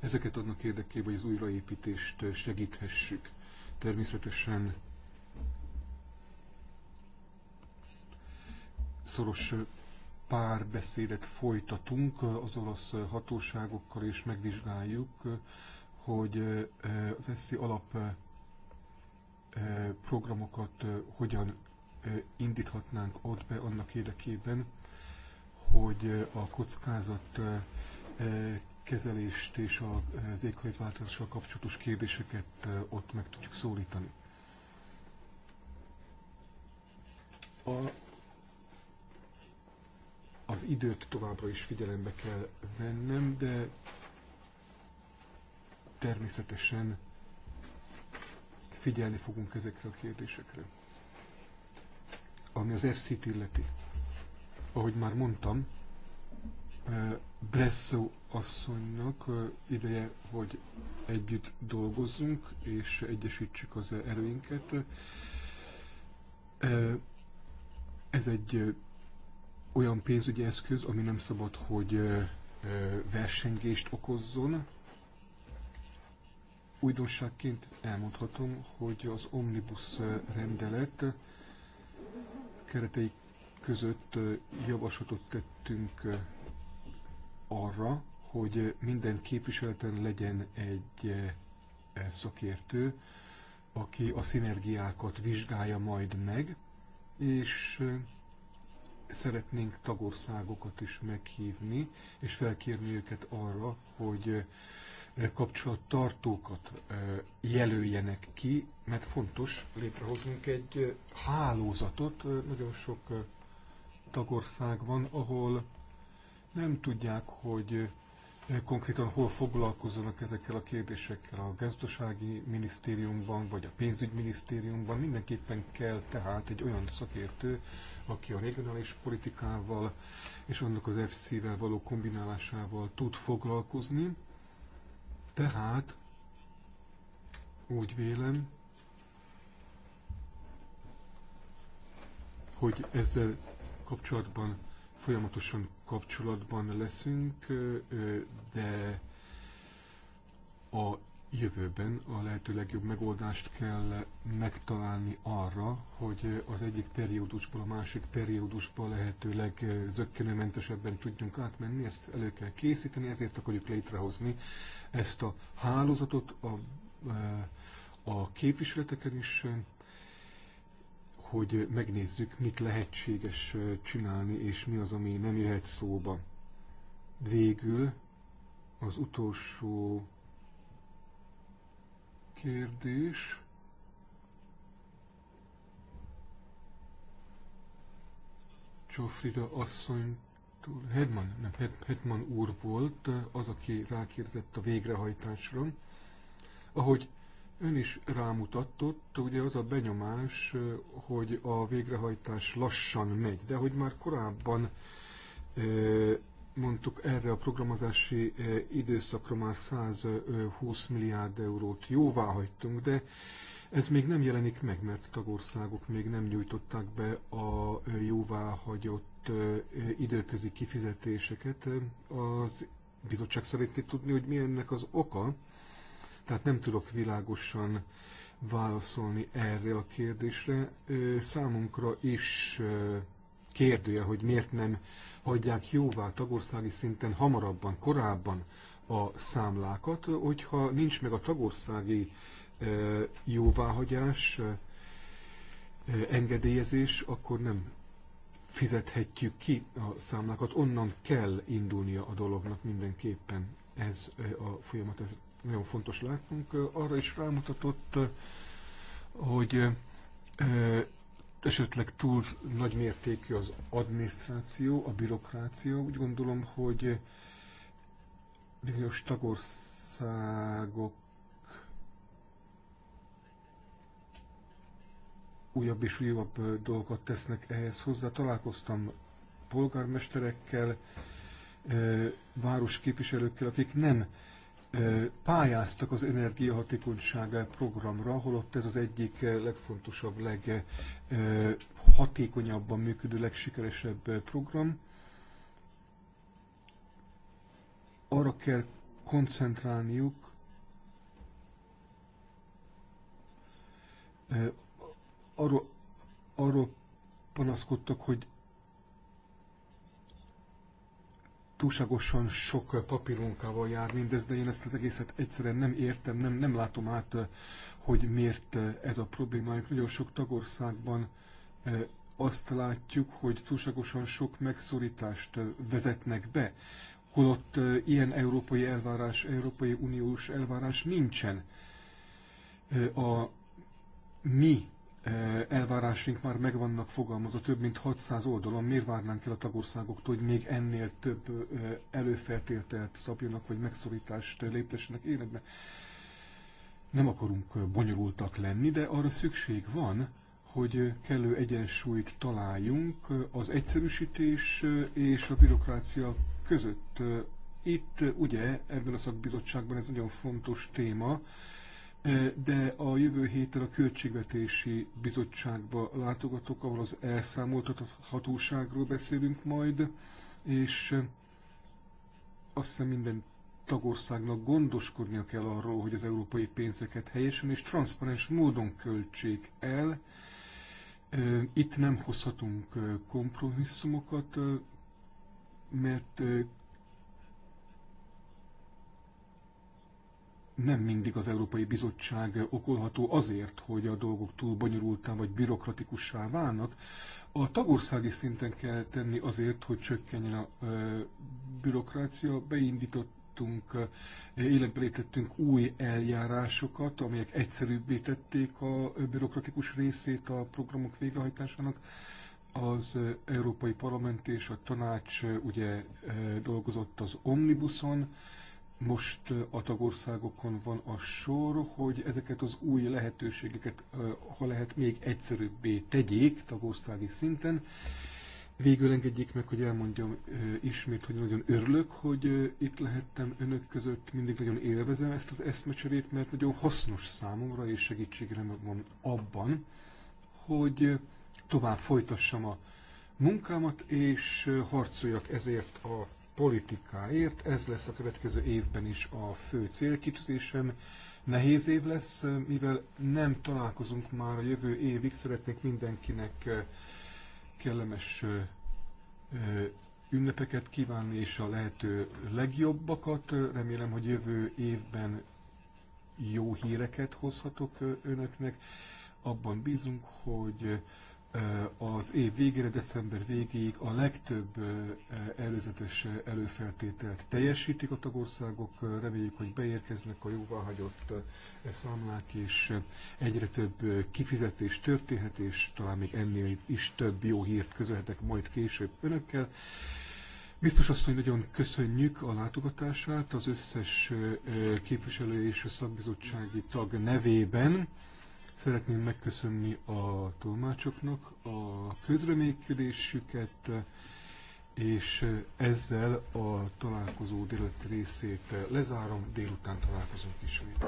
S2: Ezeket annak érdekében, hogy az újraépítést segíthessük. Természetesen szoros párbeszédet folytatunk az olasz hatóságokkal, és megvizsgáljuk, hogy az ESZI alap programokat hogyan indíthatnánk ott be annak érdekében, hogy a kockázat kezelést és az éghajlatváltozással kapcsolatos kérdéseket ott meg tudjuk szólítani. A az időt továbbra is figyelembe kell vennem, de természetesen figyelni fogunk ezekre a kérdésekre. Ami az FC-t illeti. Ahogy már mondtam, Bresso asszonynak ideje, hogy együtt dolgozzunk és egyesítsük az erőinket. Ez egy olyan pénzügyi eszköz, ami nem szabad, hogy versengést okozzon. Újdonságként elmondhatom, hogy az Omnibus rendelet keretei között javaslatot tettünk arra, hogy minden képviseleten legyen egy e, szakértő, aki a szinergiákat vizsgálja majd meg, és szeretnénk tagországokat is meghívni, és felkérni őket arra, hogy eh, kapcsolattartókat eh, jelöljenek ki, mert fontos létrehoznunk egy eh, hálózatot, nagyon sok tagország van, ahol nem tudják, hogy konkrétan hol foglalkozzanak ezekkel a kérdésekkel a gazdasági minisztériumban, vagy a pénzügyminisztériumban. Mindenképpen kell tehát egy olyan szakértő, aki a regionális politikával és annak az FC-vel való kombinálásával tud foglalkozni. Tehát úgy vélem, hogy ezzel kapcsolatban folyamatosan kapcsolatban leszünk, de a jövőben a lehető legjobb megoldást kell megtalálni arra, hogy az egyik periódusból a másik periódusba lehetőleg legzökkenőmentesebben tudjunk átmenni, ezt elő kell készíteni, ezért akarjuk létrehozni ezt a hálózatot a, a képviseleteken is hogy megnézzük, mit lehetséges csinálni, és mi az, ami nem jöhet szóba. Végül az utolsó kérdés. Csofrida asszonytól, Hedman, nem, Hedman úr volt az, aki rákérdezett a végrehajtásra. Ahogy Ön is rámutatott, ugye az a benyomás, hogy a végrehajtás lassan megy, de hogy már korábban mondtuk erre a programozási időszakra már 120 milliárd eurót jóvá hagytunk, de ez még nem jelenik meg, mert a tagországok még nem nyújtották be a jóváhagyott időközi kifizetéseket. Az bizottság szeretné tudni, hogy mi ennek az oka, tehát nem tudok világosan válaszolni erre a kérdésre. Számunkra is kérdője, hogy miért nem hagyják jóvá tagországi szinten hamarabban, korábban a számlákat, hogyha nincs meg a tagországi jóváhagyás, engedélyezés, akkor nem fizethetjük ki a számlákat. Onnan kell indulnia a dolognak mindenképpen ez a folyamat, ez nagyon fontos látnunk. Arra is rámutatott, hogy esetleg túl nagy mértékű az adminisztráció, a bürokrácia. Úgy gondolom, hogy bizonyos tagországok újabb és újabb dolgokat tesznek ehhez hozzá. Találkoztam polgármesterekkel, városképviselőkkel, akik nem pályáztak az energiahatékonyság programra, holott ez az egyik legfontosabb, leghatékonyabban működő, legsikeresebb program. Arra kell koncentrálniuk, arról, arról panaszkodtak, hogy túlságosan sok papírunkával jár mindez, de én ezt az egészet egyszerűen nem értem, nem, nem látom át, eh, hogy miért eh, ez a problémájuk. Nagyon sok tagországban eh, azt látjuk, hogy túlságosan sok megszorítást vezetnek be, holott ilyen európai elvárás, Európai Uniós elvárás nincsen. A mi elvárásaink már megvannak fogalmazva több mint 600 oldalon, miért várnánk el a tagországoktól, hogy még ennél több előfeltételt szabjanak, vagy megszorítást léptessenek életbe? Nem akarunk bonyolultak lenni, de arra szükség van, hogy kellő egyensúlyt találjunk az egyszerűsítés és a bürokrácia között. Itt ugye ebben a szakbizottságban ez nagyon fontos téma, de a jövő héten a Költségvetési Bizottságba látogatok, ahol az elszámoltathatóságról beszélünk majd, és azt hiszem minden tagországnak gondoskodnia kell arról, hogy az európai pénzeket helyesen és transzparens módon költsék el. Itt nem hozhatunk kompromisszumokat, mert nem mindig az Európai Bizottság okolható azért, hogy a dolgok túl bonyolultá vagy bürokratikussá válnak. A tagországi szinten kell tenni azért, hogy csökkenjen a bürokrácia. Beindítottunk, életbe léptettünk új eljárásokat, amelyek egyszerűbbé tették a bürokratikus részét a programok végrehajtásának az Európai Parlament és a tanács ugye dolgozott az Omnibuson, most a tagországokon van a sor, hogy ezeket az új lehetőségeket, ha lehet, még egyszerűbbé tegyék tagországi szinten. Végül engedjék meg, hogy elmondjam ismét, hogy nagyon örülök, hogy itt lehettem önök között, mindig nagyon élvezem ezt az eszmecserét, mert nagyon hasznos számomra és segítségre van abban, hogy tovább folytassam a munkámat, és harcoljak ezért a politikáért. Ez lesz a következő évben is a fő célkitűzésem. Nehéz év lesz, mivel nem találkozunk már a jövő évig, szeretnék mindenkinek eh, kellemes eh, eh, ünnepeket kívánni, és a lehető legjobbakat. Remélem, hogy jövő évben jó híreket hozhatok önöknek. Abban bízunk, hogy az év végére, december végéig a legtöbb előzetes előfeltételt teljesítik a tagországok. Reméljük, hogy beérkeznek a jóváhagyott számlák, és egyre több kifizetés történhet, és talán még ennél is több jó hírt közölhetek majd később önökkel. Biztos asszony, nagyon köszönjük a látogatását az összes képviselő és a szakbizottsági tag nevében. Szeretném megköszönni a tolmácsoknak a közreműködésüket, és ezzel a találkozó délután részét lezárom, délután találkozunk ismét.